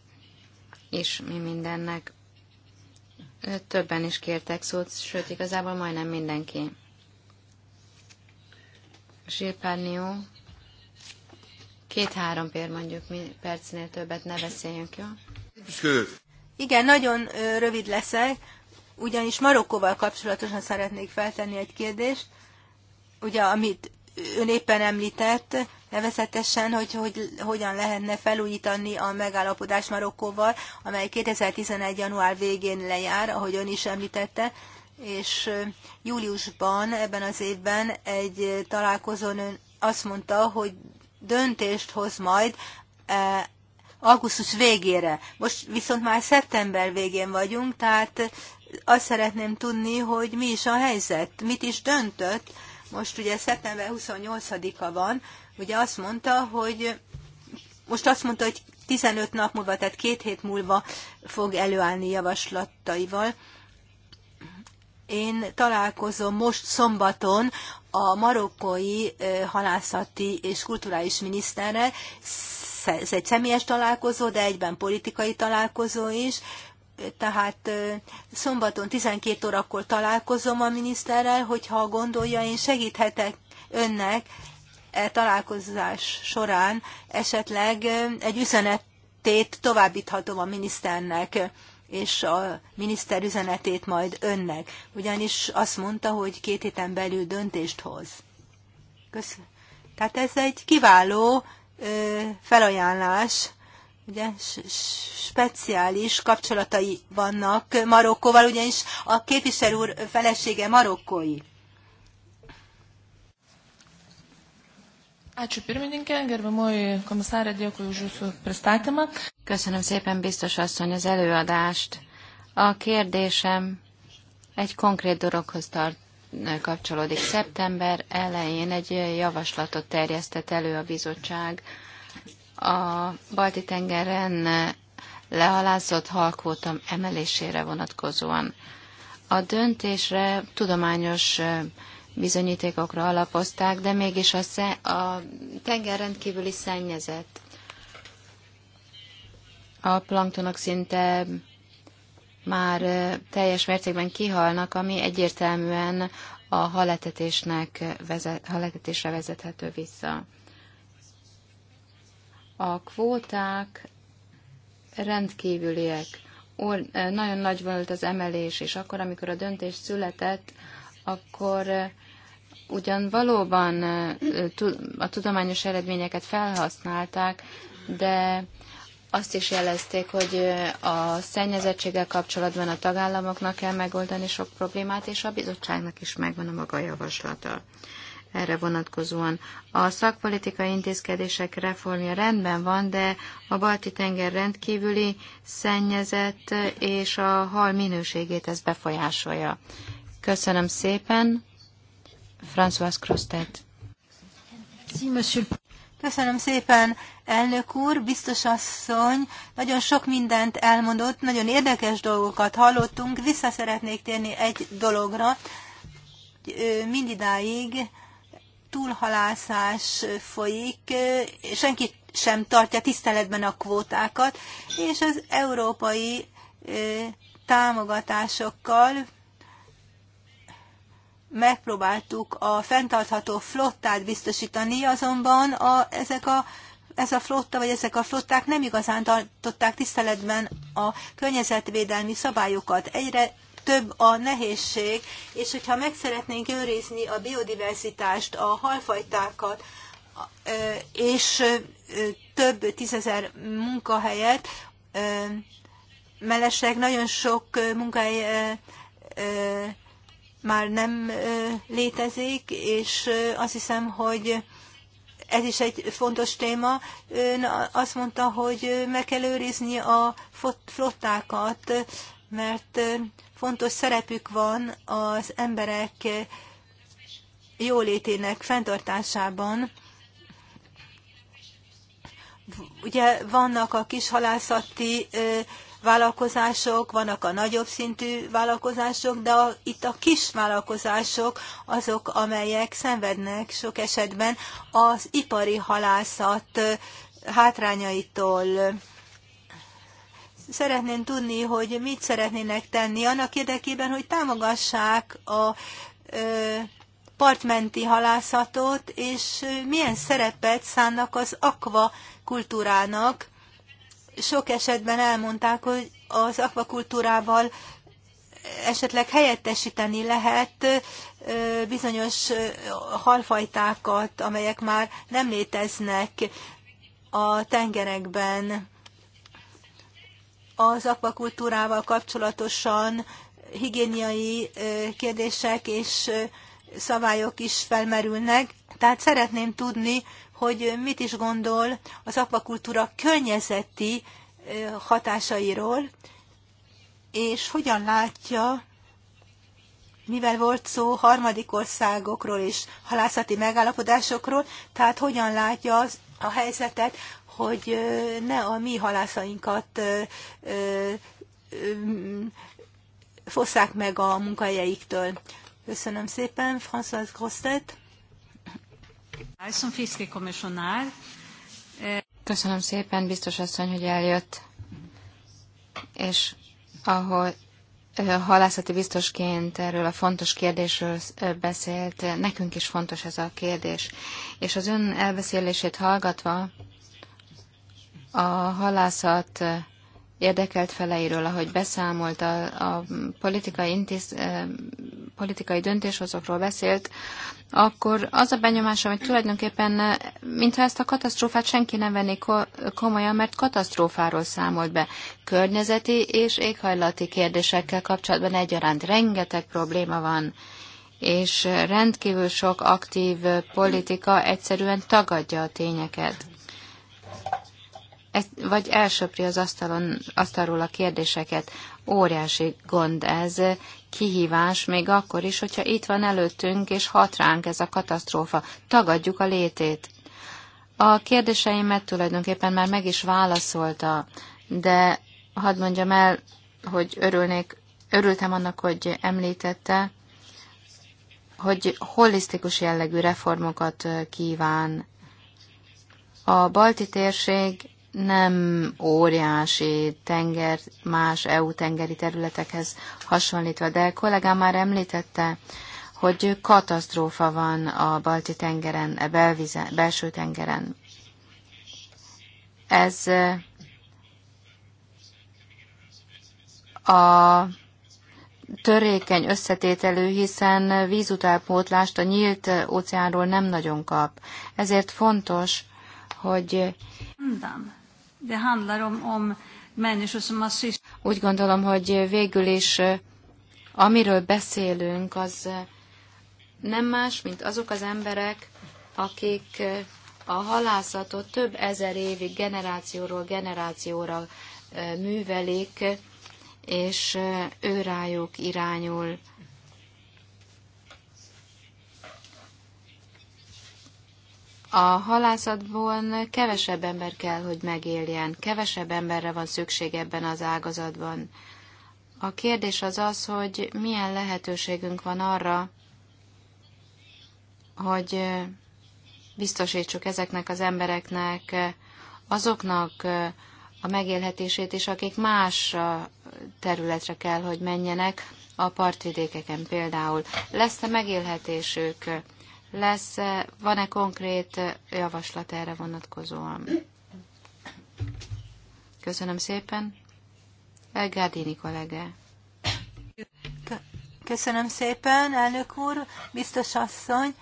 is mi mindennek. Többen is kértek szót, sőt, igazából majdnem mindenki. Zsirpárnió Két-három pér mondjuk mi percnél többet ne beszéljünk, jó? Igen, nagyon rövid leszek, ugyanis Marokkóval kapcsolatosan szeretnék feltenni egy kérdést. Ugye, amit ön éppen említett, nevezetesen, hogy, hogy hogyan lehetne felújítani a megállapodás Marokkóval, amely 2011. január végén lejár, ahogy ön is említette, és júliusban ebben az évben egy találkozón ön azt mondta, hogy döntést hoz majd e, augusztus végére. Most viszont már szeptember végén vagyunk, tehát azt szeretném tudni, hogy mi is a helyzet, mit is döntött. Most ugye szeptember 28-a van, ugye azt mondta, hogy most azt mondta, hogy 15 nap múlva, tehát két hét múlva fog előállni javaslataival. Én találkozom most szombaton a marokkói halászati és kulturális miniszterre. Ez egy személyes találkozó, de egyben politikai találkozó is. Tehát szombaton 12 órakor találkozom a miniszterrel, hogyha gondolja, én segíthetek önnek e találkozás során esetleg egy üzenetet továbbíthatom a miniszternek és a miniszter üzenetét majd önnek, ugyanis azt mondta, hogy két héten belül döntést hoz. Köszönöm. Tehát ez egy kiváló ö, felajánlás, ugye speciális kapcsolatai vannak Marokkóval, ugyanis a képviselő úr felesége marokkói. Ácsú pirmininkė, gerbiamoji komisárė, dėkui už jūsų pristatymą. Köszönöm szépen, biztos asszony, az előadást. A kérdésem egy konkrét dologhoz tart, kapcsolódik. Szeptember elején egy javaslatot terjesztett elő a bizottság a Balti-tengeren lehalázott halkvótam emelésére vonatkozóan. A döntésre tudományos bizonyítékokra alapozták, de mégis a, szen, a tenger rendkívüli szennyezett. A planktonok szinte már teljes mértékben kihalnak, ami egyértelműen a haletetésnek vezet, haletetésre vezethető vissza. A kvóták rendkívüliek. Or, nagyon nagy volt az emelés, és akkor, amikor a döntés született, akkor ugyan valóban a tudományos eredményeket felhasználták, de azt is jelezték, hogy a szennyezettséggel kapcsolatban a tagállamoknak kell megoldani sok problémát, és a bizottságnak is megvan a maga javaslata erre vonatkozóan. A szakpolitikai intézkedések reformja rendben van, de a Balti-tenger rendkívüli szennyezett és a hal minőségét ez befolyásolja. Köszönöm szépen! François Crostet. Köszönöm szépen, elnök úr, biztos asszony, nagyon sok mindent elmondott, nagyon érdekes dolgokat hallottunk, vissza szeretnék térni egy dologra, mindidáig túlhalászás folyik, senki sem tartja tiszteletben a kvótákat, és az európai támogatásokkal megpróbáltuk a fenntartható flottát biztosítani, azonban a, ezek a ez a flotta, vagy ezek a flották nem igazán tartották tiszteletben a környezetvédelmi szabályokat. Egyre több a nehézség, és hogyha meg szeretnénk őrizni a biodiverzitást, a halfajtákat, és több tízezer munkahelyet, mellesleg nagyon sok munkahelyet, már nem létezik, és azt hiszem, hogy ez is egy fontos téma. Ön azt mondta, hogy meg kell őrizni a flottákat, mert fontos szerepük van az emberek jólétének fenntartásában. Ugye vannak a kis ö, vállalkozások, vannak a nagyobb szintű vállalkozások, de a, itt a kis vállalkozások azok, amelyek szenvednek sok esetben az ipari halászat hátrányaitól. Szeretném tudni, hogy mit szeretnének tenni annak érdekében, hogy támogassák a ö, partmenti halászatot, és milyen szerepet szánnak az akvakultúrának sok esetben elmondták, hogy az akvakultúrával esetleg helyettesíteni lehet bizonyos halfajtákat, amelyek már nem léteznek a tengerekben. Az akvakultúrával kapcsolatosan higiéniai kérdések és szabályok is felmerülnek, tehát szeretném tudni, hogy mit is gondol az akvakultúra környezeti hatásairól, és hogyan látja, mivel volt szó harmadik országokról és halászati megállapodásokról, tehát hogyan látja az, a helyzetet, hogy ne a mi halászainkat fosszák meg a munkahelyeiktől. Köszönöm szépen, François Grosset. Köszönöm szépen, biztos asszony, hogy eljött. És ahol halászati biztosként erről a fontos kérdésről beszélt, nekünk is fontos ez a kérdés. És az ön elbeszélését hallgatva a halászat érdekelt feleiről, ahogy beszámolt a, a politikai intéz, politikai döntéshozokról beszélt, akkor az a benyomásom, hogy tulajdonképpen, mintha ezt a katasztrófát senki nem venné komolyan, mert katasztrófáról számolt be. Környezeti és éghajlati kérdésekkel kapcsolatban egyaránt rengeteg probléma van, és rendkívül sok aktív politika egyszerűen tagadja a tényeket vagy elsöpri az asztalon, asztalról a kérdéseket. Óriási gond ez, kihívás, még akkor is, hogyha itt van előttünk és hat ránk ez a katasztrófa. Tagadjuk a létét. A kérdéseimet tulajdonképpen már meg is válaszolta, de hadd mondjam el, hogy örülnék, örültem annak, hogy említette, hogy holisztikus jellegű reformokat kíván. A balti térség nem óriási tenger, más EU tengeri területekhez hasonlítva, de kollégám már említette, hogy katasztrófa van a balti tengeren, a belvize, belső tengeren. Ez a törékeny összetételű, hiszen vízutálpótlást a nyílt óceánról nem nagyon kap. Ezért fontos, hogy de handlar om, om människor som har syst... Úgy gondolom, hogy végül is amiről beszélünk, az nem más, mint azok az emberek, akik a halászatot több ezer évig generációról generációra művelik, és őrájuk irányul A halászatban kevesebb ember kell, hogy megéljen, kevesebb emberre van szükség ebben az ágazatban. A kérdés az az, hogy milyen lehetőségünk van arra, hogy biztosítsuk ezeknek az embereknek, azoknak a megélhetését és akik más területre kell, hogy menjenek, a partvidékeken például. Lesz-e megélhetésük? lesz, eh, van-e konkrét eh, javaslat erre vonatkozóan? Köszönöm szépen. Eh, Gárdini kollége. Köszönöm szépen, elnök úr, biztos asszony.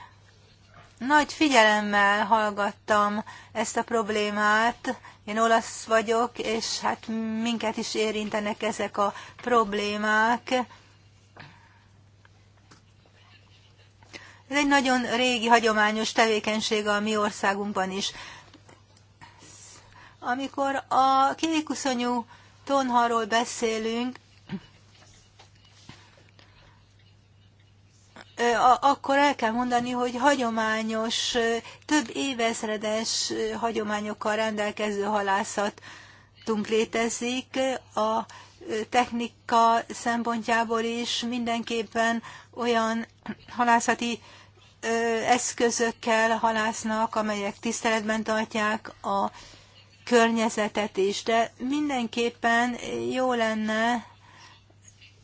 Nagy figyelemmel hallgattam ezt a problémát. Én olasz vagyok, és hát minket is érintenek ezek a problémák Ez egy nagyon régi, hagyományos tevékenység a mi országunkban is. Amikor a kékuszonyú tonharról beszélünk, akkor el kell mondani, hogy hagyományos, több évezredes hagyományokkal rendelkező halászatunk létezik. A technika szempontjából is mindenképpen olyan halászati eszközökkel halásznak, amelyek tiszteletben tartják a környezetet is, de mindenképpen jó lenne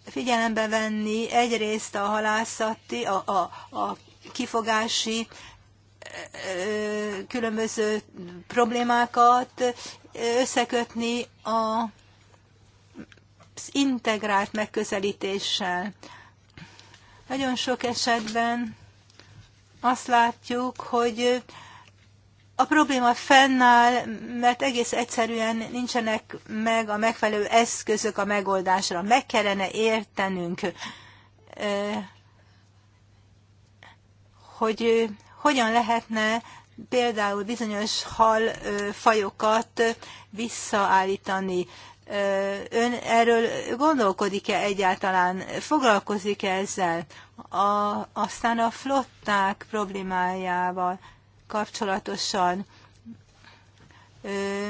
figyelembe venni egyrészt a halászati, a, a, a kifogási különböző problémákat, összekötni a integrált megközelítéssel. Nagyon sok esetben azt látjuk, hogy a probléma fennáll, mert egész egyszerűen nincsenek meg a megfelelő eszközök a megoldásra. Meg kellene értenünk, hogy hogyan lehetne például bizonyos halfajokat visszaállítani. Ön erről gondolkodik-e egyáltalán? Foglalkozik-e ezzel? A, aztán a flották problémájával kapcsolatosan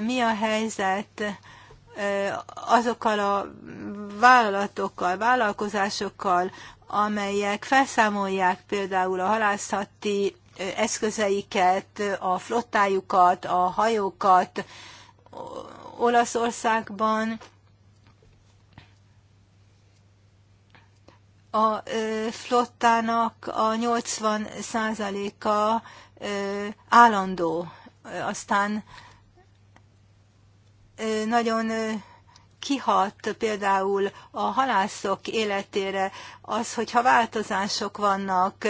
mi a helyzet azokkal a vállalatokkal, vállalkozásokkal, amelyek felszámolják például a halászati eszközeiket, a flottájukat, a hajókat, Olaszországban a flottának a 80%-a állandó, aztán nagyon kihat például a halászok életére az, hogyha változások vannak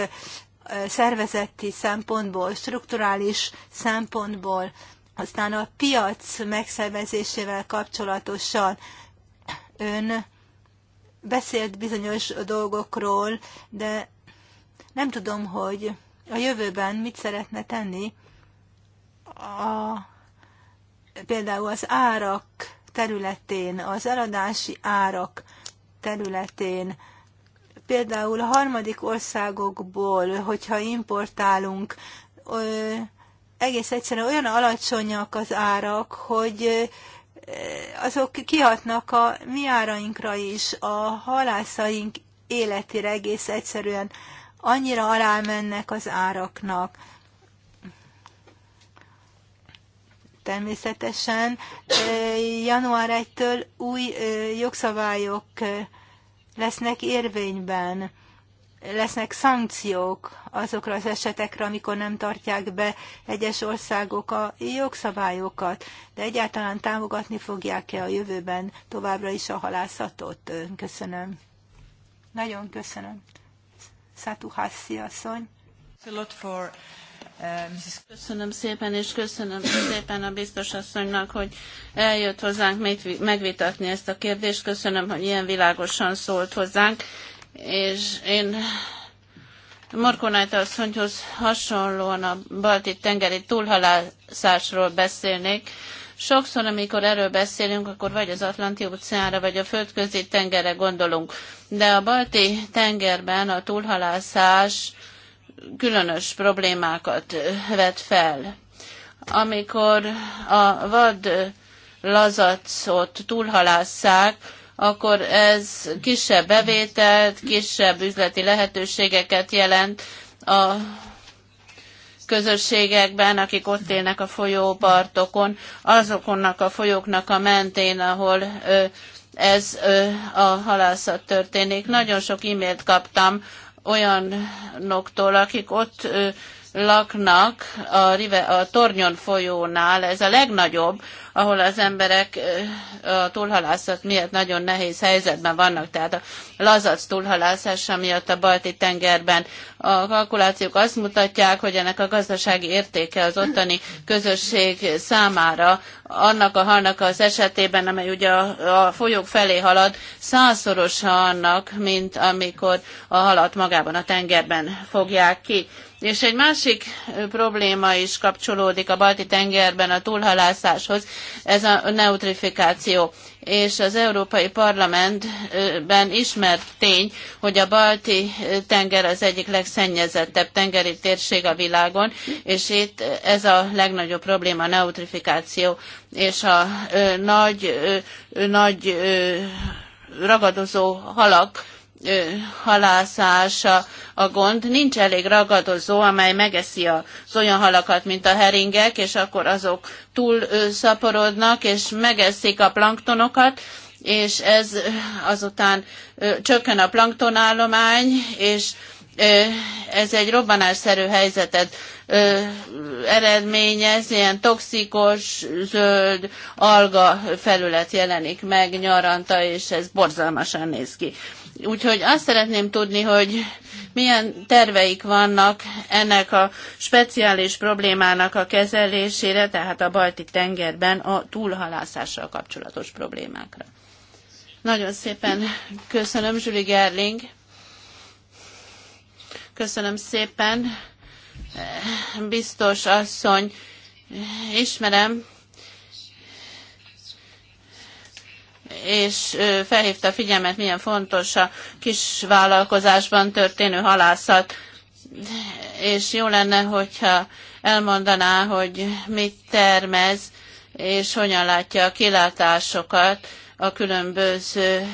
szervezeti szempontból, strukturális szempontból, aztán a piac megszervezésével kapcsolatosan ön beszélt bizonyos dolgokról, de nem tudom, hogy a jövőben mit szeretne tenni a, például az árak területén, az eladási árak területén, például a harmadik országokból, hogyha importálunk, egész egyszerűen olyan alacsonyak az árak, hogy azok kihatnak a mi árainkra is, a halászaink életére egész egyszerűen annyira alá mennek az áraknak. Természetesen január 1-től új jogszabályok lesznek érvényben lesznek szankciók azokra az esetekre, amikor nem tartják be egyes országok a jogszabályokat, de egyáltalán támogatni fogják-e a jövőben továbbra is a halászatot? Köszönöm. Nagyon köszönöm. Szátú Hassi asszony. Köszönöm szépen, és köszönöm szépen a biztos asszonynak, hogy eljött hozzánk megvitatni ezt a kérdést. Köszönöm, hogy ilyen világosan szólt hozzánk és én Morkonájta asszonyhoz hasonlóan a balti tengeri túlhalászásról beszélnék. Sokszor, amikor erről beszélünk, akkor vagy az Atlanti óceánra, vagy a földközi tengerre gondolunk. De a balti tengerben a túlhalászás különös problémákat vet fel. Amikor a vad lazacot túlhalásszák, akkor ez kisebb bevételt, kisebb üzleti lehetőségeket jelent a közösségekben, akik ott élnek a folyópartokon, azokonnak a folyóknak a mentén, ahol ez a halászat történik. Nagyon sok e-mailt kaptam olyanoktól, akik ott laknak a, rive, a Tornyon folyónál, ez a legnagyobb, ahol az emberek a túlhalászat miatt nagyon nehéz helyzetben vannak, tehát a lazac túlhalászása miatt a balti tengerben. A kalkulációk azt mutatják, hogy ennek a gazdasági értéke az ottani közösség számára annak a halnak az esetében, amely ugye a, a folyók felé halad, százszorosa annak, mint amikor a halat magában a tengerben fogják ki és egy másik probléma is kapcsolódik a balti tengerben a túlhalászáshoz, ez a neutrifikáció. És az Európai Parlamentben ismert tény, hogy a balti tenger az egyik legszennyezettebb tengeri térség a világon, és itt ez a legnagyobb probléma a neutrifikáció. És a ö, nagy, ö, nagy ö, ragadozó halak, halászása a gond. Nincs elég ragadozó, amely megeszi az olyan halakat, mint a heringek, és akkor azok túl szaporodnak, és megeszik a planktonokat, és ez azután csökken a planktonállomány, és ez egy robbanásszerű helyzetet eredményez, ilyen toxikos, zöld alga felület jelenik meg nyaranta, és ez borzalmasan néz ki. Úgyhogy azt szeretném tudni, hogy milyen terveik vannak ennek a speciális problémának a kezelésére, tehát a balti tengerben a túlhalászással kapcsolatos problémákra. Nagyon szépen köszönöm, Zsüli Gerling. Köszönöm szépen, biztos asszony. Ismerem és felhívta a figyelmet, milyen fontos a kis vállalkozásban történő halászat, és jó lenne, hogyha elmondaná, hogy mit termez, és hogyan látja a kilátásokat a különböző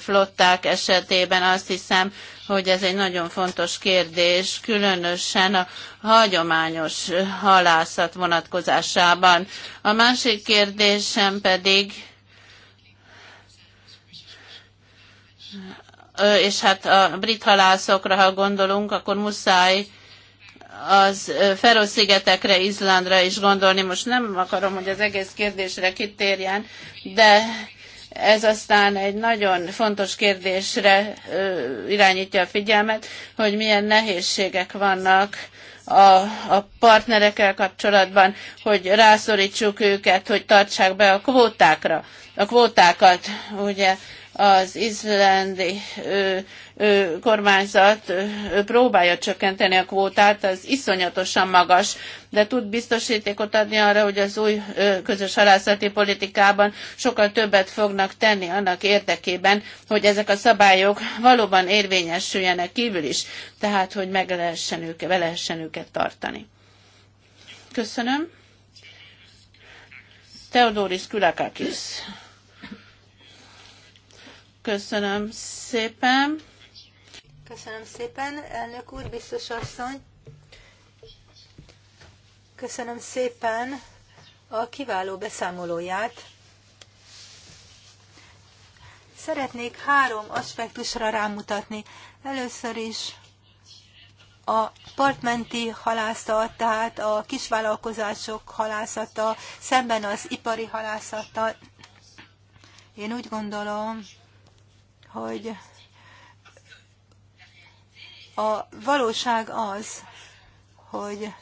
flották esetében. Azt hiszem, hogy ez egy nagyon fontos kérdés, különösen a hagyományos halászat vonatkozásában. A másik kérdésem pedig és hát a brit halászokra, ha gondolunk, akkor muszáj az Feroz-szigetekre, Izlandra is gondolni. Most nem akarom, hogy az egész kérdésre kitérjen, de ez aztán egy nagyon fontos kérdésre irányítja a figyelmet, hogy milyen nehézségek vannak a, a partnerekkel kapcsolatban, hogy rászorítsuk őket, hogy tartsák be a kvótákra, a kvótákat, ugye az izlandi ö, ö, kormányzat ö, próbálja csökkenteni a kvótát, az iszonyatosan magas, de tud biztosítékot adni arra, hogy az új ö, közös halászati politikában sokkal többet fognak tenni annak érdekében, hogy ezek a szabályok valóban érvényesüljenek kívül is, tehát hogy meg lehessen őket, be lehessen őket tartani. Köszönöm. Teodoris Kulakakis. Köszönöm szépen. Köszönöm szépen, elnök úr, biztos asszony. Köszönöm szépen a kiváló beszámolóját. Szeretnék három aspektusra rámutatni. Először is a partmenti halászat, tehát a kisvállalkozások halászata, szemben az ipari halászata. Én úgy gondolom, hogy a valóság az, hogy,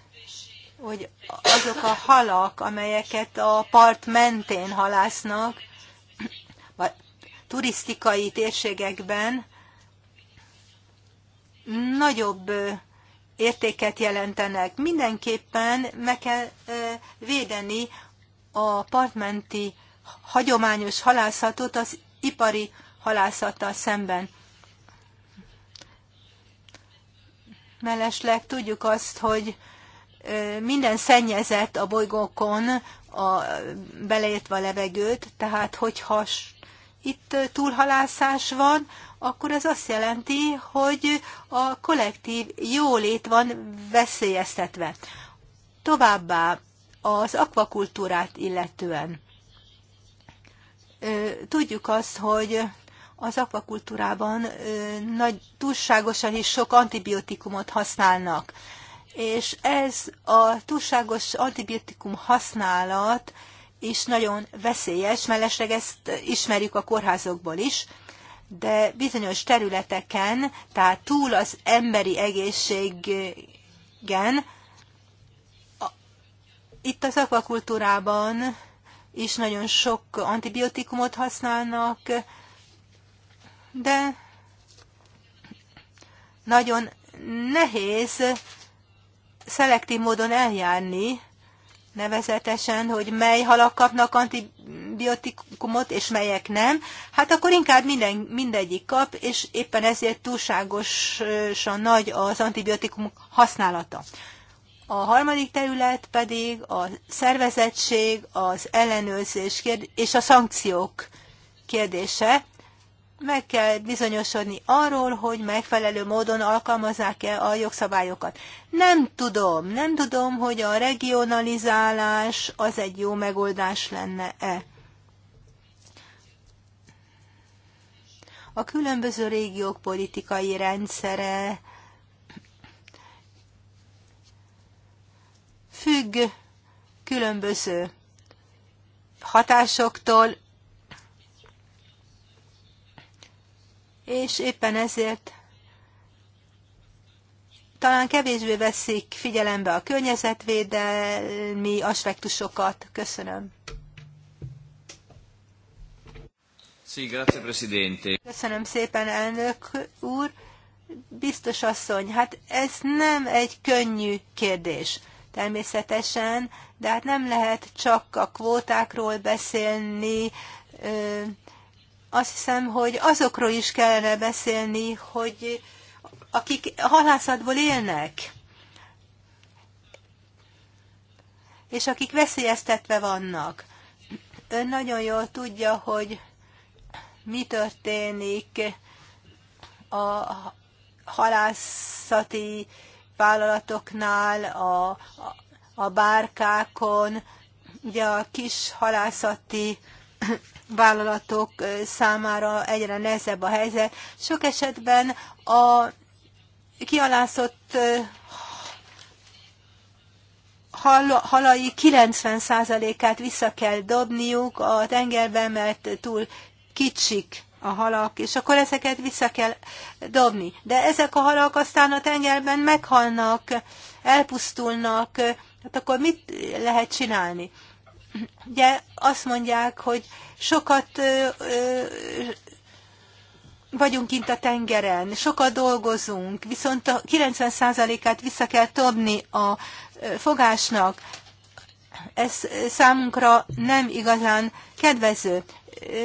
hogy azok a halak, amelyeket a part mentén halásznak, vagy turisztikai térségekben nagyobb értéket jelentenek. Mindenképpen meg kell védeni a partmenti hagyományos halászatot az ipari halászattal szemben. Mellesleg tudjuk azt, hogy minden szennyezett a bolygókon, a, beleértve a levegőt, tehát hogyha itt túlhalászás van, akkor ez azt jelenti, hogy a kollektív jólét van veszélyeztetve. Továbbá az akvakultúrát illetően. Tudjuk azt, hogy az akvakultúrában nagy, túlságosan is sok antibiotikumot használnak. És ez a túlságos antibiotikum használat is nagyon veszélyes, mellesleg ezt ismerjük a kórházokból is, de bizonyos területeken, tehát túl az emberi egészségen, itt az akvakultúrában is nagyon sok antibiotikumot használnak, de nagyon nehéz szelektív módon eljárni, nevezetesen, hogy mely halak kapnak antibiotikumot, és melyek nem, hát akkor inkább minden, mindegyik kap, és éppen ezért túlságosan nagy az antibiotikum használata. A harmadik terület pedig a szervezettség, az ellenőrzés és a szankciók kérdése meg kell bizonyosodni arról, hogy megfelelő módon alkalmazzák-e a jogszabályokat. Nem tudom, nem tudom, hogy a regionalizálás az egy jó megoldás lenne-e. A különböző régiók politikai rendszere függ különböző hatásoktól, és éppen ezért talán kevésbé veszik figyelembe a környezetvédelmi aspektusokat. Köszönöm. Presidente. Köszönöm szépen, elnök úr. Biztos asszony, hát ez nem egy könnyű kérdés természetesen, de hát nem lehet csak a kvótákról beszélni, azt hiszem, hogy azokról is kellene beszélni, hogy akik halászatból élnek, és akik veszélyeztetve vannak. Ön nagyon jól tudja, hogy mi történik a halászati vállalatoknál, a, a bárkákon, ugye a kis halászati vállalatok számára egyre nehezebb a helyzet. Sok esetben a kialászott halai 90%-át vissza kell dobniuk a tengerbe, mert túl kicsik a halak, és akkor ezeket vissza kell dobni. De ezek a halak aztán a tengerben meghalnak, elpusztulnak, hát akkor mit lehet csinálni? Ugye azt mondják, hogy sokat ö, ö, vagyunk kint a tengeren, sokat dolgozunk, viszont a 90%-át vissza kell tobni a fogásnak. Ez számunkra nem igazán kedvező.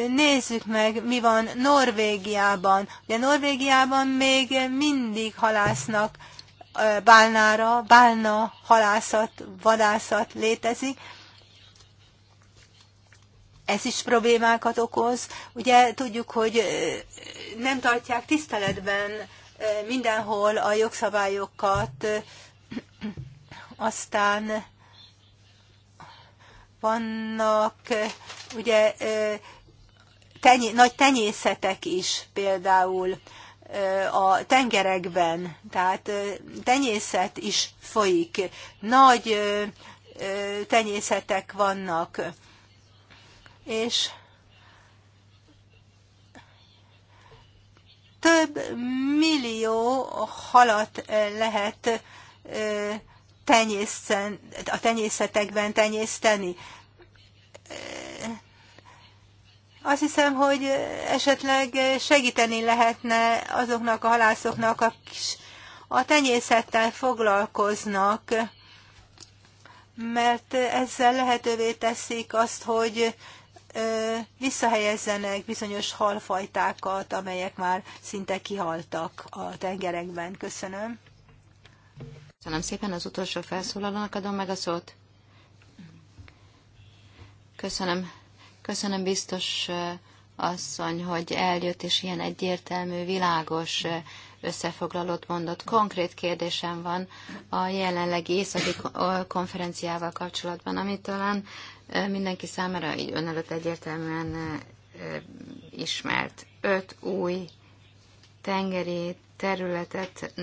Nézzük meg, mi van Norvégiában. Ugye Norvégiában még mindig halásznak bálnára, bálna halászat, vadászat létezik, ez is problémákat okoz. Ugye tudjuk, hogy nem tartják tiszteletben mindenhol a jogszabályokat, aztán vannak ugye teny- nagy tenyészetek is például a tengerekben, tehát tenyészet is folyik, nagy tenyészetek vannak és több millió halat lehet a tenyészetekben tenyészteni. Azt hiszem, hogy esetleg segíteni lehetne azoknak a halászoknak, akik a tenyészettel foglalkoznak, mert ezzel lehetővé teszik azt, hogy visszahelyezzenek bizonyos halfajtákat, amelyek már szinte kihaltak a tengerekben. Köszönöm. Köszönöm szépen az utolsó felszólalónak adom meg a szót. Köszönöm. Köszönöm biztos asszony, hogy eljött és ilyen egyértelmű, világos összefoglalót mondott. Konkrét kérdésem van a jelenlegi északi konferenciával kapcsolatban, amit talán mindenki számára így ön előtt egyértelműen ismert. Öt új tengeri területet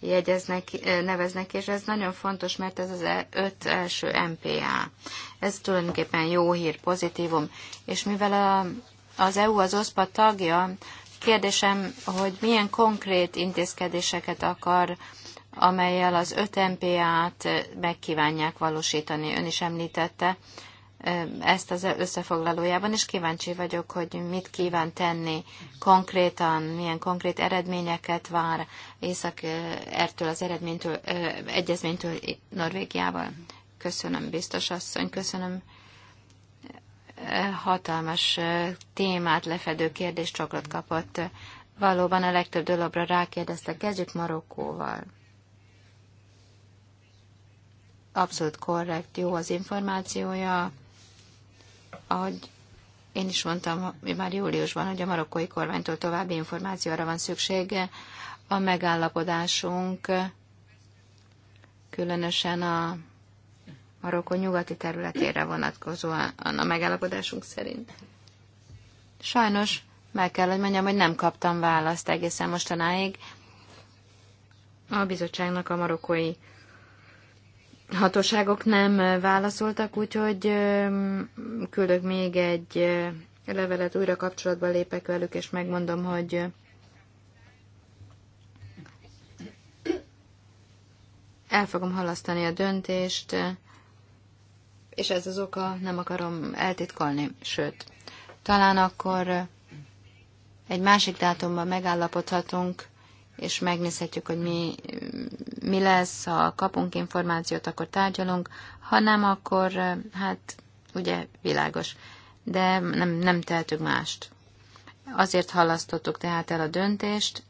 jegyeznek, neveznek, és ez nagyon fontos, mert ez az e, öt első MPA. Ez tulajdonképpen jó hír, pozitívum. És mivel a, az EU az OSPA tagja, kérdésem, hogy milyen konkrét intézkedéseket akar amelyel az 5 MPA-t megkívánják valósítani. Ön is említette ezt az összefoglalójában, és kíváncsi vagyok, hogy mit kíván tenni konkrétan, milyen konkrét eredményeket vár Észak-Ertől az eredménytől, egyezménytől Norvégiával. Köszönöm, biztos asszony, köszönöm hatalmas témát lefedő kérdéscsokrot kapott. Valóban a legtöbb dologra rákérdeztek. Kezdjük Marokkóval abszolút korrekt, jó az információja. Ahogy én is mondtam már júliusban, hogy a marokkói kormánytól további információra van szüksége. A megállapodásunk különösen a Marokkó nyugati területére vonatkozóan a megállapodásunk szerint. Sajnos meg kell, hogy mondjam, hogy nem kaptam választ egészen mostanáig. A bizottságnak a marokkói hatóságok nem válaszoltak, úgyhogy küldök még egy levelet, újra kapcsolatba lépek velük, és megmondom, hogy el fogom halasztani a döntést, és ez az oka, nem akarom eltitkolni, sőt, talán akkor egy másik dátumban megállapodhatunk, és megnézhetjük, hogy mi mi lesz, ha kapunk információt, akkor tárgyalunk, ha nem, akkor eh, hát ugye világos. De nem, nem tehetünk mást. Azért halasztottuk tehát el a döntést,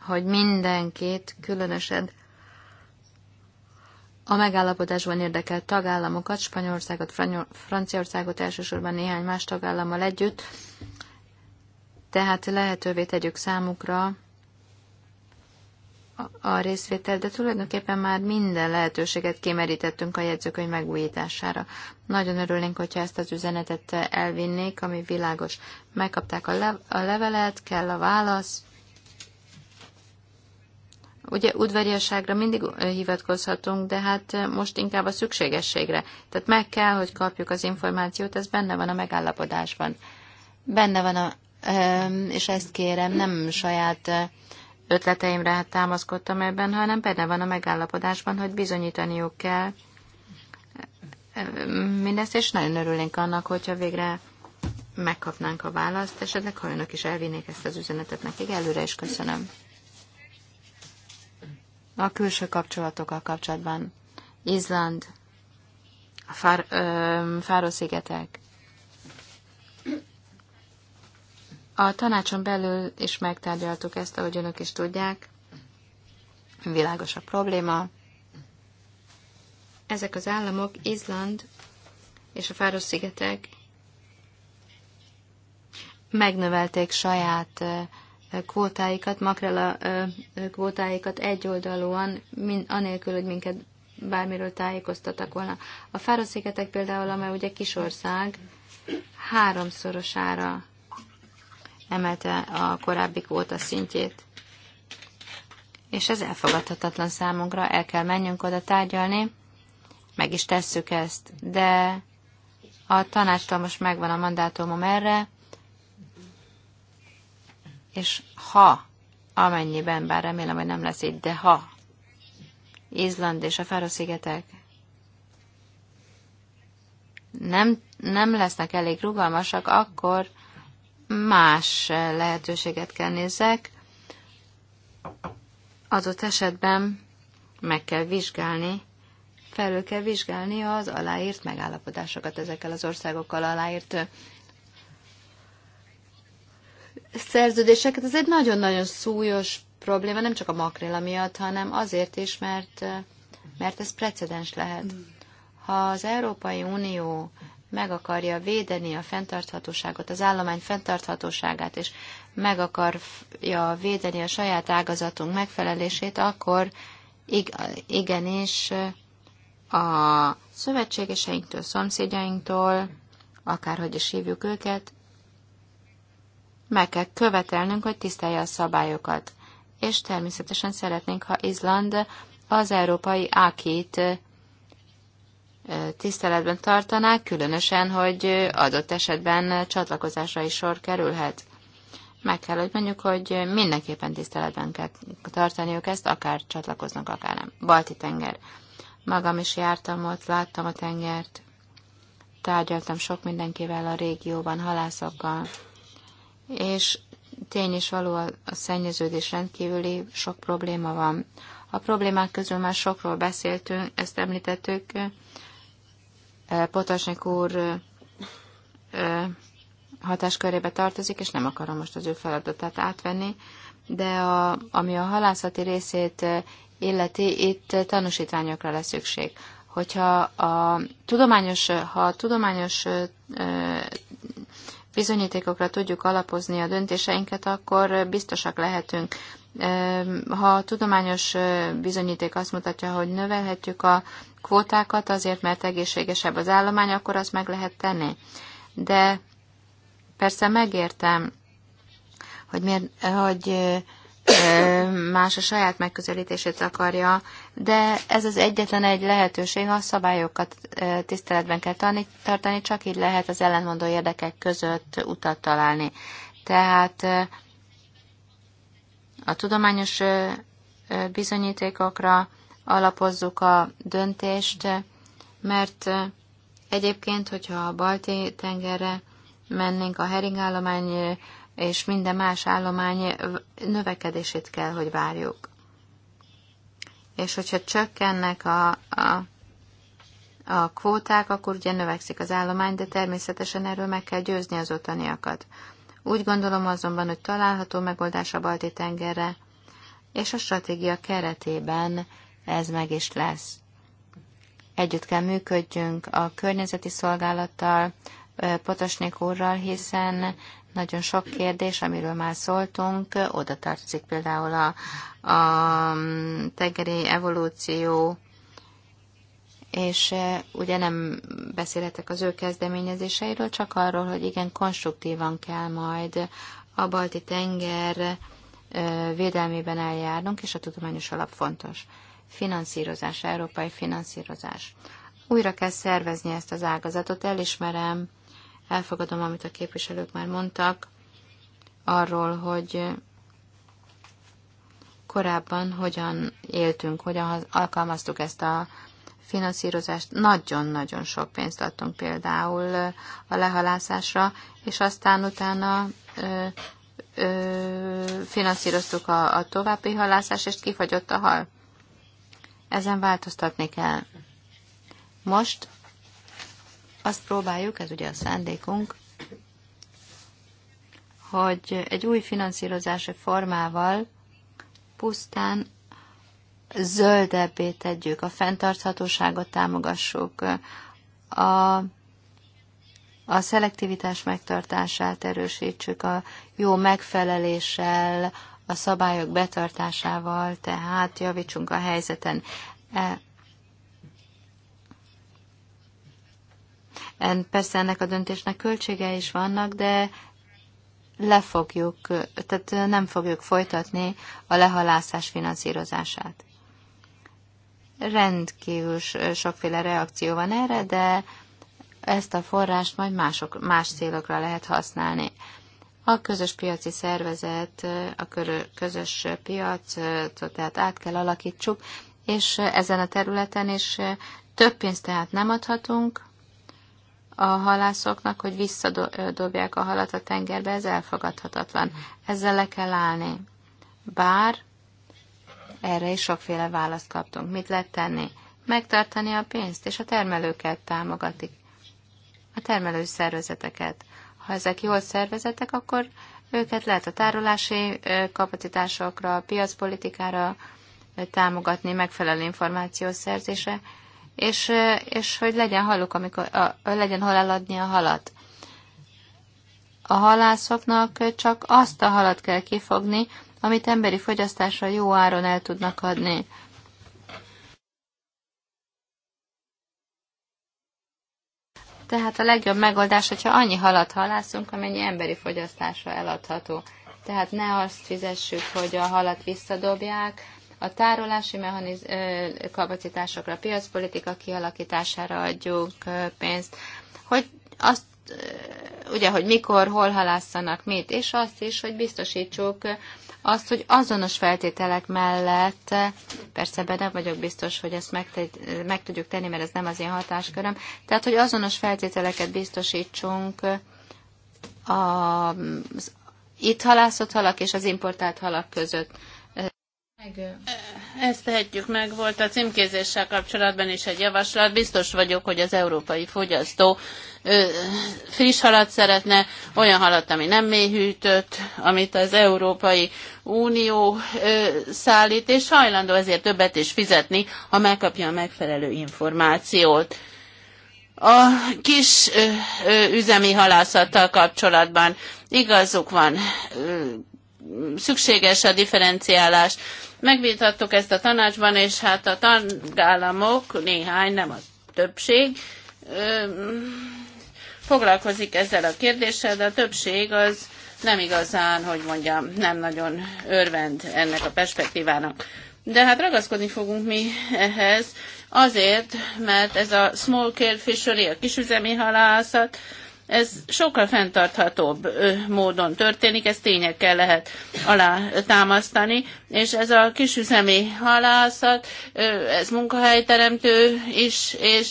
hogy mindenkit, különösen a megállapodásban érdekelt tagállamokat, Spanyolországot, Franciaországot, elsősorban néhány más tagállammal együtt, tehát lehetővé tegyük számukra, a részvétel, de tulajdonképpen már minden lehetőséget kimerítettünk a jegyzőkönyv megújítására. Nagyon örülnénk, hogyha ezt az üzenetet elvinnék, ami világos. Megkapták a, le- a levelet, kell a válasz. Ugye udvariasságra mindig hivatkozhatunk, de hát most inkább a szükségességre. Tehát meg kell, hogy kapjuk az információt, ez benne van a megállapodásban. Benne van a, és ezt kérem, nem saját ötleteimre támaszkodtam ebben, hanem benne van a megállapodásban, hogy bizonyítaniuk kell mindezt, és nagyon örülnénk annak, hogyha végre megkapnánk a választ, esetleg ha önök is elvinnék ezt az üzenetet nekik, előre is köszönöm. A külső kapcsolatokkal kapcsolatban Izland, a Fár, szigetek A tanácson belül is megtárgyaltuk ezt, ahogy önök is tudják. Világos a probléma. Ezek az államok, Izland és a Fáros-szigetek megnövelték saját kvótáikat, makrela kvótáikat egyoldalúan, anélkül, hogy minket bármiről tájékoztattak volna. A Fáros-szigetek például, amely ugye kisország, háromszorosára emelte a korábbi kóta szintjét. És ez elfogadhatatlan számunkra, el kell mennünk oda tárgyalni, meg is tesszük ezt, de a tanácstól most megvan a mandátumom erre, és ha, amennyiben, bár remélem, hogy nem lesz így, de ha Izland és a Fáro-szigetek nem, nem lesznek elég rugalmasak, akkor más lehetőséget kell nézzek, adott esetben meg kell vizsgálni, felül kell vizsgálni az aláírt megállapodásokat ezekkel az országokkal aláírt szerződéseket. Ez egy nagyon-nagyon súlyos probléma, nem csak a makréla miatt, hanem azért is, mert, mert ez precedens lehet. Hmm. Ha az Európai Unió meg akarja védeni a fenntarthatóságot, az állomány fenntarthatóságát, és meg akarja védeni a saját ágazatunk megfelelését, akkor igenis a szövetségeseinktől, szomszédjainktól, akárhogy is hívjuk őket, meg kell követelnünk, hogy tisztelje a szabályokat. És természetesen szeretnénk, ha Izland az európai ákét tiszteletben tartanák, különösen, hogy adott esetben csatlakozásra is sor kerülhet. Meg kell, hogy mondjuk, hogy mindenképpen tiszteletben kell tartaniuk ezt, akár csatlakoznak, akár nem. Balti tenger. Magam is jártam ott, láttam a tengert, tárgyaltam sok mindenkivel a régióban, halászokkal, és tény is való a szennyeződés rendkívüli, sok probléma van. A problémák közül már sokról beszéltünk, ezt említettük, Eh, Potasnyik úr eh, eh, hatáskörébe tartozik, és nem akarom most az ő feladatát átvenni, de a, ami a halászati részét illeti, itt tanúsítványokra lesz szükség. Hogyha a tudományos, ha a tudományos bizonyítékokra tudjuk alapozni a döntéseinket, akkor biztosak lehetünk. Ha a tudományos bizonyíték azt mutatja, hogy növelhetjük a kvótákat azért, mert egészségesebb az állomány, akkor azt meg lehet tenni. De persze megértem, hogy, miért, hogy más a saját megközelítését akarja, de ez az egyetlen egy lehetőség, a szabályokat tiszteletben kell tartani, csak így lehet az ellenmondó érdekek között utat találni. Tehát a tudományos bizonyítékokra alapozzuk a döntést, mert egyébként, hogyha a balti tengerre mennénk, a heringállomány és minden más állomány növekedését kell, hogy várjuk. És hogyha csökkennek a, a, a kvóták, akkor ugye növekszik az állomány, de természetesen erről meg kell győzni az otaniakat. Úgy gondolom azonban, hogy található megoldás a Balti tengerre, és a stratégia keretében ez meg is lesz. Együtt kell működjünk a környezeti szolgálattal, Potosnék úrral, hiszen nagyon sok kérdés, amiről már szóltunk, oda tartozik például a, a tengeri evolúció, és ugye nem beszélhetek az ő kezdeményezéseiről, csak arról, hogy igen, konstruktívan kell majd a balti tenger védelmében eljárnunk, és a tudományos alap fontos finanszírozás, európai finanszírozás. Újra kell szervezni ezt az ágazatot, elismerem, elfogadom, amit a képviselők már mondtak, arról, hogy korábban hogyan éltünk, hogyan alkalmaztuk ezt a finanszírozást. Nagyon-nagyon sok pénzt adtunk például a lehalászásra, és aztán utána ö, ö, finanszíroztuk a, a további halászást, és kifagyott a hal. Ezen változtatni kell. Most azt próbáljuk, ez ugye a szándékunk, hogy egy új finanszírozási formával pusztán zöldebbé tegyük, a fenntarthatóságot támogassuk, a, a szelektivitás megtartását erősítsük, a jó megfeleléssel, a szabályok betartásával, tehát javítsunk a helyzeten. E, persze ennek a döntésnek költsége is vannak, de le fogjuk, tehát nem fogjuk folytatni a lehalászás finanszírozását. Rendkívül sokféle reakció van erre, de ezt a forrást majd mások, más célokra lehet használni. A közös piaci szervezet, a közös piacot tehát át kell alakítsuk, és ezen a területen is több pénzt tehát nem adhatunk a halászoknak, hogy visszadobják a halat a tengerbe, ez elfogadhatatlan. Ezzel le kell állni. Bár erre is sokféle választ kaptunk. Mit lehet tenni? Megtartani a pénzt, és a termelőket támogatik. A termelő szervezeteket. Ha ezek jól szervezettek, akkor őket lehet a tárolási kapacitásokra, a piacpolitikára támogatni, megfelelő információszerzése, és, és hogy legyen haluk, amikor, a, legyen hol eladni a halat. A halászoknak csak azt a halat kell kifogni, amit emberi fogyasztásra jó áron el tudnak adni. Tehát a legjobb megoldás, hogyha annyi halat halászunk, amennyi emberi fogyasztásra eladható. Tehát ne azt fizessük, hogy a halat visszadobják, a tárolási mechaniz- kapacitásokra, piacpolitika kialakítására adjuk pénzt, hogy azt ugye, hogy mikor, hol halásszanak, mit, és azt is, hogy biztosítsuk azt, hogy azonos feltételek mellett, persze benne vagyok biztos, hogy ezt meg, meg tudjuk tenni, mert ez nem az én hatásköröm, tehát, hogy azonos feltételeket biztosítsunk az itt halászott halak és az importált halak között. Ezt tehetjük meg, volt a címkézéssel kapcsolatban is egy javaslat. Biztos vagyok, hogy az európai fogyasztó friss halat szeretne, olyan halat, ami nem mélyhűtött, amit az Európai Unió szállít, és hajlandó ezért többet is fizetni, ha megkapja a megfelelő információt. A kis ö, ö, üzemi halászattal kapcsolatban igazuk van, ö, szükséges a differenciálás Megvitattuk ezt a tanácsban, és hát a tagállamok, néhány, nem a többség, foglalkozik ezzel a kérdéssel, de a többség az nem igazán, hogy mondjam, nem nagyon örvend ennek a perspektívának. De hát ragaszkodni fogunk mi ehhez, azért, mert ez a small care fishery, a kisüzemi halászat, ez sokkal fenntarthatóbb módon történik, ezt tényekkel lehet alátámasztani, és ez a kisüzemi halászat, ez munkahelyteremtő is, és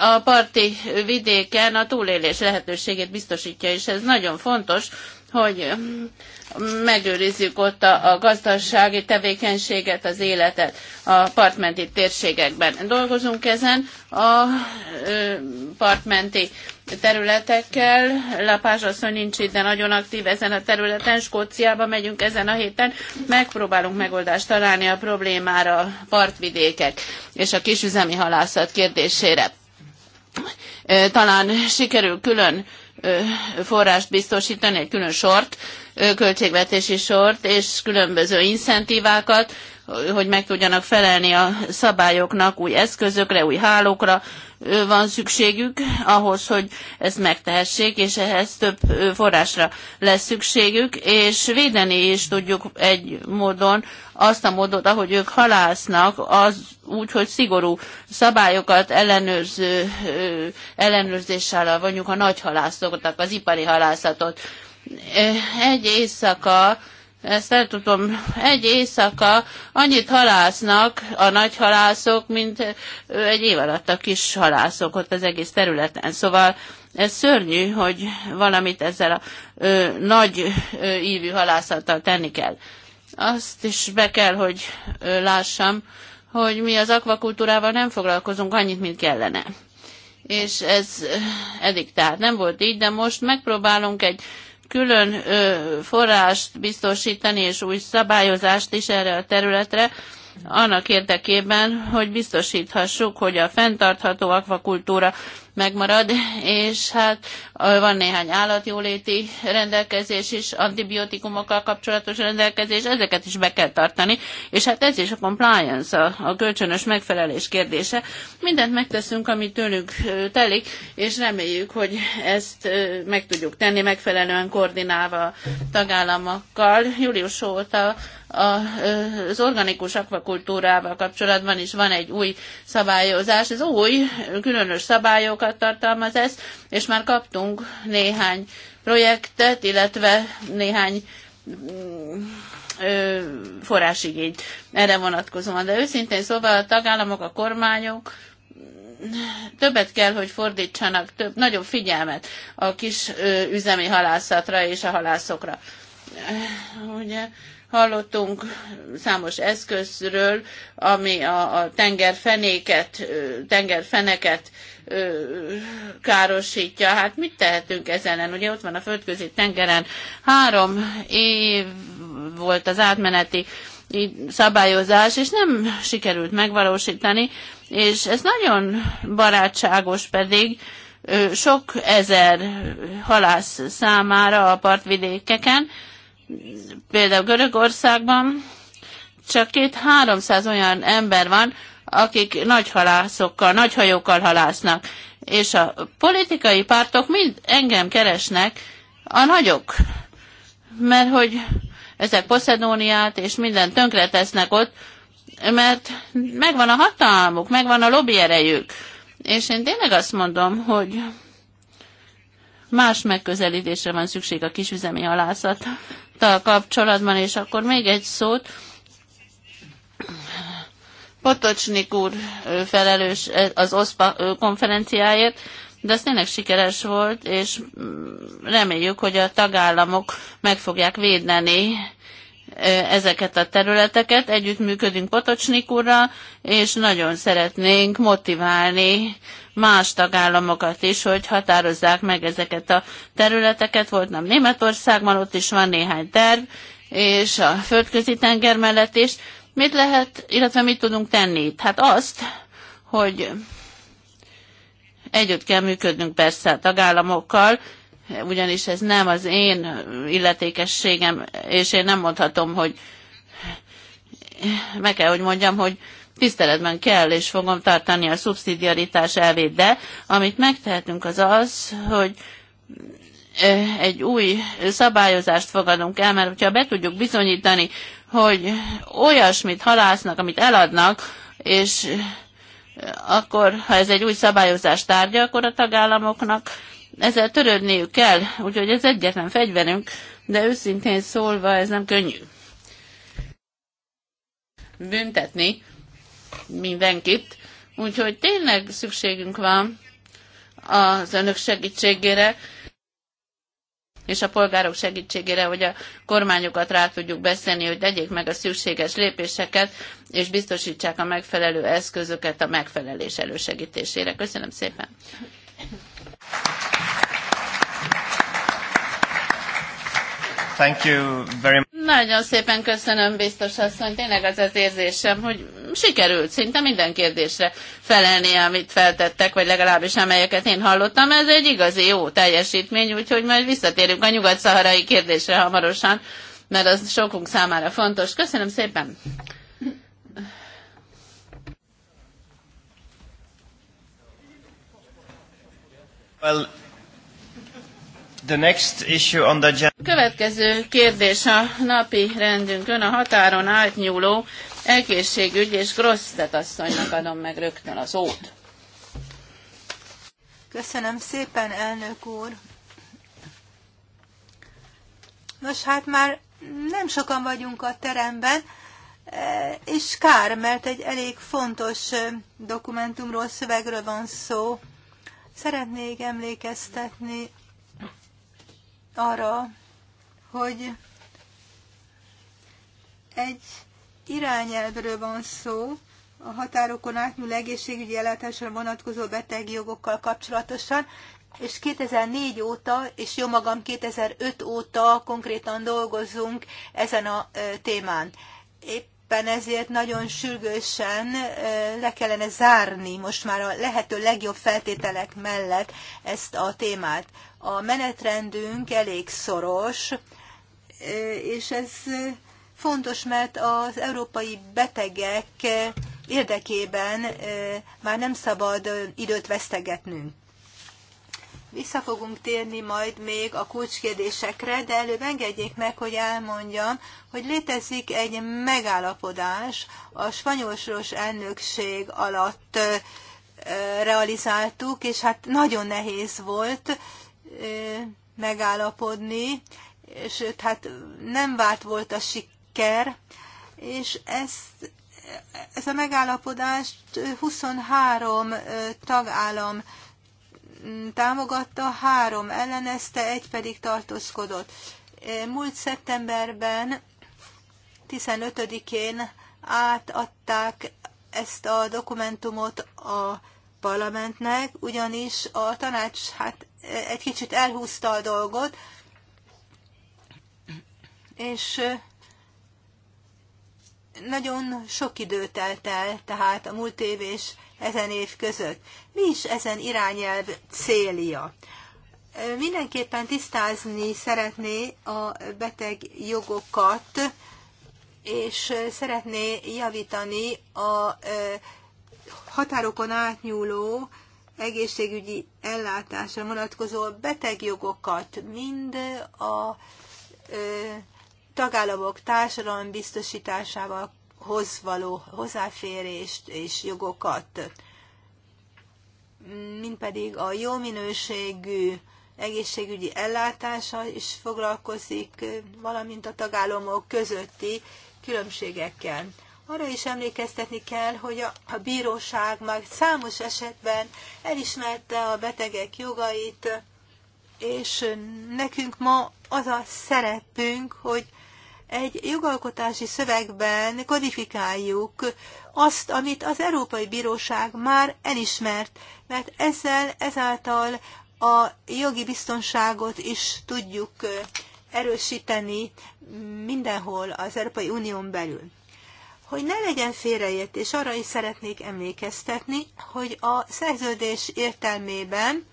a parti vidéken a túlélés lehetőségét biztosítja, és ez nagyon fontos, hogy megőrizzük ott a, a gazdasági tevékenységet, az életet a partmenti térségekben. Dolgozunk ezen a partmenti területekkel. Lapás asszony nincs itt, de nagyon aktív ezen a területen. Skóciába megyünk ezen a héten. Megpróbálunk megoldást találni a problémára a partvidékek és a kisüzemi halászat kérdésére. Talán sikerül külön forrást biztosítani, egy külön sort, költségvetési sort és különböző incentívákat, hogy meg tudjanak felelni a szabályoknak, új eszközökre, új hálókra van szükségük ahhoz, hogy ezt megtehessék, és ehhez több forrásra lesz szükségük, és védeni is tudjuk egy módon azt a módot, ahogy ők halásznak, az úgy, hogy szigorú szabályokat ellenőrző, ellenőrzéssel vonjuk a nagy halászokat, az ipari halászatot. Egy éjszaka ezt el tudom, egy éjszaka annyit halásznak a nagy halászok, mint egy év alatt a kis halászok ott az egész területen. Szóval ez szörnyű, hogy valamit ezzel a ö, nagy ö, ívű halászattal tenni kell. Azt is be kell, hogy ö, lássam, hogy mi az akvakultúrával nem foglalkozunk annyit, mint kellene. És ez eddig tehát nem volt így, de most megpróbálunk egy külön forrást biztosítani és új szabályozást is erre a területre, annak érdekében, hogy biztosíthassuk, hogy a fenntartható akvakultúra megmarad, és hát van néhány állatjóléti rendelkezés is, antibiotikumokkal kapcsolatos rendelkezés, ezeket is be kell tartani, és hát ez is a compliance, a, a kölcsönös megfelelés kérdése. Mindent megteszünk, ami tőlünk telik, és reméljük, hogy ezt meg tudjuk tenni megfelelően koordinálva a tagállamokkal. Július óta az organikus akvakultúrával kapcsolatban is van egy új szabályozás. Ez új, különös szabályok, programokat tartalmaz ez, és már kaptunk néhány projektet, illetve néhány mm, forrásigényt erre vonatkozóan. De őszintén szóval a tagállamok, a kormányok mm, többet kell, hogy fordítsanak, több, nagyobb figyelmet a kis ö, üzemi halászatra és a halászokra. Ugye Hallottunk számos eszközről, ami a, a tengerfenéket, tengerfeneket károsítja. Hát mit tehetünk ezen? Ugye ott van a földközi tengeren. Három év volt az átmeneti szabályozás, és nem sikerült megvalósítani, és ez nagyon barátságos pedig sok ezer halász számára a partvidékeken, például Görögországban csak két 300 olyan ember van, akik nagy halászokkal, nagy hajókkal halásznak. És a politikai pártok mind engem keresnek, a nagyok. Mert hogy ezek Poszedóniát és minden tönkre tesznek ott, mert megvan a hatalmuk, megvan a lobby erejük. És én tényleg azt mondom, hogy más megközelítésre van szükség a kisüzemi halászat ponttal kapcsolatban, és akkor még egy szót. Potocsnik úr felelős az OSPA konferenciáért, de ez tényleg sikeres volt, és mm, reméljük, hogy a tagállamok meg fogják védeni ezeket a területeket. Együttműködünk Potocsnik úrral, és nagyon szeretnénk motiválni más tagállamokat is, hogy határozzák meg ezeket a területeket. Voltam Németországban, ott is van néhány terv, és a földközi tenger mellett is. Mit lehet, illetve mit tudunk tenni itt? Hát azt, hogy együtt kell működnünk persze a tagállamokkal, ugyanis ez nem az én illetékességem, és én nem mondhatom, hogy meg kell, hogy mondjam, hogy tiszteletben kell és fogom tartani a szubszidiaritás elvét, de amit megtehetünk az az, hogy egy új szabályozást fogadunk el, mert hogyha be tudjuk bizonyítani, hogy olyasmit halásznak, amit eladnak, és akkor, ha ez egy új szabályozás tárgya, akkor a tagállamoknak ezzel törődniük kell, úgyhogy ez egyetlen fegyverünk, de őszintén szólva ez nem könnyű. Büntetni mindenkit, úgyhogy tényleg szükségünk van az önök segítségére, és a polgárok segítségére, hogy a kormányokat rá tudjuk beszélni, hogy tegyék meg a szükséges lépéseket, és biztosítsák a megfelelő eszközöket a megfelelés elősegítésére. Köszönöm szépen! Thank you very much. Nagyon szépen köszönöm, biztos asszony. Tényleg az az érzésem, hogy sikerült szinte minden kérdésre felelni, amit feltettek, vagy legalábbis amelyeket én hallottam. Ez egy igazi jó teljesítmény, úgyhogy majd visszatérünk a nyugat-szaharai kérdésre hamarosan, mert az sokunk számára fontos. Köszönöm szépen! Well, The next issue on the Következő kérdés a napi rendünkön a határon átnyúló egészségügy és Grosszet asszonynak adom meg rögtön az ót. Köszönöm szépen, elnök úr. Nos, hát már nem sokan vagyunk a teremben, eh, és kár, mert egy elég fontos eh, dokumentumról, szövegről van szó. Szeretnék emlékeztetni arra, hogy egy irányelvről van szó, a határokon átnyúló egészségügyi ellátásra vonatkozó betegjogokkal kapcsolatosan, és 2004 óta, és jó magam 2005 óta konkrétan dolgozunk ezen a témán. Éppen ezért nagyon sürgősen le kellene zárni most már a lehető legjobb feltételek mellett ezt a témát. A menetrendünk elég szoros, és ez fontos, mert az európai betegek érdekében már nem szabad időt vesztegetnünk. Vissza fogunk térni majd még a kulcskérdésekre, de előbb engedjék meg, hogy elmondjam, hogy létezik egy megállapodás a spanyolsoros elnökség alatt realizáltuk, és hát nagyon nehéz volt megállapodni, sőt, hát nem várt volt a siker, és ezt, ez a megállapodást 23 tagállam támogatta, három ellenezte, egy pedig tartózkodott. Múlt szeptemberben 15-én átadták ezt a dokumentumot a parlamentnek, ugyanis a tanács hát egy kicsit elhúzta a dolgot, és nagyon sok idő telt el, tehát a múlt év és ezen év között. Mi is ezen irányelv célja? Mindenképpen tisztázni szeretné a beteg jogokat, és szeretné javítani a határokon átnyúló egészségügyi ellátásra vonatkozó betegjogokat mind a ö, tagállamok társadalom biztosításával hoz való hozzáférést és jogokat, mint pedig a jó minőségű egészségügyi ellátása is foglalkozik, valamint a tagállamok közötti különbségekkel. Arra is emlékeztetni kell, hogy a, a bíróság már számos esetben elismerte a betegek jogait, és nekünk ma az a szerepünk, hogy egy jogalkotási szövegben kodifikáljuk azt, amit az Európai Bíróság már elismert, mert ezzel ezáltal a jogi biztonságot is tudjuk erősíteni mindenhol az Európai Unión belül. Hogy ne legyen félreértés, arra is szeretnék emlékeztetni, hogy a szerződés értelmében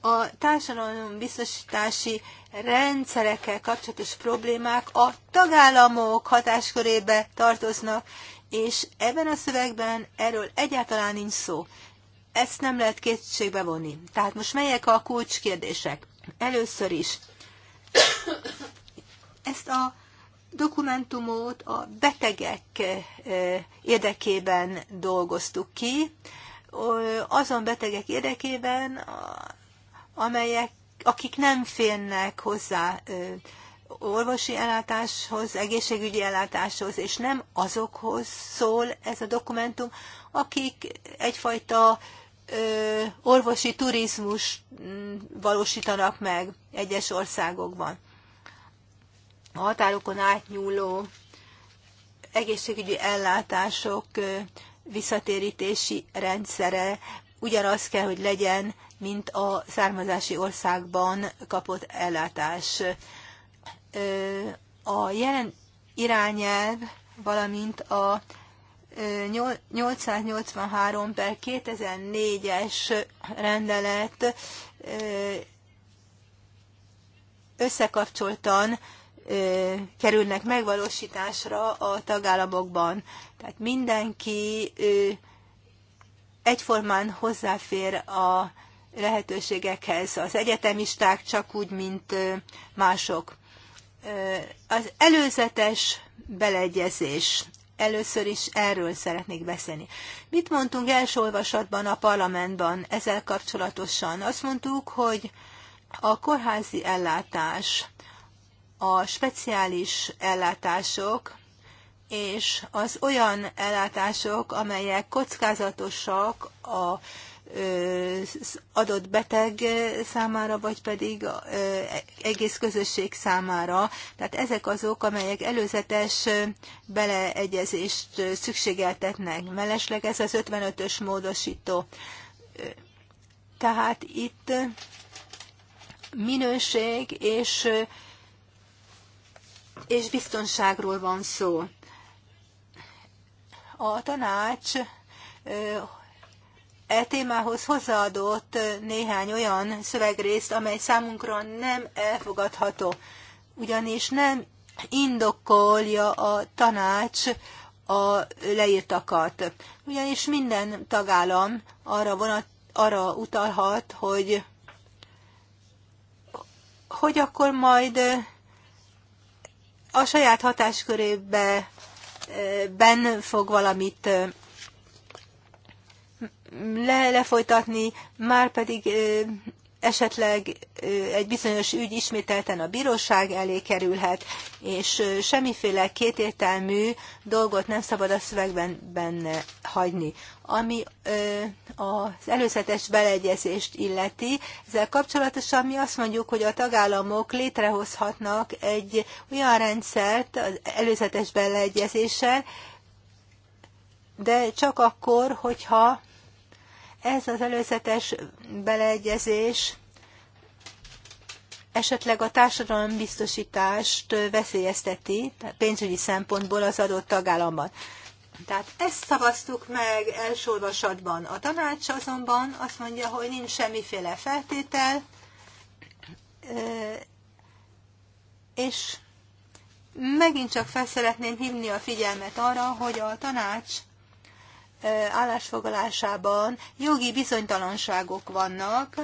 a biztosítási rendszerekkel kapcsolatos problémák a tagállamok hatáskörébe tartoznak, és ebben a szövegben erről egyáltalán nincs szó. Ezt nem lehet kétségbe vonni. Tehát most melyek a kulcskérdések? Először is. Ezt a dokumentumot a betegek eh, érdekében dolgoztuk ki, azon betegek érdekében, amelyek, akik nem félnek hozzá orvosi ellátáshoz, egészségügyi ellátáshoz, és nem azokhoz szól ez a dokumentum, akik egyfajta orvosi turizmus valósítanak meg egyes országokban a határokon átnyúló egészségügyi ellátások visszatérítési rendszere ugyanaz kell, hogy legyen, mint a származási országban kapott ellátás. A jelen irányelv, valamint a 883 per 2004-es rendelet összekapcsoltan kerülnek megvalósításra a tagállamokban. Tehát mindenki egyformán hozzáfér a lehetőségekhez, az egyetemisták csak úgy, mint mások. Az előzetes beleegyezés. Először is erről szeretnék beszélni. Mit mondtunk első olvasatban a parlamentben? ezzel kapcsolatosan? Azt mondtuk, hogy a kórházi ellátás a speciális ellátások és az olyan ellátások, amelyek kockázatosak a az adott beteg számára, vagy pedig egész közösség számára. Tehát ezek azok, amelyek előzetes beleegyezést szükségeltetnek. Mellesleg ez az 55-ös módosító. Tehát itt minőség és és biztonságról van szó. A tanács e témához hozzáadott néhány olyan szövegrészt, amely számunkra nem elfogadható, ugyanis nem indokolja a tanács a leírtakat. Ugyanis minden tagállam arra, vonat, arra utalhat, hogy hogy akkor majd a saját hatáskörébe eh, ben fog valamit eh, le, lefolytatni, már pedig eh, esetleg egy bizonyos ügy ismételten a bíróság elé kerülhet, és semmiféle kétértelmű dolgot nem szabad a szövegben benne hagyni. Ami az előzetes beleegyezést illeti, ezzel kapcsolatosan mi azt mondjuk, hogy a tagállamok létrehozhatnak egy olyan rendszert az előzetes beleegyezéssel, de csak akkor, hogyha ez az előzetes beleegyezés esetleg a társadalombiztosítást veszélyezteti tehát pénzügyi szempontból az adott tagállamban. Tehát ezt szavaztuk meg első olvasatban. A tanács azonban azt mondja, hogy nincs semmiféle feltétel, és megint csak fel szeretném hívni a figyelmet arra, hogy a tanács állásfoglalásában jogi bizonytalanságok vannak,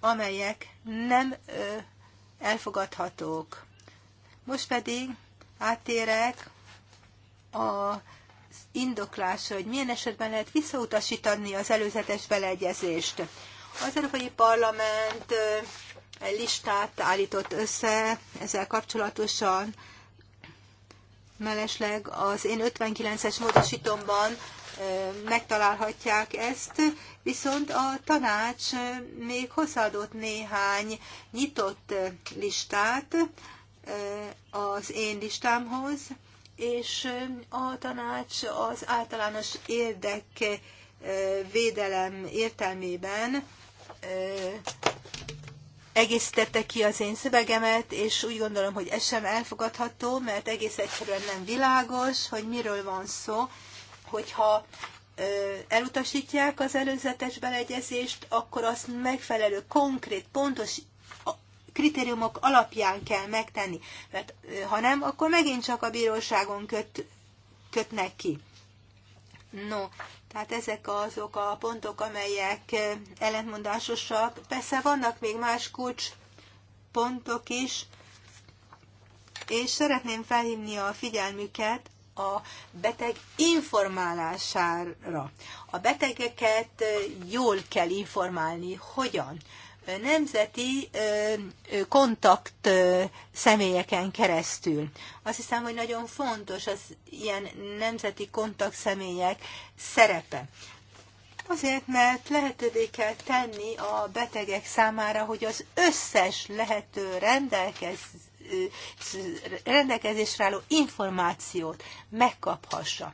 amelyek nem elfogadhatók. Most pedig átérek a indoklásra, hogy milyen esetben lehet visszautasítani az előzetes beleegyezést. Az Európai Parlament egy listát állított össze ezzel kapcsolatosan mellesleg az én 59-es módosítomban megtalálhatják ezt, viszont a tanács még hozzáadott néhány nyitott listát az én listámhoz, és a tanács az általános érdek értelmében egészítette ki az én szövegemet, és úgy gondolom, hogy ez sem elfogadható, mert egész egyszerűen nem világos, hogy miről van szó, hogyha elutasítják az előzetes beleegyezést, akkor azt megfelelő, konkrét, pontos kritériumok alapján kell megtenni, mert ha nem, akkor megint csak a bíróságon köt, kötnek ki. No, tehát ezek azok a pontok, amelyek ellentmondásosak. Persze vannak még más kulcs pontok is, és szeretném felhívni a figyelmüket a beteg informálására. A betegeket jól kell informálni. Hogyan? nemzeti kontakt személyeken keresztül. Azt hiszem, hogy nagyon fontos az ilyen nemzeti kontakt személyek szerepe. Azért, mert lehetővé kell tenni a betegek számára, hogy az összes lehető rendelkez, rendelkezésre álló információt megkaphassa.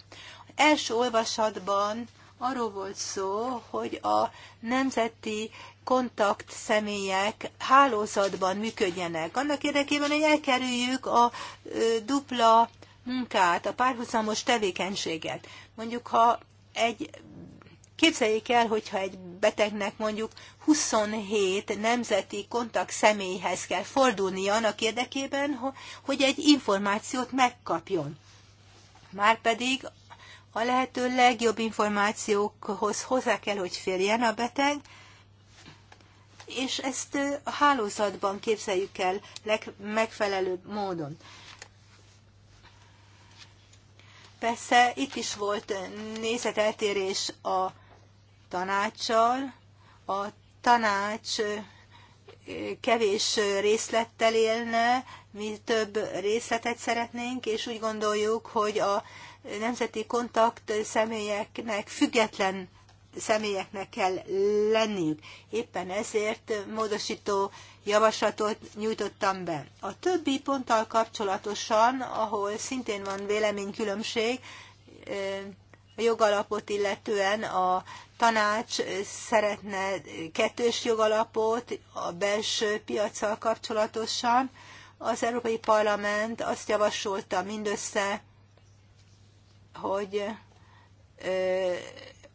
Első olvasatban arról volt szó, hogy a nemzeti kontakt személyek hálózatban működjenek. Annak érdekében, hogy elkerüljük a dupla munkát, a párhuzamos tevékenységet. Mondjuk, ha egy Képzeljék el, hogyha egy betegnek mondjuk 27 nemzeti kontakt személyhez kell fordulnia annak érdekében, hogy egy információt megkapjon. Márpedig a lehető legjobb információkhoz hozzá kell, hogy férjen a beteg, és ezt a hálózatban képzeljük el legmegfelelőbb módon. Persze itt is volt nézeteltérés a tanácssal, a tanács kevés részlettel élne, mi több részletet szeretnénk, és úgy gondoljuk, hogy a nemzeti kontakt személyeknek független személyeknek kell lenniük. Éppen ezért módosító javaslatot nyújtottam be. A többi ponttal kapcsolatosan, ahol szintén van véleménykülönbség, a jogalapot illetően a tanács szeretne kettős jogalapot a belső piacsal kapcsolatosan. Az Európai Parlament azt javasolta mindössze, hogy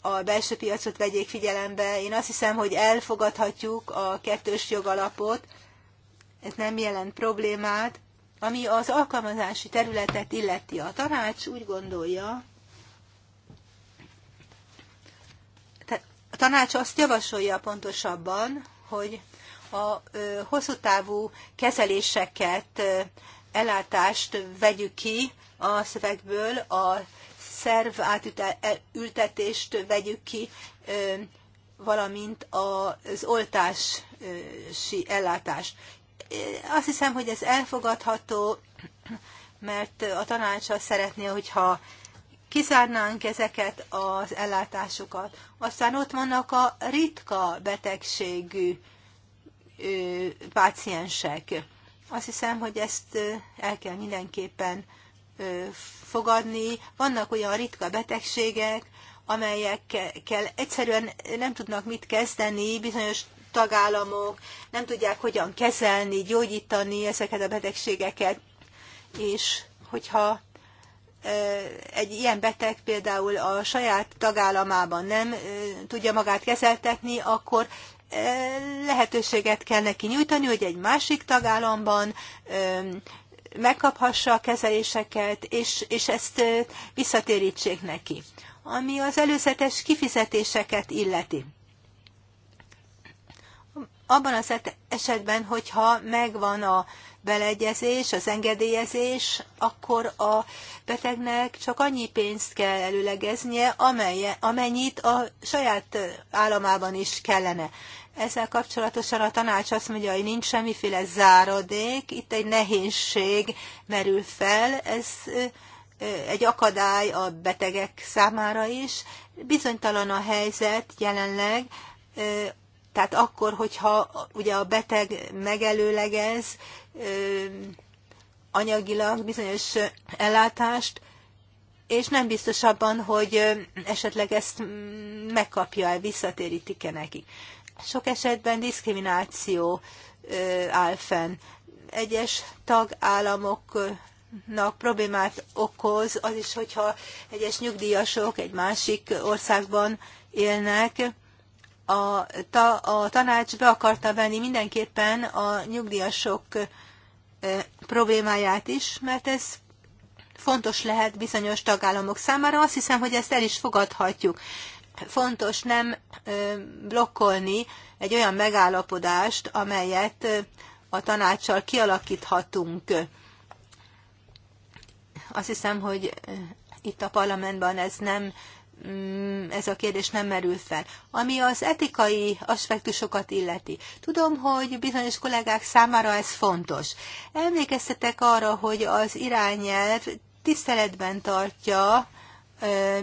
a belső piacot vegyék figyelembe. Én azt hiszem, hogy elfogadhatjuk a kettős jogalapot, ez nem jelent problémát. Ami az alkalmazási területet illeti, a tanács úgy gondolja, a tanács azt javasolja pontosabban, hogy a hosszú távú kezeléseket, ellátást vegyük ki a szövegből a szerv átültetést e, vegyük ki, valamint az oltási ellátást. Azt hiszem, hogy ez elfogadható, mert a tanács azt szeretné, hogyha kizárnánk ezeket az ellátásokat. Aztán ott vannak a ritka betegségű páciensek. Azt hiszem, hogy ezt el kell mindenképpen fogadni. Vannak olyan ritka betegségek, amelyekkel egyszerűen nem tudnak mit kezdeni bizonyos tagállamok, nem tudják hogyan kezelni, gyógyítani ezeket a betegségeket. És hogyha egy ilyen beteg például a saját tagállamában nem tudja magát kezeltetni, akkor lehetőséget kell neki nyújtani, hogy egy másik tagállamban megkaphassa a kezeléseket, és, és ezt visszatérítsék neki. Ami az előzetes kifizetéseket illeti. Abban az esetben, hogyha megvan a beleegyezés, az engedélyezés, akkor a betegnek csak annyi pénzt kell előlegeznie, amennyit a saját államában is kellene. Ezzel kapcsolatosan a tanács azt mondja, hogy nincs semmiféle záradék, itt egy nehézség merül fel, ez egy akadály a betegek számára is. Bizonytalan a helyzet jelenleg, tehát akkor, hogyha ugye a beteg megelőlegez anyagilag bizonyos ellátást, és nem biztos abban, hogy esetleg ezt mm, megkapja-e, visszatérítik-e neki. Sok esetben diszkrimináció áll fenn. Egyes tagállamoknak problémát okoz az is, hogyha egyes nyugdíjasok egy másik országban élnek, a, ta, a tanács be akarta venni mindenképpen a nyugdíjasok problémáját is, mert ez fontos lehet bizonyos tagállamok számára. Azt hiszem, hogy ezt el is fogadhatjuk fontos nem blokkolni egy olyan megállapodást, amelyet a tanácssal kialakíthatunk. Azt hiszem, hogy itt a parlamentben ez nem mm, ez a kérdés nem merül fel. Ami az etikai aspektusokat illeti. Tudom, hogy bizonyos kollégák számára ez fontos. Emlékeztetek arra, hogy az irányelv tiszteletben tartja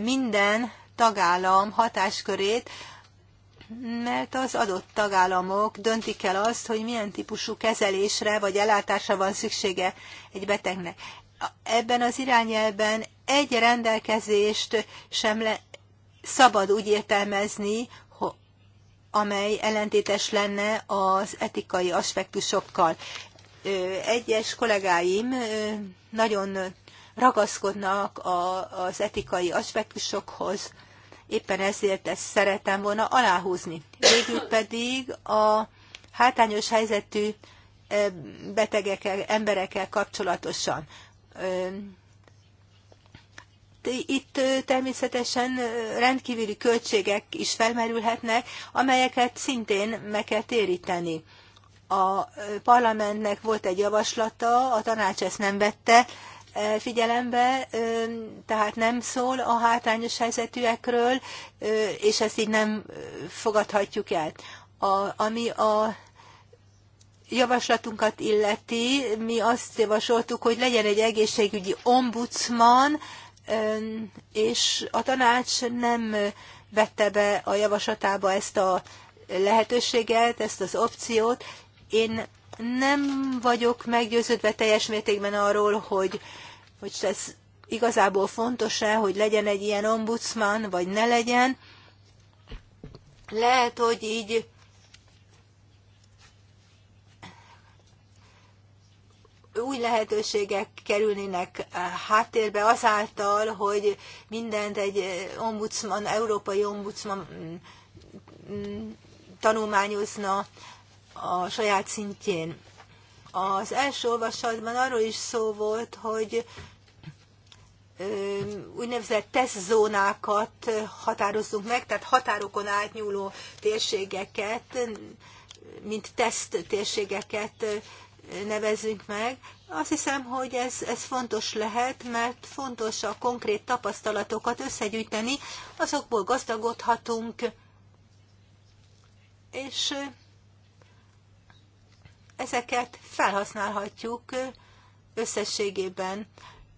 minden tagállam hatáskörét, mert az adott tagállamok döntik el azt, hogy milyen típusú kezelésre vagy ellátásra van szüksége egy betegnek. Ebben az irányelben egy rendelkezést sem le, szabad úgy értelmezni, amely ellentétes lenne az etikai aspektusokkal. Egyes kollégáim nagyon ragaszkodnak az etikai aspektusokhoz, Éppen ezért ezt szeretem volna aláhúzni. Végül pedig a hátányos helyzetű betegekkel, emberekkel kapcsolatosan. Itt természetesen rendkívüli költségek is felmerülhetnek, amelyeket szintén meg kell téríteni. A parlamentnek volt egy javaslata, a tanács ezt nem vette figyelembe, tehát nem szól a hátrányos helyzetűekről, és ezt így nem fogadhatjuk el. A, ami a javaslatunkat illeti, mi azt javasoltuk, hogy legyen egy egészségügyi ombudsman, és a tanács nem vette be a javaslatába ezt a lehetőséget, ezt az opciót. Én nem vagyok meggyőződve teljes mértékben arról, hogy, hogy ez igazából fontos-e, hogy legyen egy ilyen ombudsman, vagy ne legyen. Lehet, hogy így új lehetőségek kerülnének háttérbe azáltal, hogy mindent egy ombudsman, európai ombudsman mm, mm, tanulmányozna, a saját szintjén. Az első olvasatban arról is szó volt, hogy úgynevezett tesztzónákat határozzunk meg, tehát határokon átnyúló térségeket, mint teszt térségeket nevezünk meg. Azt hiszem, hogy ez, ez fontos lehet, mert fontos a konkrét tapasztalatokat összegyűjteni, azokból gazdagodhatunk, és ezeket felhasználhatjuk összességében.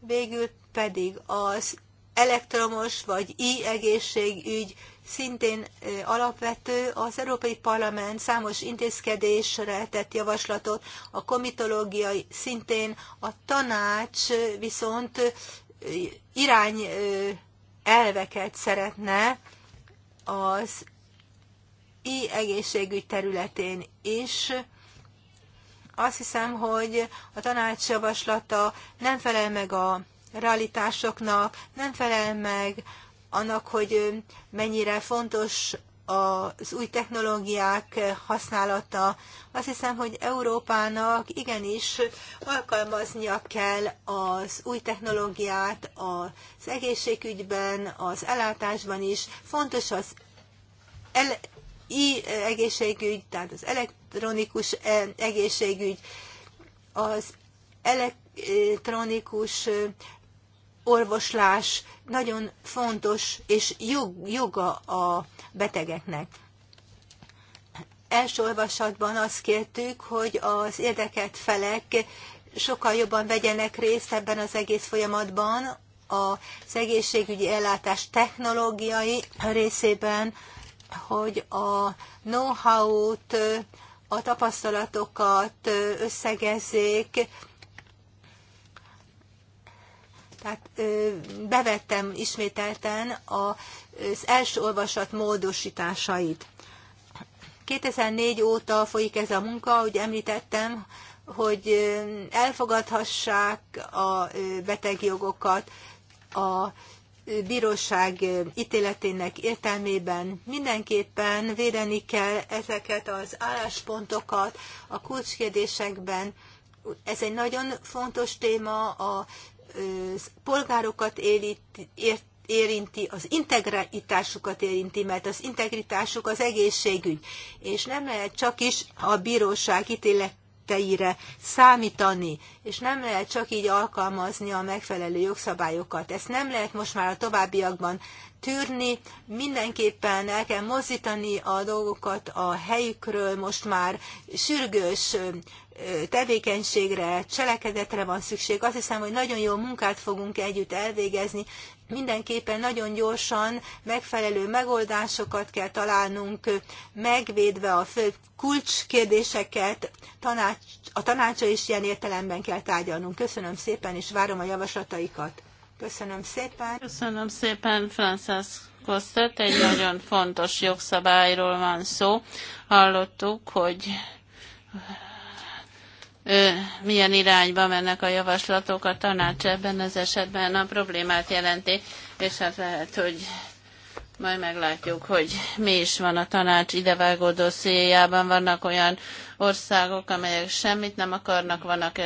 Végül pedig az elektromos vagy I egészségügy szintén alapvető. Az Európai Parlament számos intézkedésre tett javaslatot, a komitológiai szintén, a tanács viszont irány elveket szeretne az i-egészségügy területén is azt hiszem, hogy a tanács javaslata nem felel meg a realitásoknak, nem felel meg annak, hogy mennyire fontos az új technológiák használata. Azt hiszem, hogy Európának igenis alkalmaznia kell az új technológiát az egészségügyben, az ellátásban is. Fontos az e-egészségügy, tehát az elektronikus e, egészségügy, az elektronikus e, orvoslás nagyon fontos és jog, joga a betegeknek. Első olvasatban azt kértük, hogy az érdekelt felek sokkal jobban vegyenek részt ebben az egész folyamatban, az egészségügyi ellátás technológiai részében, hogy a know-how-t, a tapasztalatokat összegezzék, tehát bevettem ismételten az első olvasat módosításait. 2004 óta folyik ez a munka, ahogy említettem, hogy elfogadhassák a betegjogokat a bíróság ítéletének értelmében mindenképpen védeni kell ezeket az álláspontokat a kulcskérdésekben. Ez egy nagyon fontos téma, a polgárokat ért, érinti, az integritásukat érinti, mert az integritásuk az egészségügy, és nem lehet csak is a bíróság ítélet tetteire számítani, és nem lehet csak így alkalmazni a megfelelő jogszabályokat. Ezt nem lehet most már a továbbiakban tűrni, mindenképpen el kell mozdítani a dolgokat a helyükről, most már sürgős tevékenységre, cselekedetre van szükség. Azt hiszem, hogy nagyon jó munkát fogunk együtt elvégezni, mindenképpen nagyon gyorsan megfelelő megoldásokat kell találnunk, megvédve a fő kulcskérdéseket, tanács, a tanácsa is ilyen értelemben kell tárgyalnunk. Köszönöm szépen, és várom a javaslataikat. Köszönöm szépen. Köszönöm szépen, Frances Kostet. Egy nagyon fontos jogszabályról van szó. Hallottuk, hogy milyen irányba mennek a javaslatok, a tanács ebben az esetben a problémát jelenti, és hát lehet, hogy majd meglátjuk, hogy mi is van a tanács idevágó dossziéjában. Vannak olyan országok, amelyek semmit nem akarnak, vannak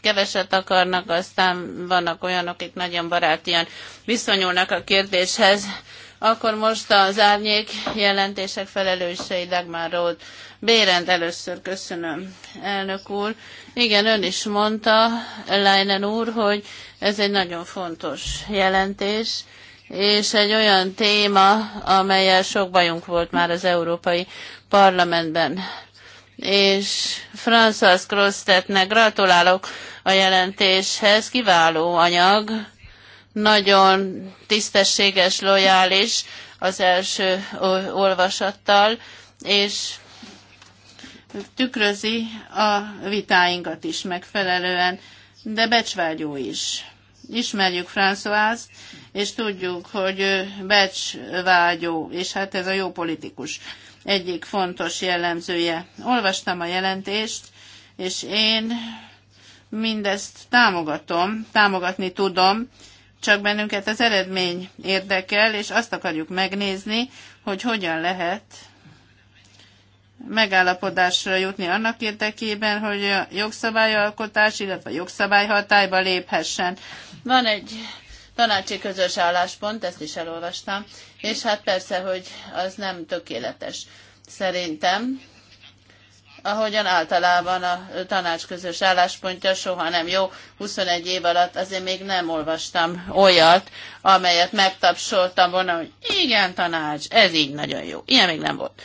keveset akarnak, aztán vannak olyanok, akik nagyon barátian viszonyulnak a kérdéshez. Akkor most az árnyék jelentések felelősei Dagmar Road. Bérend először köszönöm, elnök úr. Igen, ön is mondta, Leinen úr, hogy ez egy nagyon fontos jelentés, és egy olyan téma, amelyel sok bajunk volt már az Európai Parlamentben és Frances Krosztetnek gratulálok a jelentéshez, kiváló anyag, nagyon tisztességes, lojális az első olvasattal, és tükrözi a vitáinkat is megfelelően, de becsvágyó is. Ismerjük Françoázt, és tudjuk, hogy ő becsvágyó, és hát ez a jó politikus egyik fontos jellemzője. Olvastam a jelentést, és én mindezt támogatom, támogatni tudom, csak bennünket az eredmény érdekel, és azt akarjuk megnézni, hogy hogyan lehet megállapodásra jutni annak érdekében, hogy a jogszabályalkotás, illetve a jogszabály hatályba léphessen. Van egy tanácsi közös álláspont, ezt is elolvastam, és hát persze, hogy az nem tökéletes szerintem, ahogyan általában a tanács közös álláspontja soha nem jó. 21 év alatt azért még nem olvastam olyat, amelyet megtapsoltam volna, hogy igen, tanács, ez így nagyon jó. Ilyen még nem volt.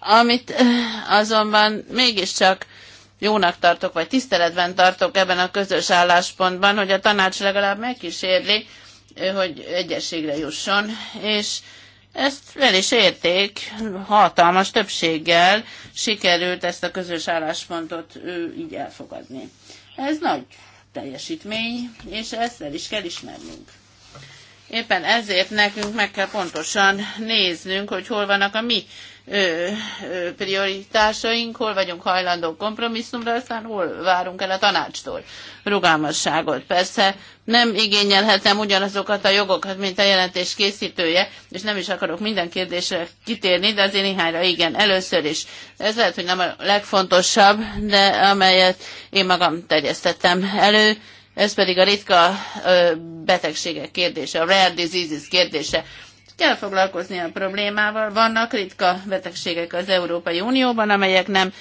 Amit eh, azonban mégiscsak jónak tartok, vagy tiszteletben tartok ebben a közös álláspontban, hogy a tanács legalább megkísérli, eh, hogy egyességre jusson, és ezt el is érték, hatalmas többséggel sikerült ezt a közös álláspontot ő így elfogadni. Ez nagy teljesítmény, és ezt el is kell ismernünk. Éppen ezért nekünk meg kell pontosan néznünk, hogy hol vannak a mi prioritásaink, hol vagyunk hajlandók kompromisszumra, aztán hol várunk el a tanácstól rugalmasságot. Persze nem igényelhetem ugyanazokat a jogokat, mint a jelentés készítője, és nem is akarok minden kérdésre kitérni, de azért néhányra igen, először is. Ez lehet, hogy nem a legfontosabb, de amelyet én magam terjesztettem elő, ez pedig a ritka betegségek kérdése, a rare diseases kérdése. Kell foglalkozni a problémával. Vannak ritka betegségek az Európai Unióban, amelyek nem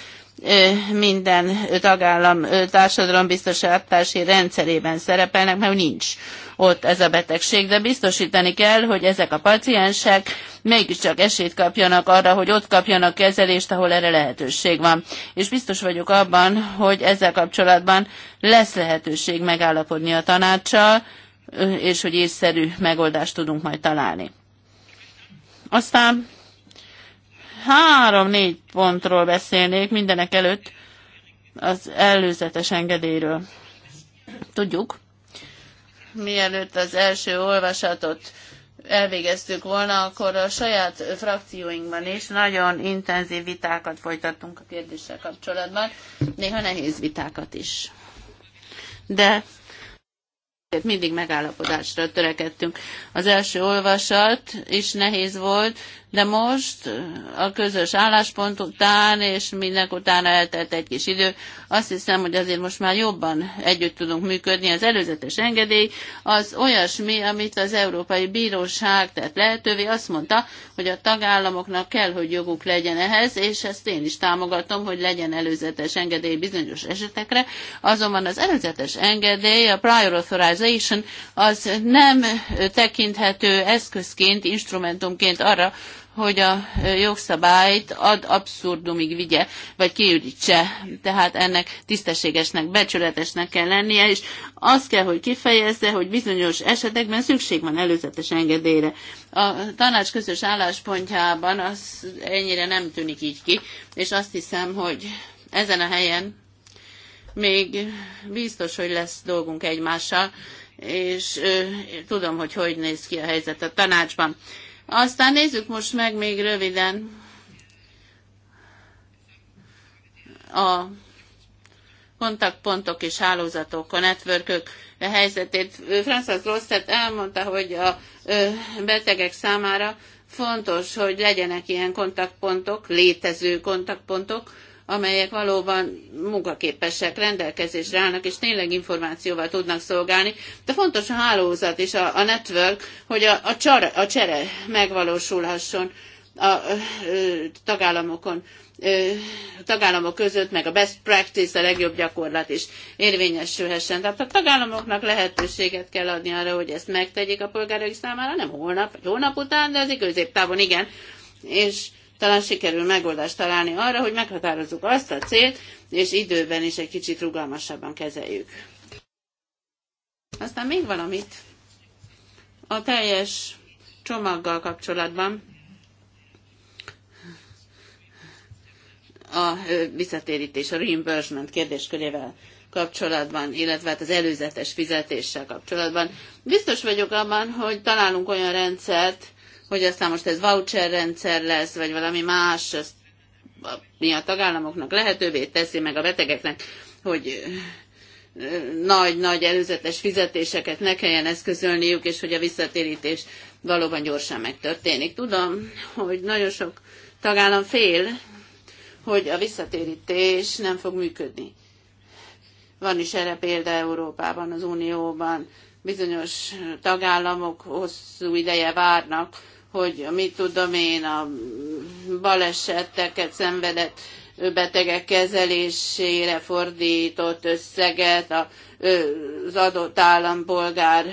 minden tagállam biztosítási rendszerében szerepelnek, mert nincs ott ez a betegség, de biztosítani kell, hogy ezek a paciensek mégiscsak esélyt kapjanak arra, hogy ott kapjanak kezelést, ahol erre lehetőség van. És biztos vagyok abban, hogy ezzel kapcsolatban lesz lehetőség megállapodni a tanácssal, és hogy észszerű megoldást tudunk majd találni. Aztán három-négy pontról beszélnék mindenek előtt az előzetes engedélyről. Tudjuk, mielőtt az első olvasatot elvégeztük volna, akkor a saját frakcióinkban is nagyon intenzív vitákat folytattunk a kérdéssel kapcsolatban, néha nehéz vitákat is. De mindig megállapodásra törekedtünk. Az első olvasat is nehéz volt, de most a közös álláspont után, és mindenek utána eltelt egy kis idő, azt hiszem, hogy azért most már jobban együtt tudunk működni. Az előzetes engedély az olyasmi, amit az Európai Bíróság tett lehetővé, azt mondta, hogy a tagállamoknak kell, hogy joguk legyen ehhez, és ezt én is támogatom, hogy legyen előzetes engedély bizonyos esetekre. Azonban az előzetes engedély, a prior authorization, az nem tekinthető eszközként, instrumentumként arra, hogy a jogszabályt ad abszurdumig vigye, vagy kiürítse. Tehát ennek tisztességesnek, becsületesnek kell lennie, és azt kell, hogy kifejezze, hogy bizonyos esetekben szükség van előzetes engedélyre. A tanács közös álláspontjában az ennyire nem tűnik így ki, és azt hiszem, hogy ezen a helyen még biztos, hogy lesz dolgunk egymással, és ö, tudom, hogy hogy néz ki a helyzet a tanácsban. Aztán nézzük most meg még röviden a kontaktpontok és hálózatok, a networkök helyzetét. Francis Rostet elmondta, hogy a betegek számára fontos, hogy legyenek ilyen kontaktpontok, létező kontaktpontok, amelyek valóban munkaképesek, rendelkezésre állnak, és tényleg információval tudnak szolgálni. De fontos a hálózat és a, a network, hogy a, a, csar, a csere megvalósulhasson a, a, tagállamokon a tagállamok között, meg a best practice, a legjobb gyakorlat is érvényesülhessen. Tehát a tagállamoknak lehetőséget kell adni arra, hogy ezt megtegyék a polgárok számára, nem holnap, vagy hónap után, de az középtávon igen. És talán sikerül megoldást találni arra, hogy meghatározzuk azt a célt, és időben is egy kicsit rugalmasabban kezeljük. Aztán még valamit. A teljes csomaggal kapcsolatban a visszatérítés, a reimbursement kérdéskörével kapcsolatban, illetve hát az előzetes fizetéssel kapcsolatban. Biztos vagyok abban, hogy találunk olyan rendszert, hogy aztán most ez voucher rendszer lesz, vagy valami más, azt mi a tagállamoknak lehetővé teszi, meg a betegeknek, hogy nagy-nagy előzetes fizetéseket ne kelljen eszközölniük, és hogy a visszatérítés valóban gyorsan megtörténik. Tudom, hogy nagyon sok tagállam fél, hogy a visszatérítés nem fog működni. Van is erre példa Európában, az Unióban. Bizonyos tagállamok hosszú ideje várnak, hogy mit tudom én, a baleseteket szenvedett betegek kezelésére fordított összeget az adott állampolgár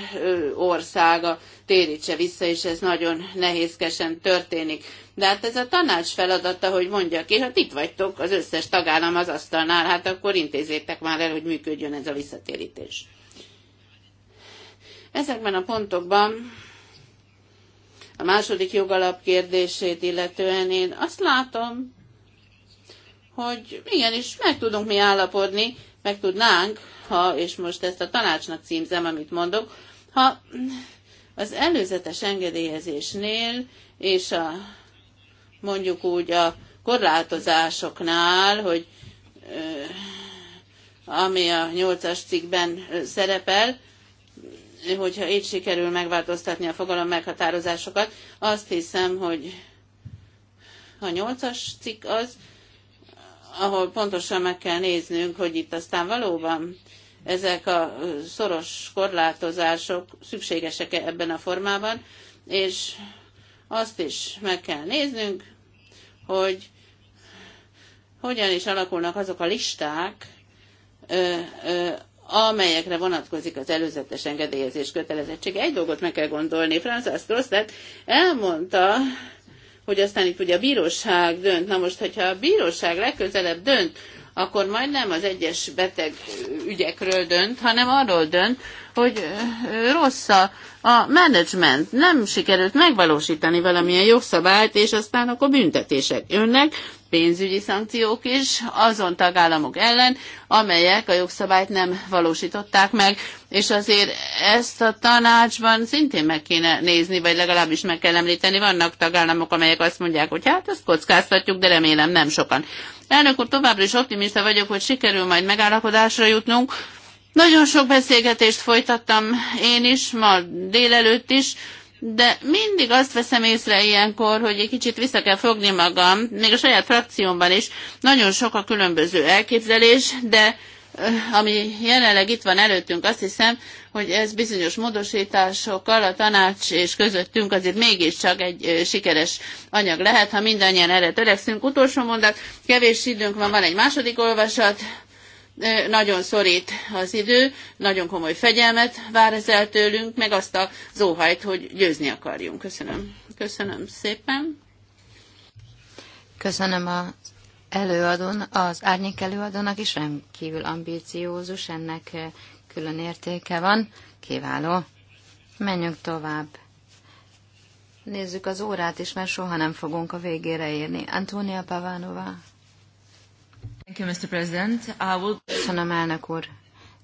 országa térítse vissza, és ez nagyon nehézkesen történik. De hát ez a tanács feladata, hogy mondja ki, hát itt vagytok, az összes tagállam az asztalnál, hát akkor intézzétek már el, hogy működjön ez a visszatérítés. Ezekben a pontokban a második jogalap kérdését illetően én azt látom, hogy igenis meg tudunk mi állapodni, meg tudnánk, ha, és most ezt a tanácsnak címzem, amit mondok, ha az előzetes engedélyezésnél és a, mondjuk úgy a korlátozásoknál, hogy ami a nyolcas cikkben szerepel, hogyha így sikerül megváltoztatni a fogalom meghatározásokat, azt hiszem, hogy a nyolcas cikk az, ahol pontosan meg kell néznünk, hogy itt aztán valóban ezek a szoros korlátozások szükségesek-e ebben a formában, és azt is meg kell néznünk, hogy hogyan is alakulnak azok a listák, amelyekre vonatkozik az előzetes engedélyezés kötelezettsége. Egy dolgot meg kell gondolni. Franzász Grosztet elmondta, hogy aztán itt ugye a bíróság dönt. Na most, hogyha a bíróság legközelebb dönt, akkor majd nem az egyes beteg ügyekről dönt, hanem arról dönt, hogy rossz a, a menedzsment, nem sikerült megvalósítani valamilyen jogszabályt, és aztán akkor büntetések jönnek, pénzügyi szankciók is azon tagállamok ellen, amelyek a jogszabályt nem valósították meg, és azért ezt a tanácsban szintén meg kéne nézni, vagy legalábbis meg kell említeni. Vannak tagállamok, amelyek azt mondják, hogy hát ezt kockáztatjuk, de remélem nem sokan. Elnök úr, továbbra is optimista vagyok, hogy sikerül majd megállapodásra jutnunk. Nagyon sok beszélgetést folytattam én is, ma délelőtt is, de mindig azt veszem észre ilyenkor, hogy egy kicsit vissza kell fogni magam, még a saját frakciómban is. Nagyon sok a különböző elképzelés, de ami jelenleg itt van előttünk, azt hiszem, hogy ez bizonyos módosításokkal a tanács és közöttünk azért mégiscsak egy sikeres anyag lehet, ha mindannyian erre törekszünk. Utolsó mondat, kevés időnk van, van egy második olvasat, nagyon szorít az idő, nagyon komoly fegyelmet vár ezzel tőlünk, meg azt a zóhajt, hogy győzni akarjunk. Köszönöm. Köszönöm szépen. Köszönöm a előadón, az árnyék előadónak is rendkívül ambíciózus, ennek külön értéke van. Kiváló. Menjünk tovább. Nézzük az órát is, mert soha nem fogunk a végére érni. Antónia Pavánova. Köszönöm, elnök úr.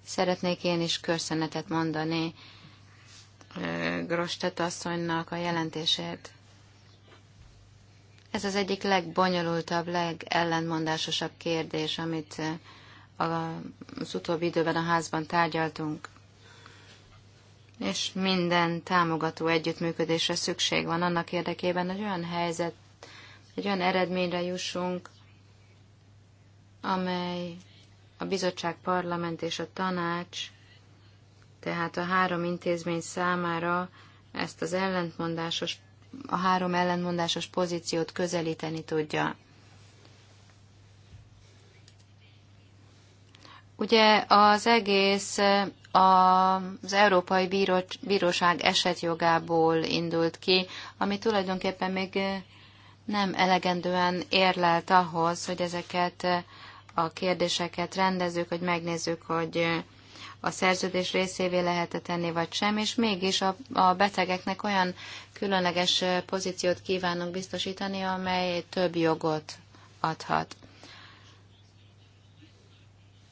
Szeretnék én is köszönetet mondani Grostet asszonynak a jelentésért. Ez az egyik legbonyolultabb, legellentmondásosabb kérdés, amit az utóbbi időben a házban tárgyaltunk. És minden támogató együttműködésre szükség van annak érdekében, hogy olyan helyzet, egy olyan eredményre jussunk, amely a bizottság, parlament és a tanács, tehát a három intézmény számára ezt az ellentmondásos, a három ellentmondásos pozíciót közelíteni tudja. Ugye az egész az Európai Bíróság esetjogából indult ki, ami tulajdonképpen még nem elegendően érlelt ahhoz, hogy ezeket a kérdéseket rendezzük, hogy megnézzük, hogy a szerződés részévé lehet tenni, vagy sem, és mégis a, a betegeknek olyan különleges pozíciót kívánunk biztosítani, amely több jogot adhat.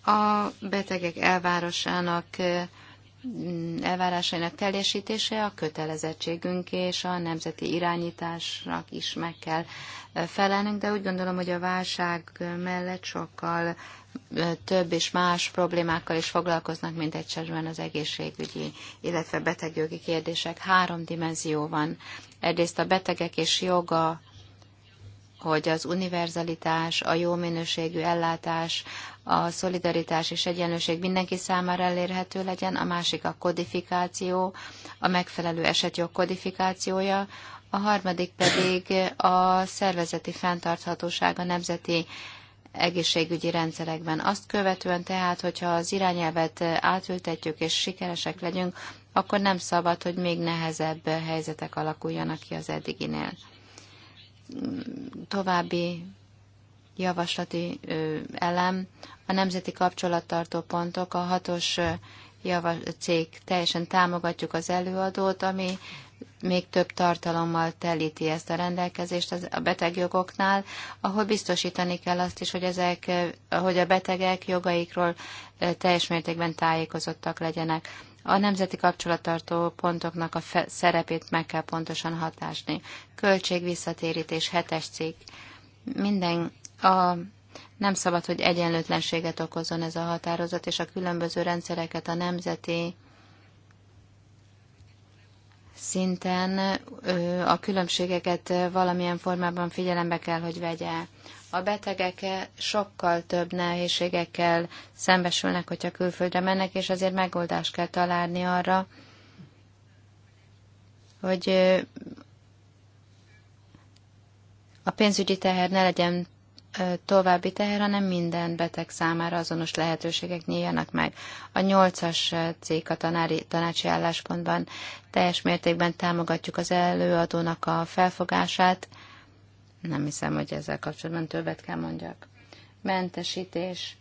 A betegek elvárosának elvárásainak teljesítése a kötelezettségünk és a nemzeti irányításnak is meg kell felelnünk, de úgy gondolom, hogy a válság mellett sokkal több és más problémákkal is foglalkoznak, mint egyszerűen az egészségügyi, illetve betegjogi kérdések. Három dimenzió van. Egyrészt a betegek és joga, hogy az univerzalitás, a jó minőségű ellátás, a szolidaritás és egyenlőség mindenki számára elérhető legyen, a másik a kodifikáció, a megfelelő esetjog kodifikációja, a harmadik pedig a szervezeti fenntarthatóság a nemzeti egészségügyi rendszerekben. Azt követően tehát, hogyha az irányelvet átültetjük és sikeresek legyünk, akkor nem szabad, hogy még nehezebb helyzetek alakuljanak ki az eddiginél. További javaslati elem, a nemzeti kapcsolattartó pontok, a hatos javas, cég teljesen támogatjuk az előadót, ami még több tartalommal telíti ezt a rendelkezést a betegjogoknál, ahol biztosítani kell azt is, hogy, ezek, hogy a betegek jogaikról teljes mértékben tájékozottak legyenek. A nemzeti kapcsolattartó pontoknak a szerepét meg kell pontosan hatásni. Költség visszatérítés hetes cikk. Minden a nem szabad, hogy egyenlőtlenséget okozzon ez a határozat, és a különböző rendszereket a nemzeti szinten a különbségeket valamilyen formában figyelembe kell, hogy vegye. A betegek sokkal több nehézségekkel szembesülnek, hogyha külföldre mennek, és azért megoldást kell találni arra, hogy a pénzügyi teher ne legyen további teher, hanem minden beteg számára azonos lehetőségek nyíljanak meg. A nyolcas cég a tanári, tanácsi álláspontban teljes mértékben támogatjuk az előadónak a felfogását. Nem hiszem, hogy ezzel kapcsolatban többet kell mondjak. Mentesítés.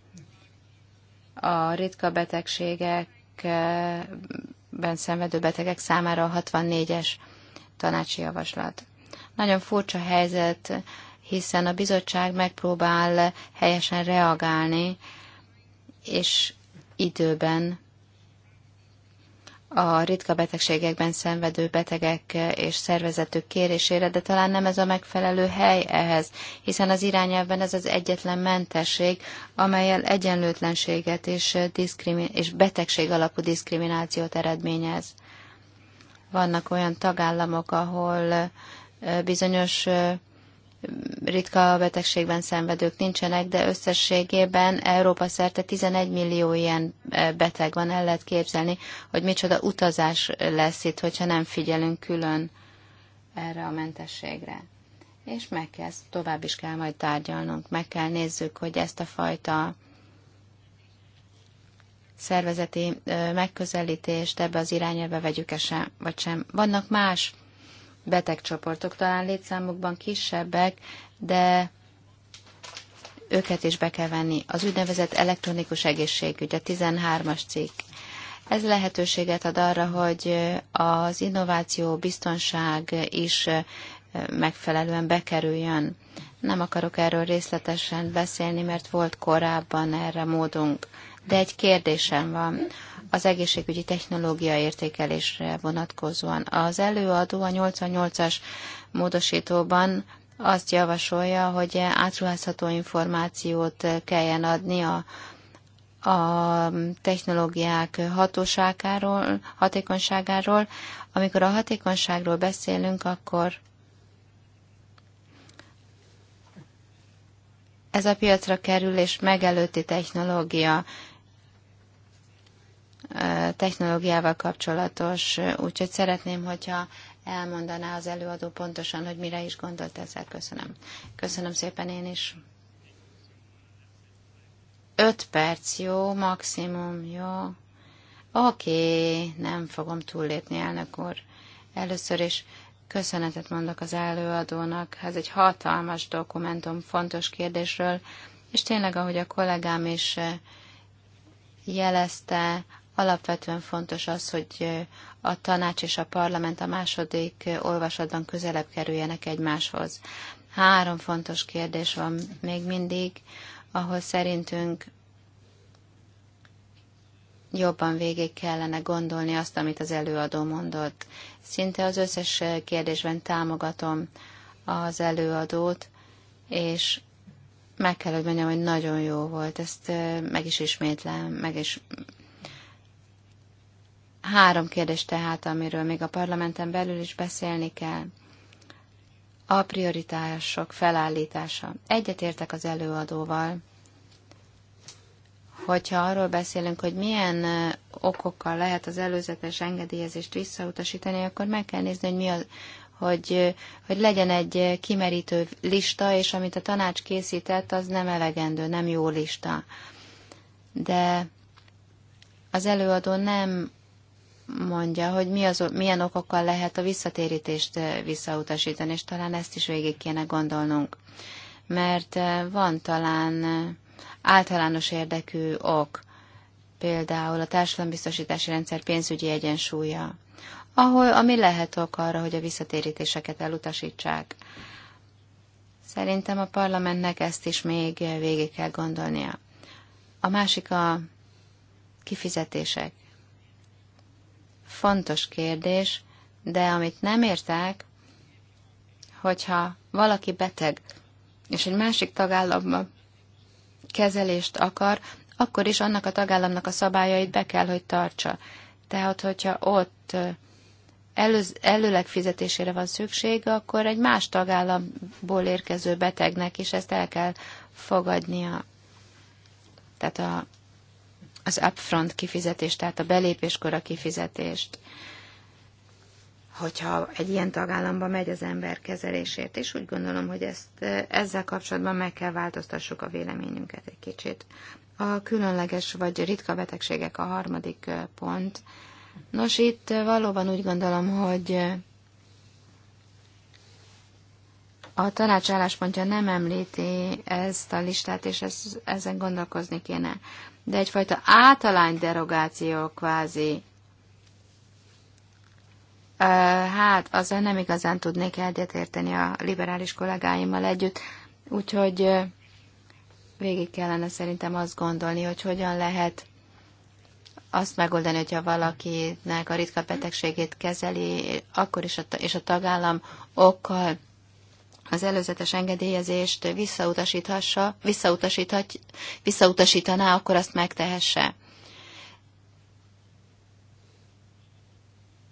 A ritka betegségekben szenvedő betegek számára a 64-es tanácsi javaslat. Nagyon furcsa helyzet, hiszen a bizottság megpróbál helyesen reagálni, és időben a ritka betegségekben szenvedő betegek és szervezetük kérésére, de talán nem ez a megfelelő hely ehhez, hiszen az irányelvben ez az egyetlen mentesség, amelyel egyenlőtlenséget és, és betegség alapú diszkriminációt eredményez. Vannak olyan tagállamok, ahol bizonyos ritka betegségben szenvedők nincsenek, de összességében Európa szerte 11 millió ilyen e, beteg van, el lehet képzelni, hogy micsoda utazás lesz itt, hogyha nem figyelünk külön erre a mentességre. És meg kell, tovább is kell majd tárgyalnunk, meg kell nézzük, hogy ezt a fajta szervezeti e, megközelítést ebbe az irányába vegyük-e sem, vagy sem. Vannak más betegcsoportok, talán létszámukban kisebbek, de őket is be kell venni. Az úgynevezett elektronikus egészségügy, a 13-as cikk. Ez lehetőséget ad arra, hogy az innováció, biztonság is megfelelően bekerüljön. Nem akarok erről részletesen beszélni, mert volt korábban erre módunk. De egy kérdésem van az egészségügyi technológia értékelésre vonatkozóan. Az előadó a 88-as módosítóban azt javasolja, hogy átruházható információt kelljen adni a, a technológiák hatóságáról, hatékonyságáról. Amikor a hatékonyságról beszélünk, akkor ez a piacra kerülés megelőtti technológia technológiával kapcsolatos, úgyhogy szeretném, hogyha elmondaná az előadó pontosan, hogy mire is gondolt ezzel. Köszönöm. Köszönöm szépen én is. Öt perc, jó, maximum, jó. Oké, nem fogom túllépni, elnök úr. Először is köszönetet mondok az előadónak. Ez egy hatalmas dokumentum, fontos kérdésről, és tényleg, ahogy a kollégám is eh, jelezte, Alapvetően fontos az, hogy a tanács és a parlament a második olvasatban közelebb kerüljenek egymáshoz. Három fontos kérdés van még mindig, ahol szerintünk jobban végig kellene gondolni azt, amit az előadó mondott. Szinte az összes kérdésben támogatom az előadót, és meg kell, hogy mondjam, hogy nagyon jó volt. Ezt meg is ismétlem, meg is Három kérdés tehát, amiről még a parlamenten belül is beszélni kell. A prioritások felállítása. Egyetértek az előadóval, hogyha arról beszélünk, hogy milyen okokkal lehet az előzetes engedélyezést visszautasítani, akkor meg kell nézni, hogy mi az, hogy, hogy legyen egy kimerítő lista, és amit a tanács készített, az nem elegendő, nem jó lista. De az előadó nem mondja, hogy mi az, milyen okokkal lehet a visszatérítést eh, visszautasítani, és talán ezt is végig kéne gondolnunk. Mert eh, van talán eh, általános érdekű ok, például a társadalombiztosítási rendszer pénzügyi egyensúlya, ahol ami lehet ok arra, hogy a visszatérítéseket elutasítsák. Szerintem a parlamentnek ezt is még végig kell gondolnia. A másik a kifizetések fontos kérdés, de amit nem értek, hogyha valaki beteg, és egy másik tagállamban kezelést akar, akkor is annak a tagállamnak a szabályait be kell, hogy tartsa. Tehát, hogyha ott előz, előleg fizetésére van szüksége, akkor egy más tagállamból érkező betegnek is ezt el kell fogadnia. Tehát a az upfront kifizetést, tehát a belépéskor a kifizetést, hogyha egy ilyen tagállamba megy az ember kezelésért, és úgy gondolom, hogy ezt, ezzel kapcsolatban meg kell változtassuk a véleményünket egy kicsit. A különleges vagy ritka betegségek a harmadik pont. Nos, itt valóban úgy gondolom, hogy a tanács álláspontja nem említi ezt a listát, és ez, ezen gondolkozni kéne de egyfajta általány derogáció kvázi. Hát, azzal nem igazán tudnék egyetérteni a liberális kollégáimmal együtt, úgyhogy végig kellene szerintem azt gondolni, hogy hogyan lehet azt megoldani, hogyha valakinek a ritka betegségét kezeli, akkor is a, és a tagállam okkal az előzetes engedélyezést visszautasíthassa, visszautasíthat, visszautasítaná, akkor azt megtehesse.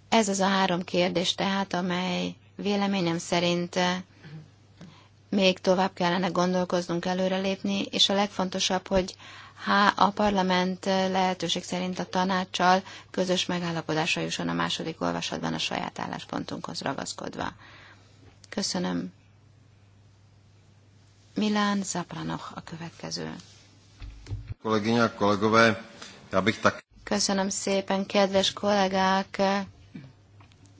Ez az a három kérdés tehát, amely véleményem szerint még tovább kellene gondolkoznunk, előrelépni, és a legfontosabb, hogy ha a parlament lehetőség szerint a tanácssal közös megállapodásra jusson a második olvasatban a saját álláspontunkhoz ragaszkodva. Köszönöm Milán Zapranoch a következő. Kolegyňa, kolegové, já bych tak... Köszönöm szépen, kedves kollégák!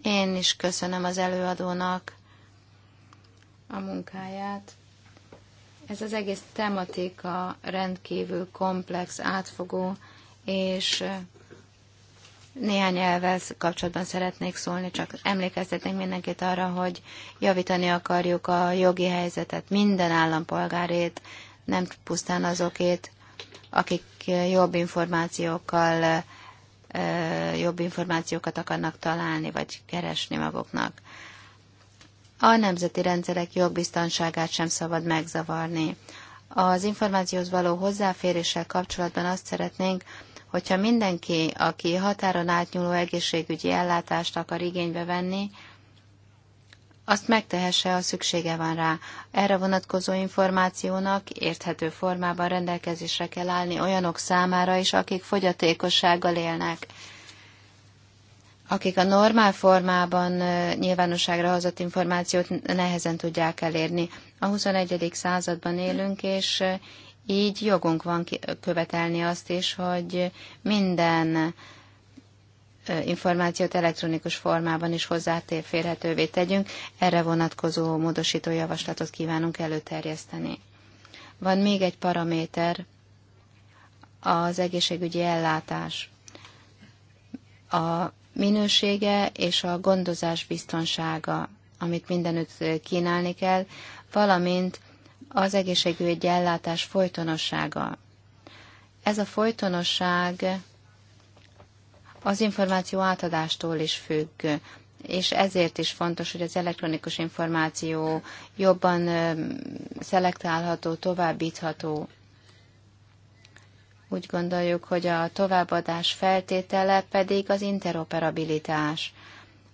Én is köszönöm az előadónak a munkáját. Ez az egész tematika rendkívül komplex, átfogó, és néhány elvvel kapcsolatban szeretnék szólni, csak emlékeztetnék mindenkit arra, hogy javítani akarjuk a jogi helyzetet minden állampolgárét, nem pusztán azokét, akik jobb információkkal jobb információkat akarnak találni, vagy keresni maguknak. A nemzeti rendszerek jogbiztonságát sem szabad megzavarni. Az információhoz való hozzáféréssel kapcsolatban azt szeretnénk, Hogyha mindenki, aki határon átnyúló egészségügyi ellátást akar igénybe venni, azt megtehesse, ha szüksége van rá. Erre vonatkozó információnak érthető formában rendelkezésre kell állni olyanok számára is, akik fogyatékossággal élnek. Akik a normál formában nyilvánosságra hozott információt nehezen tudják elérni. A 21. században élünk, és így jogunk van követelni azt is, hogy minden információt elektronikus formában is hozzáférhetővé tegyünk. Erre vonatkozó módosító javaslatot kívánunk előterjeszteni. Van még egy paraméter, az egészségügyi ellátás. A minősége és a gondozás biztonsága, amit mindenütt kínálni kell, valamint az egészségügyi ellátás folytonossága. Ez a folytonosság az információ átadástól is függ, és ezért is fontos, hogy az elektronikus információ jobban szelektálható, továbbítható. Úgy gondoljuk, hogy a továbbadás feltétele pedig az interoperabilitás,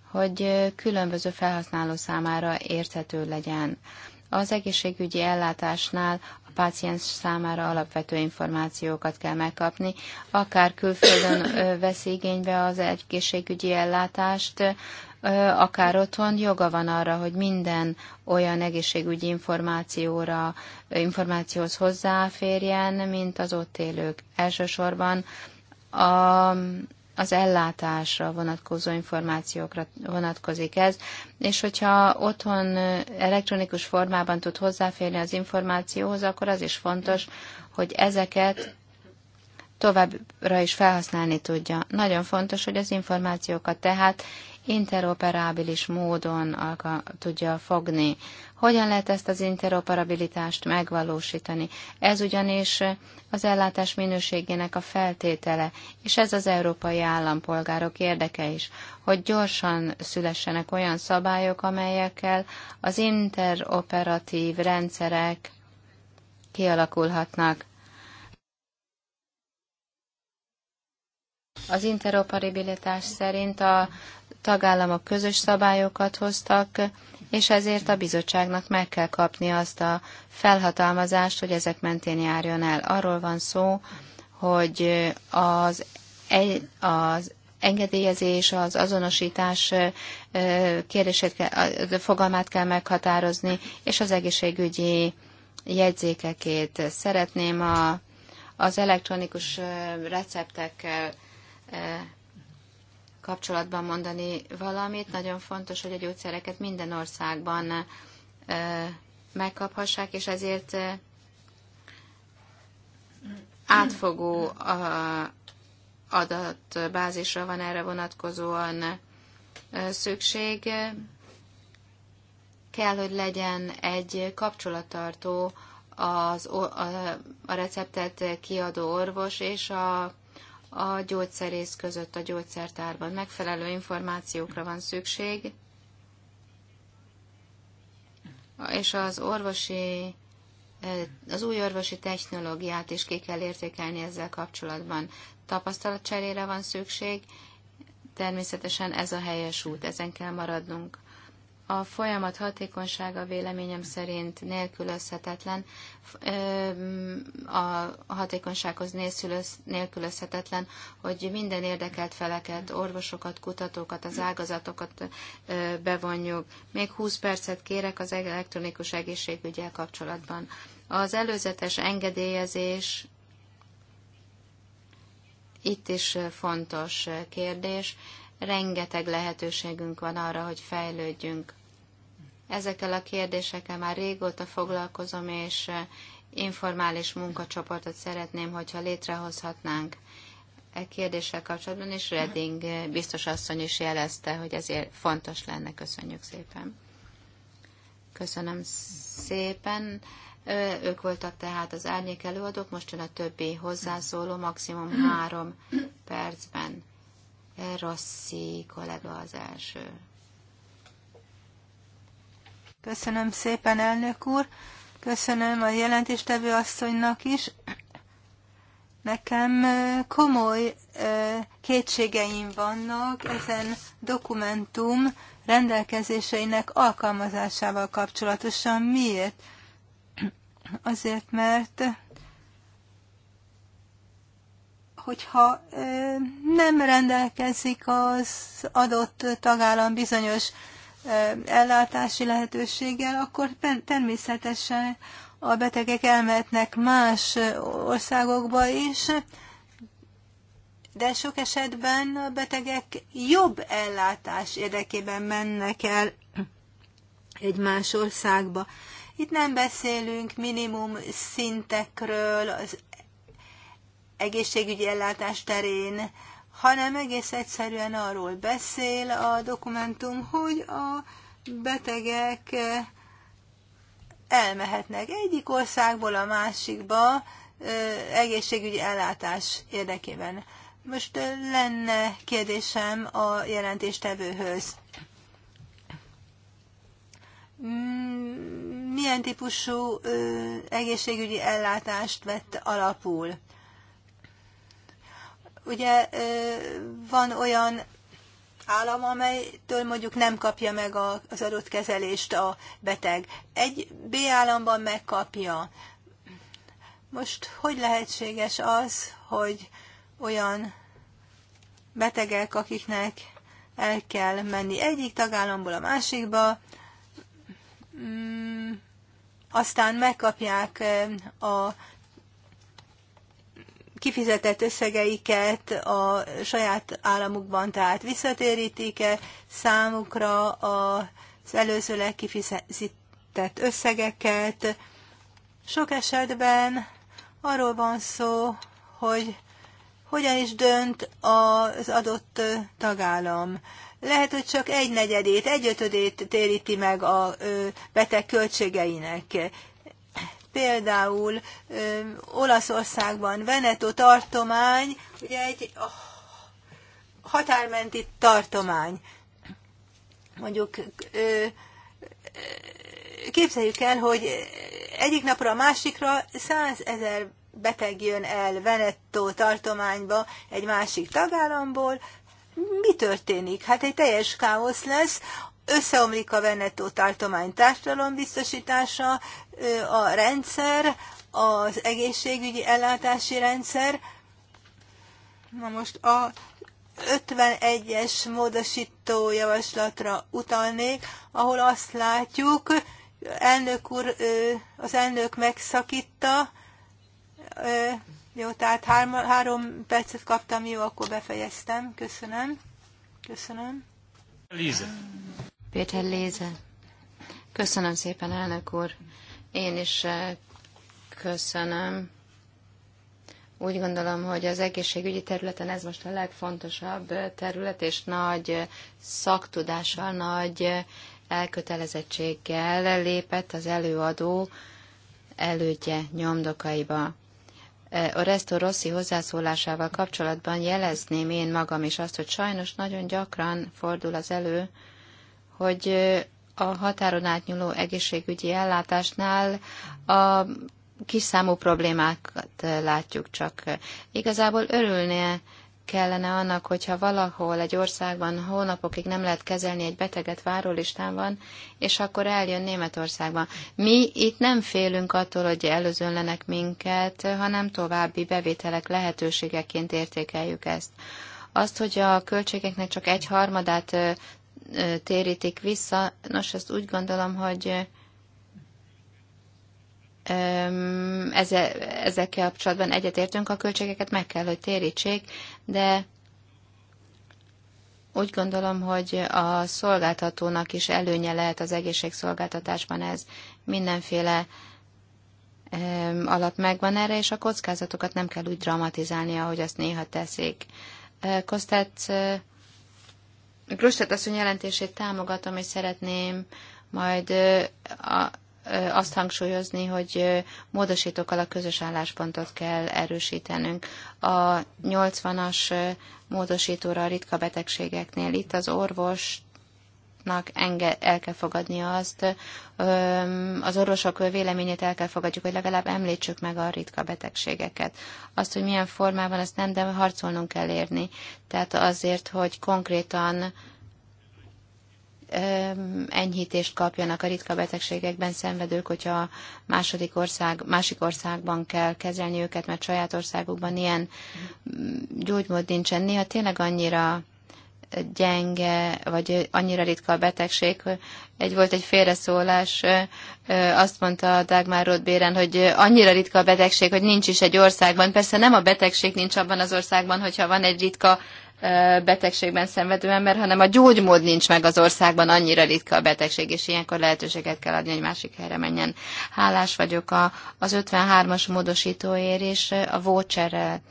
hogy különböző felhasználó számára érthető legyen. Az egészségügyi ellátásnál a páciens számára alapvető információkat kell megkapni, akár külföldön vesz igénybe az egészségügyi ellátást, akár otthon joga van arra, hogy minden olyan egészségügyi információra, információhoz hozzáférjen, mint az ott élők. Elsősorban a az ellátásra vonatkozó információkra vonatkozik ez, és hogyha otthon elektronikus formában tud hozzáférni az információhoz, akkor az is fontos, hogy ezeket továbbra is felhasználni tudja. Nagyon fontos, hogy az információkat tehát interoperábilis módon tudja fogni. Hogyan lehet ezt az interoperabilitást megvalósítani? Ez ugyanis az ellátás minőségének a feltétele, és ez az európai állampolgárok érdeke is, hogy gyorsan szülessenek olyan szabályok, amelyekkel az interoperatív rendszerek kialakulhatnak. Az interoperabilitás szerint a tagállamok közös szabályokat hoztak, és ezért a bizottságnak meg kell kapni azt a felhatalmazást, hogy ezek mentén járjon el. Arról van szó, hogy az, egy, az engedélyezés, az azonosítás kérdését, kell, fogalmát kell meghatározni, és az egészségügyi jegyzékekét. Szeretném a, az elektronikus receptekkel kapcsolatban mondani valamit. Nagyon fontos, hogy a gyógyszereket minden országban megkaphassák, és ezért átfogó adatbázisra van erre vonatkozóan szükség. Kell, hogy legyen egy kapcsolattartó az, a, a receptet kiadó orvos és a a gyógyszerész között a gyógyszertárban. Megfelelő információkra van szükség, és az orvosi eh, az új orvosi technológiát is ki kell értékelni ezzel kapcsolatban. Tapasztalatcserére van szükség, természetesen ez a helyes út, ezen kell maradnunk. A folyamat hatékonysága véleményem szerint nélkülözhetetlen, a hatékonysághoz nélkülözhetetlen, hogy minden érdekelt feleket, orvosokat, kutatókat, az ágazatokat bevonjuk. Még 20 percet kérek az elektronikus egészségügyel kapcsolatban. Az előzetes engedélyezés itt is fontos kérdés. Rengeteg lehetőségünk van arra, hogy fejlődjünk. Ezekkel a kérdésekkel már régóta foglalkozom, és eh, informális munkacsoportot szeretném, hogyha létrehozhatnánk e kérdéssel kapcsolatban, és Redding eh, biztos asszony is jelezte, hogy ezért fontos lenne. Köszönjük szépen. Köszönöm szépen. Ők voltak tehát az árnyék előadók, most jön a többi hozzászóló, maximum három percben. Rossi kollega az első. Köszönöm szépen, elnök úr. Köszönöm a jelentéstevő asszonynak is. Nekem komoly kétségeim vannak ezen dokumentum rendelkezéseinek alkalmazásával kapcsolatosan. Miért? Azért, mert hogyha nem rendelkezik az adott tagállam bizonyos ellátási lehetőséggel, akkor természetesen a betegek elmehetnek más országokba is, de sok esetben a betegek jobb ellátás érdekében mennek el egy más országba. Itt nem beszélünk minimum szintekről az egészségügyi ellátás terén, hanem egész egyszerűen arról beszél a dokumentum, hogy a betegek eh, elmehetnek egyik országból a másikba eh, egészségügyi ellátás érdekében. Most eh, lenne kérdésem a jelentéstevőhöz. Hmm, milyen típusú egészségügyi ellátást vett alapul? Ugye van olyan állam, amelytől mondjuk nem kapja meg az adott kezelést a beteg. Egy B államban megkapja. Most hogy lehetséges az, hogy olyan betegek, akiknek el kell menni egyik tagállamból a másikba, mm, aztán megkapják a kifizetett összegeiket a saját államukban, tehát visszatérítik-e számukra az előzőleg kifizetett összegeket. Sok esetben arról van szó, hogy hogyan is dönt az adott tagállam. Lehet, hogy csak egy negyedét, egy ötödét téríti meg a beteg költségeinek. Például ö, Olaszországban Veneto tartomány, ugye egy határmenti tartomány. Mondjuk ö, képzeljük el, hogy egyik napra a másikra százezer beteg jön el Veneto tartományba egy másik tagállamból, mi történik? Hát egy teljes káosz lesz, összeomlik a Veneto tartomány biztosítása, a rendszer, az egészségügyi ellátási rendszer. Na most a 51-es módosító javaslatra utalnék, ahol azt látjuk, elnök úr, az elnök megszakítta, jó, tehát három, három percet kaptam, jó, akkor befejeztem. Köszönöm. Köszönöm. Líze. Péter Léze. Köszönöm szépen, elnök úr. Én is eh, köszönöm. Úgy gondolom, hogy az egészségügyi területen ez most a legfontosabb eh, terület, és nagy eh, szaktudással, nagy elkötelezettséggel lépett az előadó elődje nyomdokaiba. Resto Rossi hozzászólásával kapcsolatban jelezném én magam is azt, hogy sajnos nagyon gyakran fordul az elő, hogy a határon átnyúló egészségügyi ellátásnál a kis számú problémákat látjuk csak. Igazából örülnie kellene annak, hogyha valahol egy országban hónapokig nem lehet kezelni egy beteget várólistán van, és akkor eljön Németországban. Mi itt nem félünk attól, hogy előzönlenek minket, hanem további bevételek lehetőségeként értékeljük ezt. Azt, hogy a költségeknek csak egy harmadát térítik vissza. Nos, ezt úgy gondolom, hogy ezekkel kapcsolatban egyetértünk, a költségeket meg kell, hogy térítsék, de úgy gondolom, hogy a szolgáltatónak is előnye lehet az egészségszolgáltatásban ez. Mindenféle alap megvan erre, és a kockázatokat nem kell úgy dramatizálni, ahogy azt néha teszik. Kostec Grostet asszony jelentését támogatom, és szeretném majd a, azt hangsúlyozni, hogy módosítókkal a közös álláspontot kell erősítenünk. A 80-as módosítóra a ritka betegségeknél itt az orvost orvosoknak enge, el kell fogadnia azt, az orvosok véleményét el kell fogadjuk, hogy legalább említsük meg a ritka betegségeket. Azt, hogy milyen formában, azt nem, de harcolnunk kell érni. Tehát azért, hogy konkrétan enyhítést kapjanak a ritka betegségekben szenvedők, hogyha második ország, másik országban kell kezelni őket, mert saját országukban ilyen mm, gyógymód nincsen. Néha tényleg annyira gyenge, vagy annyira ritka a betegség. Egy volt egy félreszólás, azt mondta a Dagmar Rodbéren, Béren, hogy annyira ritka a betegség, hogy nincs is egy országban. Persze nem a betegség nincs abban az országban, hogyha van egy ritka betegségben szenvedő ember, hanem a gyógymód nincs meg az országban, annyira ritka a betegség, és ilyenkor lehetőséget kell adni, hogy másik helyre menjen. Hálás vagyok a, az 53-as módosítóért és a voucherrel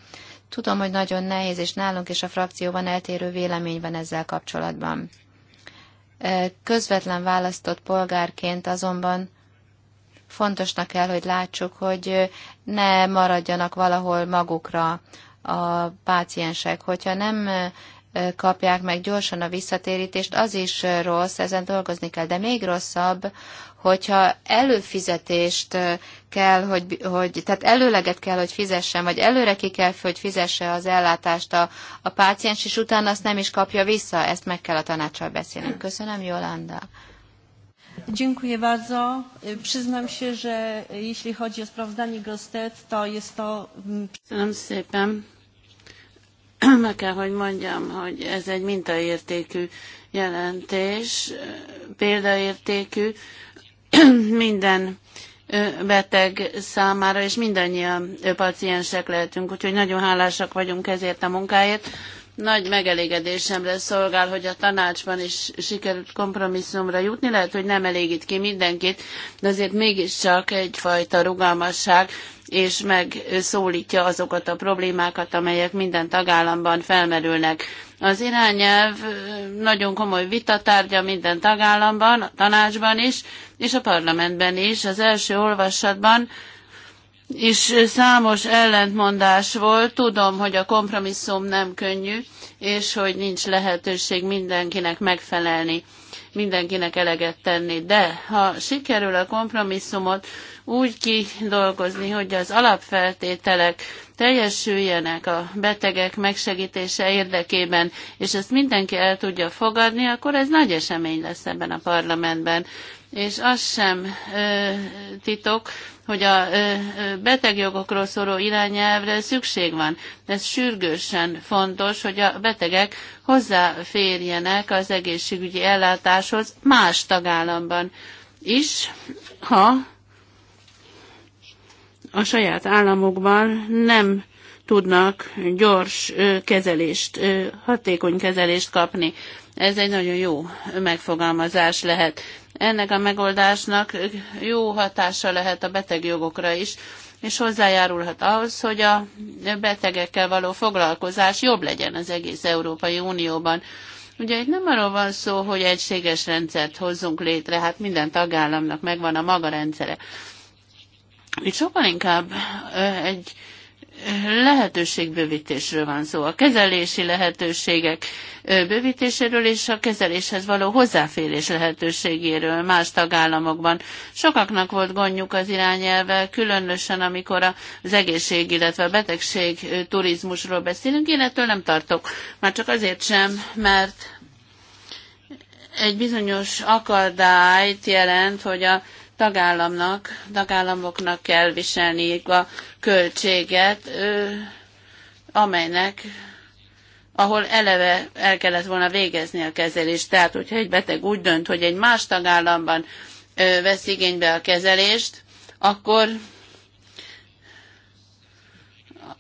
Tudom, hogy nagyon nehéz, és nálunk és a frakcióban eltérő vélemény van ezzel kapcsolatban. Közvetlen választott polgárként azonban fontosnak kell, hogy látsuk, hogy ne maradjanak valahol magukra a páciensek. Hogyha nem kapják meg gyorsan a visszatérítést, az is rossz, ezen dolgozni kell. De még rosszabb, hogyha előfizetést kell, hogy, hogy tehát előleget kell, hogy fizessen, vagy előre ki kell, hogy fizesse az ellátást a, a páciens, és utána azt nem is kapja vissza, ezt meg kell a tanácsal beszélni. Köszönöm, Jolanda. Dziękuję bardzo. Przyznam się, że jeśli chodzi o sprawozdanie GOSTET, to jest to... Mm, Köszönöm szépen. meg kell, hogy mondjam, hogy ez egy mintaértékű jelentés, példaértékű minden beteg számára, és mindannyian paciensek lehetünk, úgyhogy nagyon hálásak vagyunk ezért a munkáért. Nagy megelégedésemre szolgál, hogy a tanácsban is sikerült kompromisszumra jutni. Lehet, hogy nem elégít ki mindenkit, de azért mégiscsak egyfajta rugalmasság és megszólítja azokat a problémákat, amelyek minden tagállamban felmerülnek. Az irányelv nagyon komoly vitatárgya minden tagállamban, a tanácsban is, és a parlamentben is. Az első olvasatban és számos ellentmondás volt. Tudom, hogy a kompromisszum nem könnyű, és hogy nincs lehetőség mindenkinek megfelelni, mindenkinek eleget tenni. De ha sikerül a kompromisszumot úgy kidolgozni, hogy az alapfeltételek teljesüljenek a betegek megsegítése érdekében, és ezt mindenki el tudja fogadni, akkor ez nagy esemény lesz ebben a parlamentben. És az sem ö, titok, hogy a ö, betegjogokról szóló irányelvre szükség van. Ez sürgősen fontos, hogy a betegek hozzáférjenek az egészségügyi ellátáshoz más tagállamban is, ha a saját államokban nem tudnak gyors kezelést, hatékony kezelést kapni. Ez egy nagyon jó megfogalmazás lehet. Ennek a megoldásnak jó hatása lehet a betegjogokra is, és hozzájárulhat ahhoz, hogy a betegekkel való foglalkozás jobb legyen az egész Európai Unióban. Ugye itt nem arról van szó, hogy egységes rendszert hozzunk létre, hát minden tagállamnak megvan a maga rendszere. Itt sokkal inkább egy lehetőségbővítésről van szó, a kezelési lehetőségek bővítéséről és a kezeléshez való hozzáférés lehetőségéről más tagállamokban. Sokaknak volt gondjuk az irányelvel, különösen amikor az egészség, illetve a betegség turizmusról beszélünk. Én ettől nem tartok, már csak azért sem, mert egy bizonyos akadályt jelent, hogy a tagállamnak, tagállamoknak kell viselniük a költséget, amelynek ahol eleve el kellett volna végezni a kezelést. Tehát, hogyha egy beteg úgy dönt, hogy egy más tagállamban vesz igénybe a kezelést, akkor,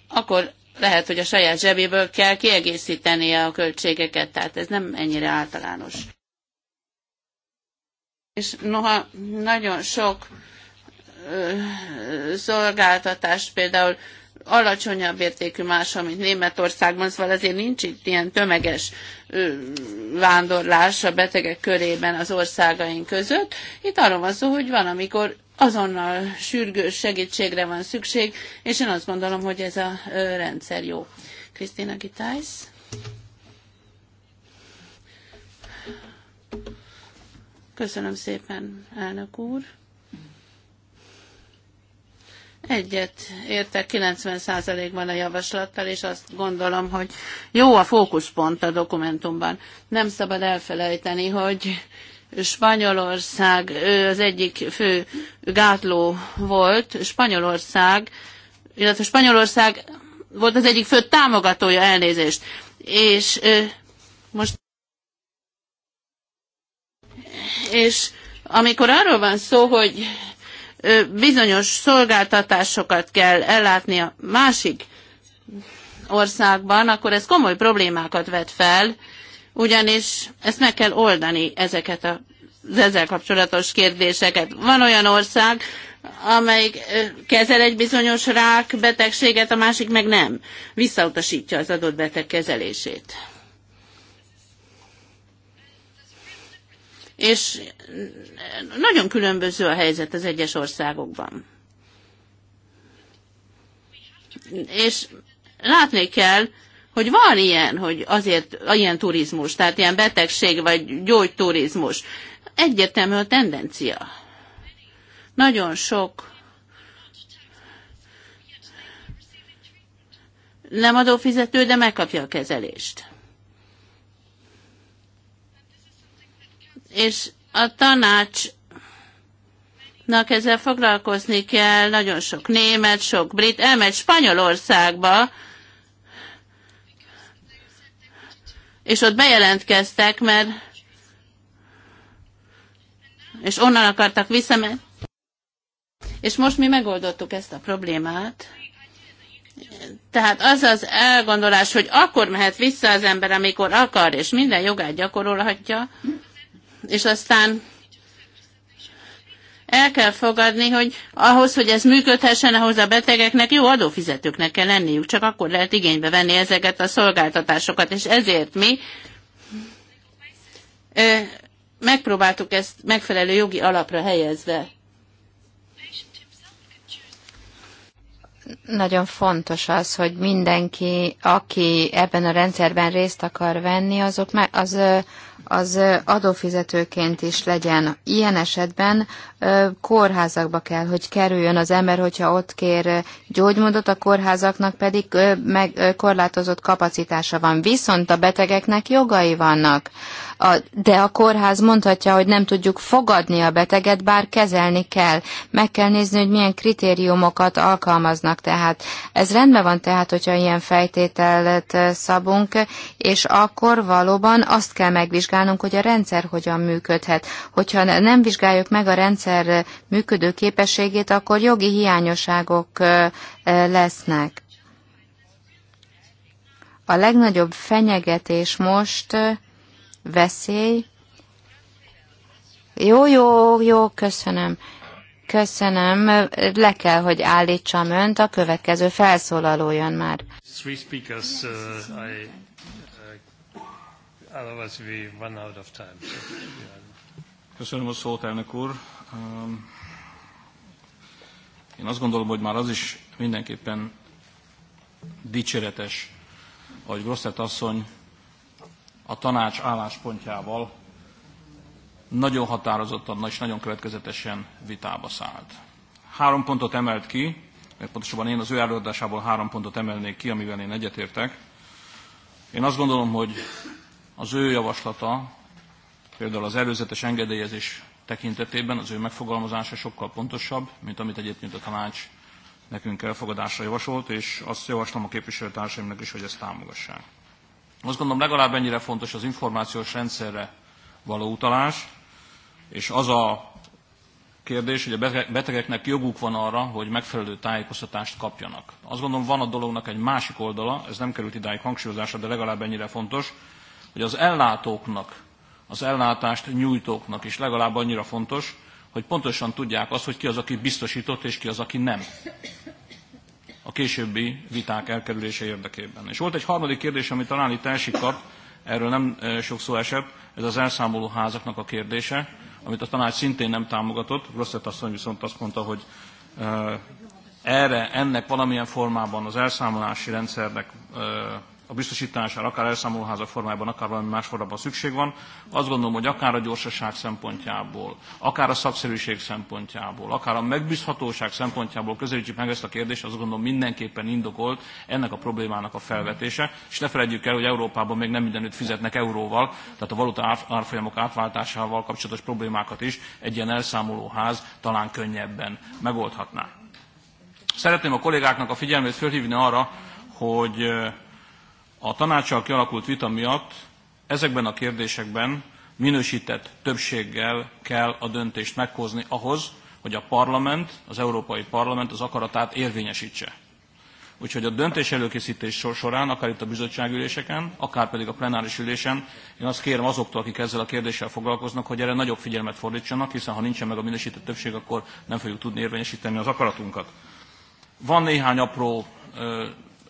akkor lehet, hogy a saját zsebéből kell kiegészíteni a költségeket, tehát ez nem ennyire általános és noha nagyon sok szolgáltatás például alacsonyabb értékű más, mint Németországban, szóval azért nincs itt ilyen tömeges vándorlás a betegek körében az országaink között. Itt arról van szó, hogy van, amikor azonnal sürgős segítségre van szükség, és én azt gondolom, hogy ez a rendszer jó. Krisztina Gitájsz. Köszönöm szépen, elnök úr. Egyet értek 90%-ban a javaslattal, és azt gondolom, hogy jó a fókuszpont a dokumentumban. Nem szabad elfelejteni, hogy Spanyolország az egyik fő gátló volt. Spanyolország, illetve Spanyolország volt az egyik fő támogatója elnézést. És most és amikor arról van szó, hogy bizonyos szolgáltatásokat kell ellátni a másik országban, akkor ez komoly problémákat vet fel, ugyanis ezt meg kell oldani ezeket a az ezzel kapcsolatos kérdéseket. Van olyan ország, amelyik kezel egy bizonyos rák betegséget, a másik meg nem. Visszautasítja az adott beteg kezelését. és nagyon különböző a helyzet az egyes országokban. És látni kell, hogy van ilyen, hogy azért ilyen turizmus, tehát ilyen betegség vagy gyógyturizmus. Egyértelmű a tendencia. Nagyon sok nem adófizető, de megkapja a kezelést. és a tanácsnak ezzel foglalkozni kell, nagyon sok német, sok brit, elmegy Spanyolországba, és ott bejelentkeztek, mert és onnan akartak visszamenni. És most mi megoldottuk ezt a problémát. Tehát az az elgondolás, hogy akkor mehet vissza az ember, amikor akar, és minden jogát gyakorolhatja, és aztán el kell fogadni, hogy ahhoz, hogy ez működhessen, ahhoz a betegeknek jó adófizetőknek kell lenniük, csak akkor lehet igénybe venni ezeket a szolgáltatásokat, és ezért mi ö, megpróbáltuk ezt megfelelő jogi alapra helyezve nagyon fontos az, hogy mindenki, aki ebben a rendszerben részt akar venni, azok meg, az, az adófizetőként is legyen. Ilyen esetben kórházakba kell, hogy kerüljön az ember, hogyha ott kér gyógymódot, a kórházaknak pedig meg, korlátozott kapacitása van. Viszont a betegeknek jogai vannak de a kórház mondhatja, hogy nem tudjuk fogadni a beteget, bár kezelni kell. Meg kell nézni, hogy milyen kritériumokat alkalmaznak tehát. Ez rendben van tehát, hogyha ilyen fejtételt eh, szabunk, és akkor valóban azt kell megvizsgálnunk, hogy a rendszer hogyan működhet. Hogyha nem vizsgáljuk meg a rendszer működő képességét, akkor jogi hiányosságok eh, eh, lesznek. A legnagyobb fenyegetés most veszély. Jó, jó, jó, köszönöm. Köszönöm. Le kell, hogy állítsam önt, a következő felszólaló jön már. Three speakers, uh, I, uh, otherwise we run out of time. So, yeah. Köszönöm a szót, elnök úr. Um, én azt gondolom, hogy már az is mindenképpen dicséretes, ahogy Grosszett asszony a tanács álláspontjával nagyon határozottan és nagyon következetesen vitába szállt. Három pontot emelt ki, mert pontosabban én az ő előadásából három pontot emelnék ki, amivel én egyetértek. Én azt gondolom, hogy az ő javaslata, például az előzetes engedélyezés tekintetében az ő megfogalmazása sokkal pontosabb, mint amit egyébként a tanács nekünk elfogadásra javasolt, és azt javaslom a képviselőtársaimnak is, hogy ezt támogassák. Azt gondolom legalább ennyire fontos az információs rendszerre való utalás, és az a kérdés, hogy a betegeknek joguk van arra, hogy megfelelő tájékoztatást kapjanak. Azt gondolom van a dolognak egy másik oldala, ez nem került idáig hangsúlyozásra, de legalább ennyire fontos, hogy az ellátóknak, az ellátást nyújtóknak is legalább annyira fontos, hogy pontosan tudják azt, hogy ki az, aki biztosított, és ki az, aki nem a későbbi viták elkerülése érdekében. És volt egy harmadik kérdés, ami talán itt elsikkadt, erről nem e, sok szó esett, ez az elszámoló házaknak a kérdése, amit a tanács szintén nem támogatott. Grosszett asszony viszont azt mondta, hogy e, erre, ennek valamilyen formában az elszámolási rendszernek e, a biztosítására, akár elszámolóházak formájában, akár valami más formában szükség van. Azt gondolom, hogy akár a gyorsaság szempontjából, akár a szakszerűség szempontjából, akár a megbízhatóság szempontjából közelítjük meg ezt a kérdést, azt gondolom mindenképpen indokolt ennek a problémának a felvetése. És ne felejtjük el, hogy Európában még nem mindenütt fizetnek euróval, tehát a valuta árfolyamok átváltásával kapcsolatos problémákat is egy ilyen elszámolóház talán könnyebben megoldhatná. Szeretném a kollégáknak a figyelmét fölhívni arra, hogy a tanácsal kialakult vita miatt ezekben a kérdésekben minősített többséggel kell a döntést meghozni ahhoz, hogy a parlament, az Európai Parlament az akaratát érvényesítse. Úgyhogy a döntés előkészítés során, akár itt a bizottságüléseken, akár pedig a plenáris ülésen, én azt kérem azoktól, akik ezzel a kérdéssel foglalkoznak, hogy erre nagyobb figyelmet fordítsanak, hiszen ha nincsen meg a minősített többség, akkor nem fogjuk tudni érvényesíteni az akaratunkat. Van néhány apró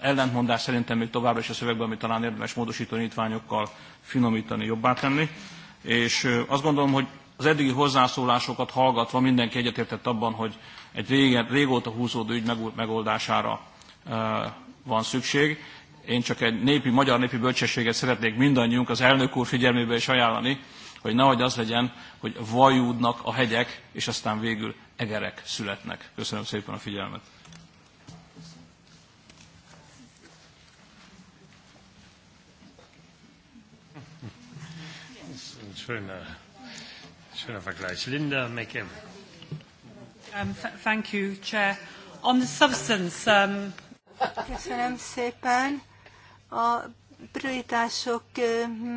ellentmondás szerintem még továbbra is a szövegben, ami talán érdemes módosító nyitványokkal finomítani, jobbá tenni. És azt gondolom, hogy az eddigi hozzászólásokat hallgatva mindenki egyetértett abban, hogy egy régen, régóta húzódó ügy megoldására van szükség. Én csak egy népi, magyar népi bölcsességet szeretnék mindannyiunk az elnök úr figyelmébe is ajánlani, hogy nehogy az legyen, hogy vajúdnak a hegyek, és aztán végül egerek születnek. Köszönöm szépen a figyelmet. schöner, äh, schöner Vergleich. Linda McKim. Um, th thank you, Chair. On the substance, um... Köszönöm szépen. A prioritások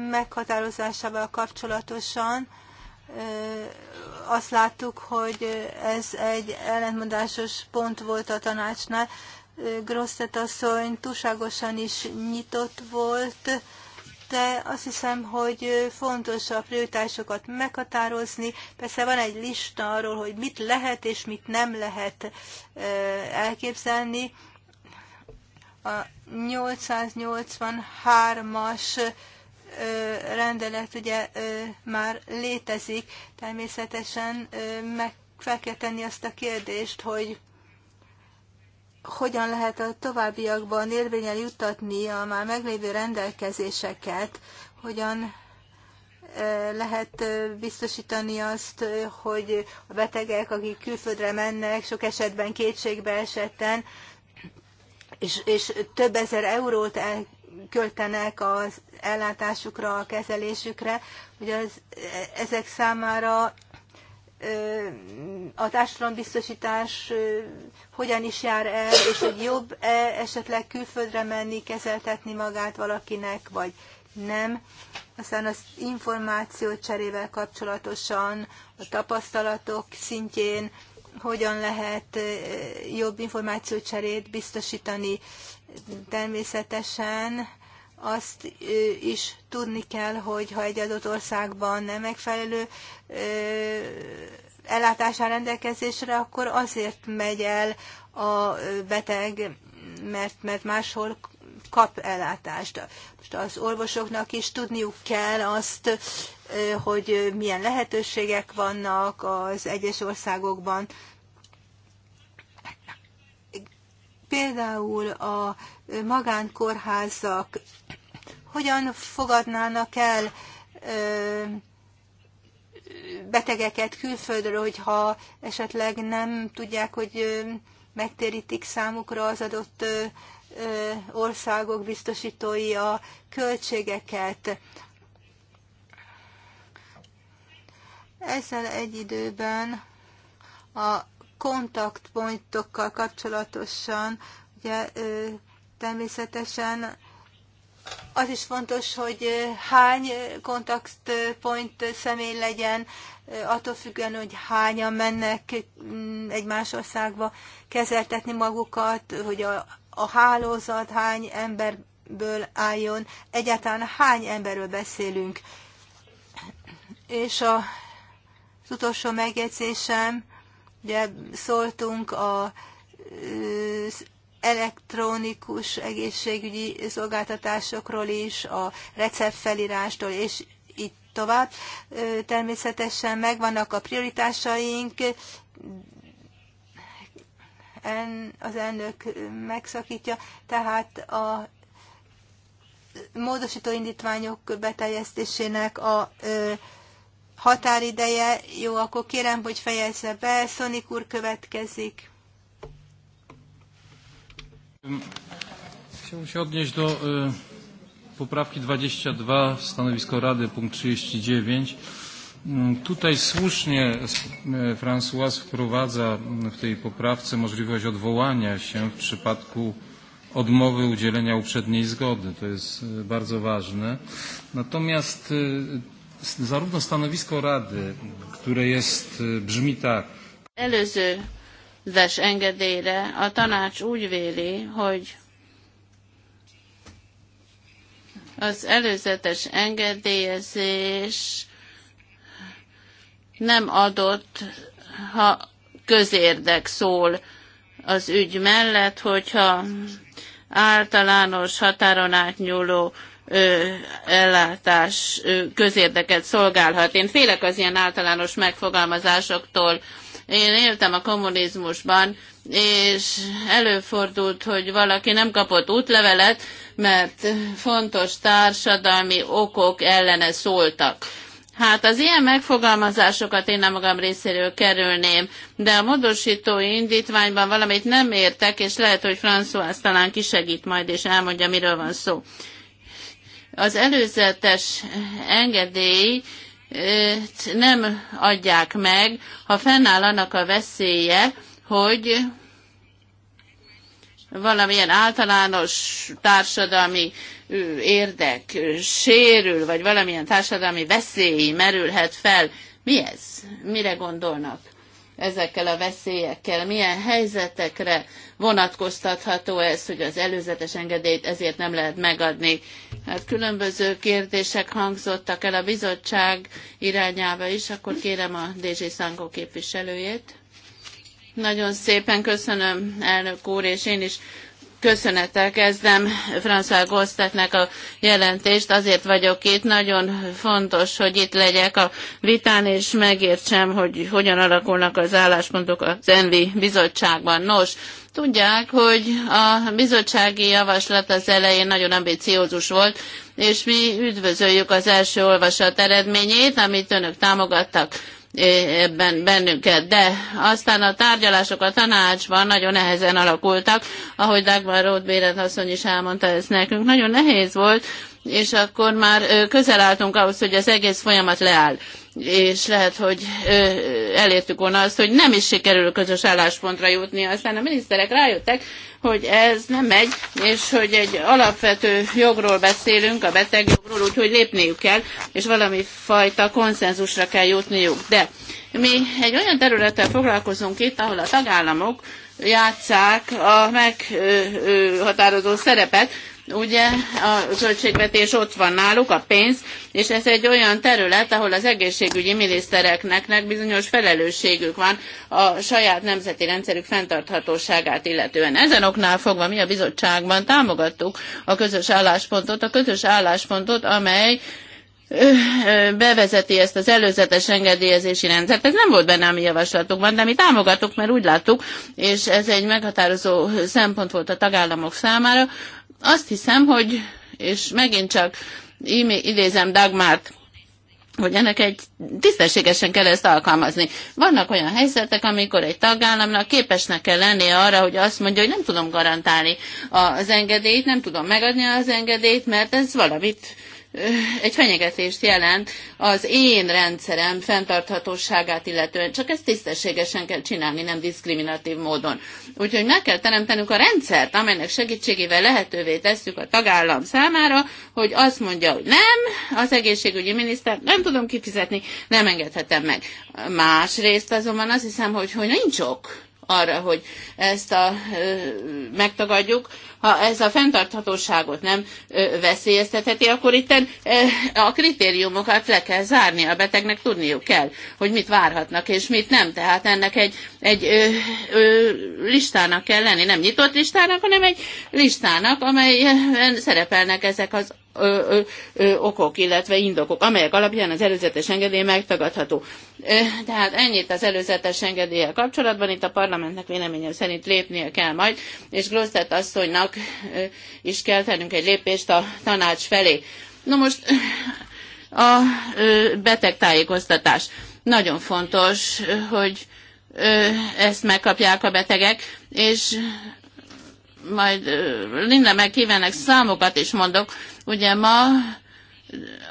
meghatározásával kapcsolatosan azt láttuk, hogy ez egy ellentmondásos pont volt a tanácsnál. Grosztet asszony túlságosan is nyitott volt, de azt hiszem, hogy fontos a prioritásokat meghatározni. Persze van egy lista arról, hogy mit lehet és mit nem lehet eh, elképzelni. A 883-as eh, rendelet ugye eh, már létezik. Természetesen meg fel kell tenni azt a kérdést, hogy hogyan lehet a továbbiakban érvényel juttatni a már meglévő rendelkezéseket, hogyan e, lehet e, biztosítani azt, e, hogy a betegek, akik külföldre mennek, sok esetben kétségbe esetten, és, és több ezer eurót elköltenek az ellátásukra, a kezelésükre, hogy az, ezek számára a társadalombiztosítás hogyan is jár el, és hogy jobb -e esetleg külföldre menni, kezeltetni magát valakinek, vagy nem. Aztán az információ cserével kapcsolatosan, a tapasztalatok szintjén hogyan lehet jobb információcserét biztosítani természetesen azt is tudni kell, hogy ha egy adott országban nem megfelelő ellátás áll rendelkezésre, akkor azért megy el a beteg, mert, mert máshol kap ellátást. Most az orvosoknak is tudniuk kell azt, hogy milyen lehetőségek vannak az egyes országokban, Például a magánkórházak hogyan fogadnának el betegeket külföldről, hogyha esetleg nem tudják, hogy megtérítik számukra az adott országok biztosítói a költségeket. Ezzel egy időben a kontaktpontokkal kapcsolatosan, ugye természetesen az is fontos, hogy hány kontaktpont személy legyen, attól függően, hogy hányan mennek egy más országba kezeltetni magukat, hogy a, a hálózat hány emberből álljon, egyáltalán hány emberről beszélünk. És a, az utolsó megjegyzésem Ugye szóltunk a elektronikus egészségügyi szolgáltatásokról is, a receptfelírástól, és így tovább. Természetesen megvannak a prioritásaink, en az elnök megszakítja, tehát a módosító indítványok beteljesztésének a határideje. Jó, akkor kérem, hogy fejezze be. Szonik úr következik. Chciałbym się odnieść do y, e, poprawki 22, stanowisko Rady, punkt 39. Mm, tutaj słusznie e, François wprowadza mm, w tej poprawce możliwość odwołania się w przypadku odmowy udzielenia uprzedniej zgody. To jest e, bardzo ważne. Natomiast zarówno stanowisko Rady, które jest, e, brzmi tak. Előző zes engedélyre a tanács úgy véli, hogy az előzetes engedélyezés nem adott, ha közérdek szól az ügy mellett, hogyha általános határon átnyúló ellátás közérdeket szolgálhat. Én félek az ilyen általános megfogalmazásoktól. Én éltem a kommunizmusban, és előfordult, hogy valaki nem kapott útlevelet, mert fontos társadalmi okok ellene szóltak. Hát az ilyen megfogalmazásokat én nem magam részéről kerülném, de a módosító indítványban valamit nem értek, és lehet, hogy François talán kisegít majd, és elmondja, miről van szó. Az előzetes engedély nem adják meg, ha fennáll annak a veszélye, hogy valamilyen általános társadalmi érdek sérül, vagy valamilyen társadalmi veszély merülhet fel. Mi ez? Mire gondolnak ezekkel a veszélyekkel? Milyen helyzetekre vonatkoztatható ez, hogy az előzetes engedélyt ezért nem lehet megadni? Hát különböző kérdések hangzottak el a bizottság irányába is, akkor kérem a DG Szánkó képviselőjét. Nagyon szépen köszönöm, elnök úr, és én is köszönettel kezdem François Gosztetnek a jelentést. Azért vagyok itt, nagyon fontos, hogy itt legyek a vitán, és megértsem, hogy hogyan alakulnak az álláspontok az Envi bizottságban. Nos, tudják, hogy a bizottsági javaslat az elején nagyon ambiciózus volt, és mi üdvözöljük az első olvasat eredményét, amit önök támogattak ebben bennünket. De aztán a tárgyalások a tanácsban nagyon nehezen alakultak, ahogy Dagmar Roth Bérend asszony is elmondta ezt nekünk. Nagyon nehéz volt, és akkor már közel álltunk ahhoz, hogy az egész folyamat leáll és lehet, hogy elértük volna azt, hogy nem is sikerül közös álláspontra jutni. Aztán a miniszterek rájöttek, hogy ez nem megy, és hogy egy alapvető jogról beszélünk, a betegjogról, úgyhogy lépniük kell, és valami fajta konszenzusra kell jutniuk. De mi egy olyan területtel foglalkozunk itt, ahol a tagállamok játszák a meghatározó szerepet, ugye a zöldségvetés ott van náluk, a pénz, és ez egy olyan terület, ahol az egészségügyi minisztereknek bizonyos felelősségük van a saját nemzeti rendszerük fenntarthatóságát illetően. Ezen oknál fogva mi a bizottságban támogattuk a közös álláspontot, a közös álláspontot, amely bevezeti ezt az előzetes engedélyezési rendszert. Ez nem volt benne a mi javaslatunkban, de mi támogattuk, mert úgy láttuk, és ez egy meghatározó szempont volt a tagállamok számára. Azt hiszem, hogy, és megint csak idézem Dagmárt, hogy ennek egy tisztességesen kell ezt alkalmazni. Vannak olyan helyzetek, amikor egy tagállamnak képesnek kell lennie arra, hogy azt mondja, hogy nem tudom garantálni az engedélyt, nem tudom megadni az engedélyt, mert ez valamit egy fenyegetést jelent az én rendszerem fenntarthatóságát illetően. Csak ezt tisztességesen kell csinálni, nem diszkriminatív módon. Úgyhogy meg kell teremtenünk a rendszert, amelynek segítségével lehetővé tesszük a tagállam számára, hogy azt mondja, hogy nem, az egészségügyi miniszter nem tudom kifizetni, nem engedhetem meg. Másrészt azonban azt hiszem, hogy, hogy nincs ok arra, hogy ezt a, megtagadjuk. Ha ez a fenntarthatóságot nem veszélyeztetheti, akkor itt a kritériumokat le kell zárni, a betegnek tudniuk kell, hogy mit várhatnak és mit nem. Tehát ennek egy, egy ö, ö, listának kell lenni, nem nyitott listának, hanem egy listának, amelyen szerepelnek ezek az ö, ö, okok, illetve indokok, amelyek alapján az előzetes engedély megtagadható. Ö, tehát ennyit az előzetes engedéllyel kapcsolatban, itt a parlamentnek véleményem szerint lépnie kell majd, és Grosztet asszonynak ö, is kell tennünk egy lépést a tanács felé. Na most a ö, betegtájékoztatás. Nagyon fontos, hogy ezt megkapják a betegek, és majd Linda meg kívánnak számokat is mondok, ugye ma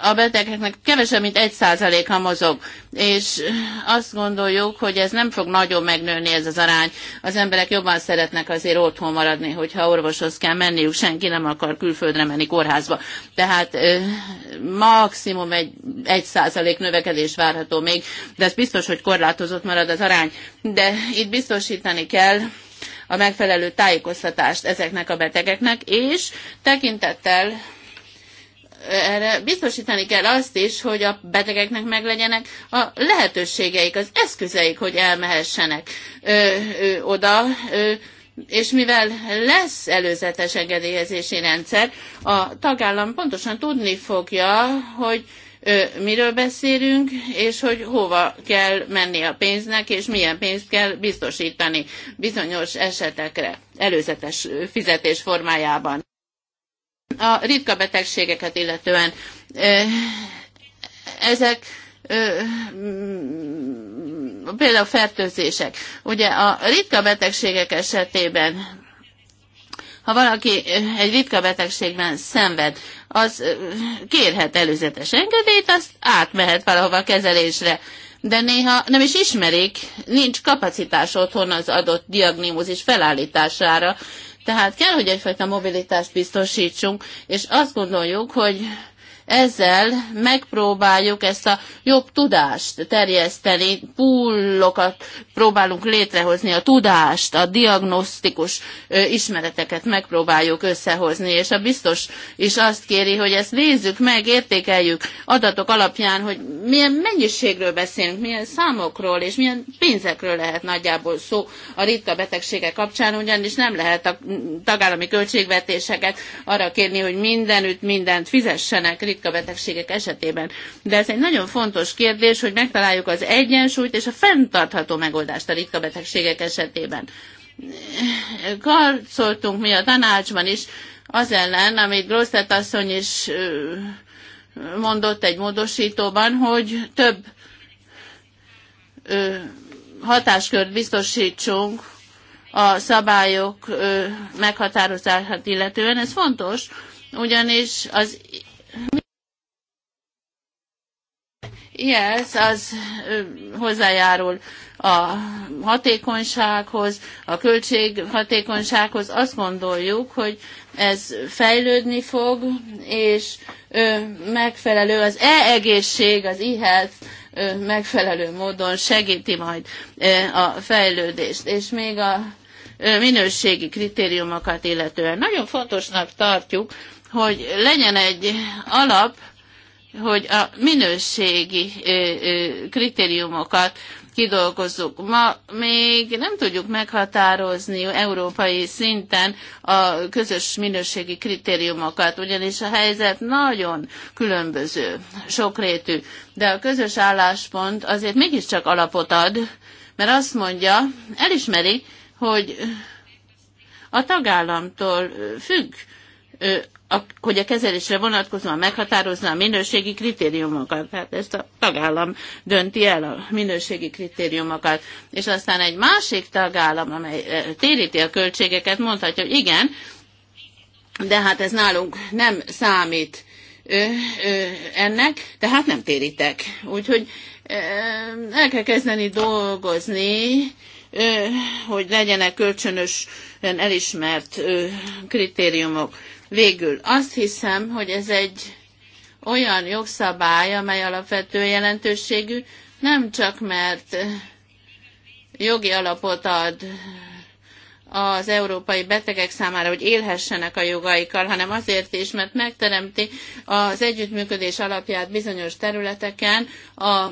a betegeknek kevesebb, mint egy a mozog, és azt gondoljuk, hogy ez nem fog nagyon megnőni ez az arány. Az emberek jobban szeretnek azért otthon maradni, hogyha orvoshoz kell menniük, senki nem akar külföldre menni kórházba. Tehát ö, maximum egy százalék növekedés várható még, de ez biztos, hogy korlátozott marad az arány. De itt biztosítani kell, a megfelelő tájékoztatást ezeknek a betegeknek, és tekintettel erre biztosítani kell azt is, hogy a betegeknek meglegyenek a lehetőségeik, az eszközeik, hogy elmehessenek ö, ö, oda. Ö, és mivel lesz előzetes engedélyezési rendszer, a tagállam pontosan tudni fogja, hogy miről beszélünk, és hogy hova kell menni a pénznek, és milyen pénzt kell biztosítani bizonyos esetekre előzetes fizetés formájában. A ritka betegségeket illetően ezek például fertőzések. Ugye a ritka betegségek esetében ha valaki egy ritka betegségben szenved, az kérhet előzetes engedélyt, azt átmehet valahova a kezelésre. De néha nem is ismerik, nincs kapacitás otthon az adott diagnózis felállítására. Tehát kell, hogy egyfajta mobilitást biztosítsunk, és azt gondoljuk, hogy ezzel megpróbáljuk ezt a jobb tudást terjeszteni, pullokat próbálunk létrehozni, a tudást, a diagnosztikus ismereteket megpróbáljuk összehozni, és a biztos is azt kéri, hogy ezt nézzük meg, értékeljük adatok alapján, hogy milyen mennyiségről beszélünk, milyen számokról, és milyen pénzekről lehet nagyjából szó a ritka betegségek kapcsán, ugyanis nem lehet a tagállami költségvetéseket arra kérni, hogy mindenütt mindent fizessenek ritka betegségek esetében. De ez egy nagyon fontos kérdés, hogy megtaláljuk az egyensúlyt és a fenntartható megoldást a ritka betegségek esetében. Karcoltunk mi a tanácsban is az ellen, amit Grosztet asszony is mondott egy módosítóban, hogy több hatáskört biztosítsunk a szabályok meghatározását illetően. Ez fontos, ugyanis az Yes, az hozzájárul a hatékonysághoz, a költség hatékonysághoz. Azt gondoljuk, hogy ez fejlődni fog, és megfelelő az e-egészség, az e-health megfelelő módon segíti majd a fejlődést. És még a minőségi kritériumokat illetően. Nagyon fontosnak tartjuk, hogy legyen egy alap, hogy a minőségi kritériumokat kidolgozzuk. Ma még nem tudjuk meghatározni európai szinten a közös minőségi kritériumokat, ugyanis a helyzet nagyon különböző, sokrétű, de a közös álláspont azért mégiscsak alapot ad, mert azt mondja, elismeri, hogy a tagállamtól függ hogy a kezelésre vonatkozóan meghatározna a minőségi kritériumokat. Tehát ezt a tagállam dönti el a minőségi kritériumokat. És aztán egy másik tagállam, amely eh, téríti a költségeket, mondhatja, hogy igen, de hát ez nálunk nem számít ö, ö, ennek, tehát nem téritek. Úgyhogy ö, el kell kezdeni dolgozni, ö, hogy legyenek kölcsönösen elismert ö, kritériumok Végül azt hiszem, hogy ez egy olyan jogszabály, amely alapvető jelentőségű, nem csak mert eh, jogi alapot ad az európai betegek számára, hogy élhessenek a jogaikkal, hanem azért is, mert megteremti az együttműködés alapját bizonyos területeken a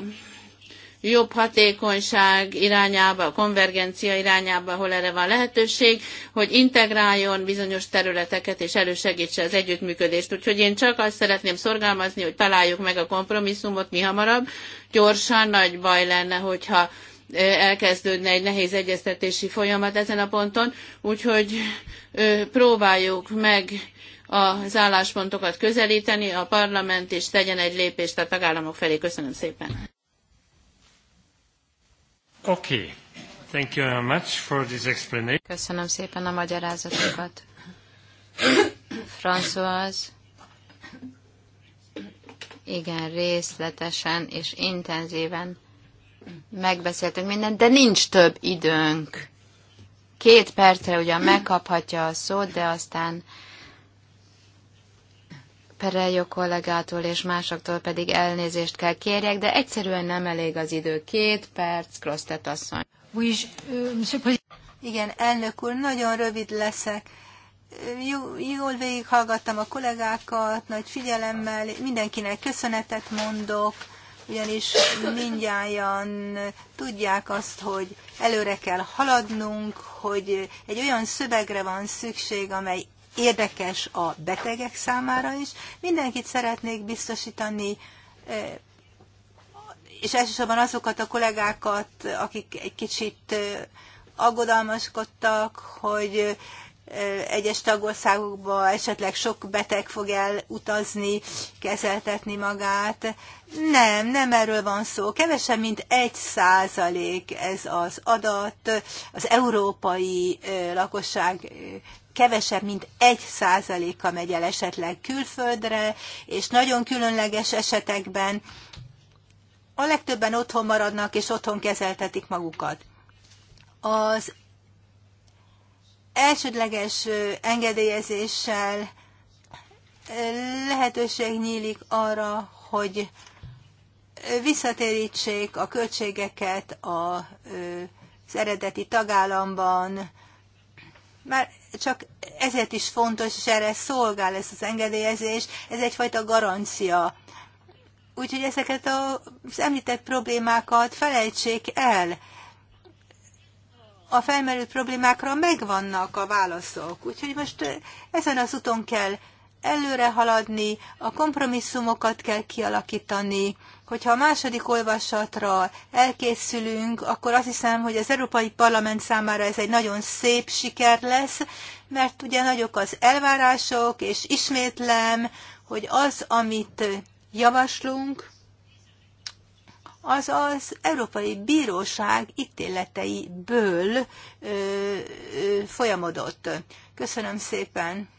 jobb hatékonyság irányába, konvergencia irányába, ahol erre van lehetőség, hogy integráljon bizonyos területeket és elősegítse az együttműködést. Úgyhogy én csak azt szeretném szorgalmazni, hogy találjuk meg a kompromisszumot mi hamarabb. Gyorsan nagy baj lenne, hogyha elkezdődne egy nehéz egyeztetési folyamat ezen a ponton, úgyhogy próbáljuk meg az álláspontokat közelíteni, a parlament is tegyen egy lépést a tagállamok felé. Köszönöm szépen. Okay. Thank you very much for this explanation. Köszönöm szépen a magyarázatokat. François, igen, részletesen és intenzíven megbeszéltünk mindent, de nincs több időnk. Két percre ugyan megkaphatja a szót, de aztán Perejo kollégától és másoktól pedig elnézést kell kérjek, de egyszerűen nem elég az idő. Két perc, Krosztet asszony. Euh, Igen, elnök úr, nagyon rövid leszek. Jól végighallgattam a kollégákat, nagy figyelemmel, mindenkinek köszönetet mondok, ugyanis mindjárt tudják azt, hogy előre kell haladnunk, hogy egy olyan szövegre van szükség, amely érdekes a betegek számára is. Mindenkit szeretnék biztosítani, eh, és elsősorban azokat a kollégákat, akik egy kicsit eh, aggodalmaskodtak, hogy eh, egyes tagországokba esetleg sok beteg fog elutazni, kezeltetni magát. Nem, nem erről van szó. Kevesebb, mint egy százalék ez az adat az európai lakosság kevesebb, mint egy százaléka megy el esetleg külföldre, és nagyon különleges esetekben a legtöbben otthon maradnak, és otthon kezeltetik magukat. Az elsődleges engedélyezéssel lehetőség nyílik arra, hogy visszatérítsék a költségeket az eredeti tagállamban, már csak ezért is fontos, és erre szolgál ez az engedélyezés, ez egyfajta garancia. Úgyhogy ezeket az említett problémákat felejtsék el. A felmerült problémákra megvannak a válaszok. Úgyhogy most ezen az úton kell előre haladni, a kompromisszumokat kell kialakítani, hogyha a második olvasatra elkészülünk, akkor azt hiszem, hogy az Európai Parlament számára ez egy nagyon szép siker lesz, mert ugye nagyok az elvárások, és ismétlem, hogy az, amit javaslunk, az az Európai Bíróság ítéleteiből ö, ö, folyamodott. Köszönöm szépen!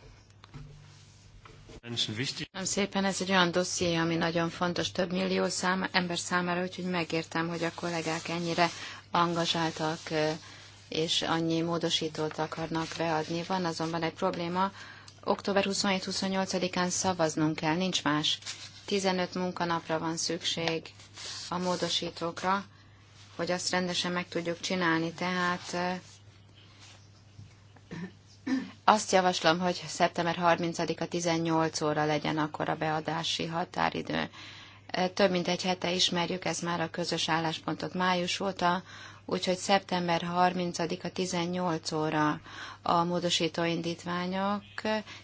Nem szépen, ez egy olyan dosszié, ami nagyon fontos több millió szám, ember számára, úgyhogy megértem, hogy a kollégák ennyire angazsáltak és annyi módosítót akarnak beadni. Van azonban egy probléma, október 27-28-án szavaznunk kell, nincs más. 15 munkanapra van szükség a módosítókra, hogy azt rendesen meg tudjuk csinálni. Tehát azt javaslom, hogy szeptember 30-a 18 óra legyen akkor a beadási határidő. Több mint egy hete ismerjük, ez már a közös álláspontot május óta, úgyhogy szeptember 30-a 18 óra a módosító indítványok.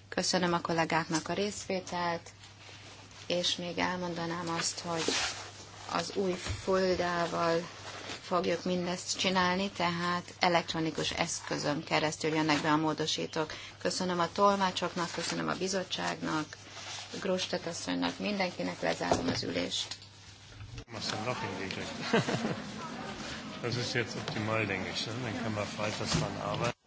Köszönöm a kollégáknak a részvételt, és még elmondanám azt, hogy az új foldával fogjuk mindezt csinálni, tehát elektronikus eszközön keresztül jönnek be a módosítók. Köszönöm a tolmácsoknak, köszönöm a bizottságnak, Grostet asszonynak, mindenkinek lezárom az ülést. Das ist jetzt optimal, denke ich. Dann kann man weiter arbeiten.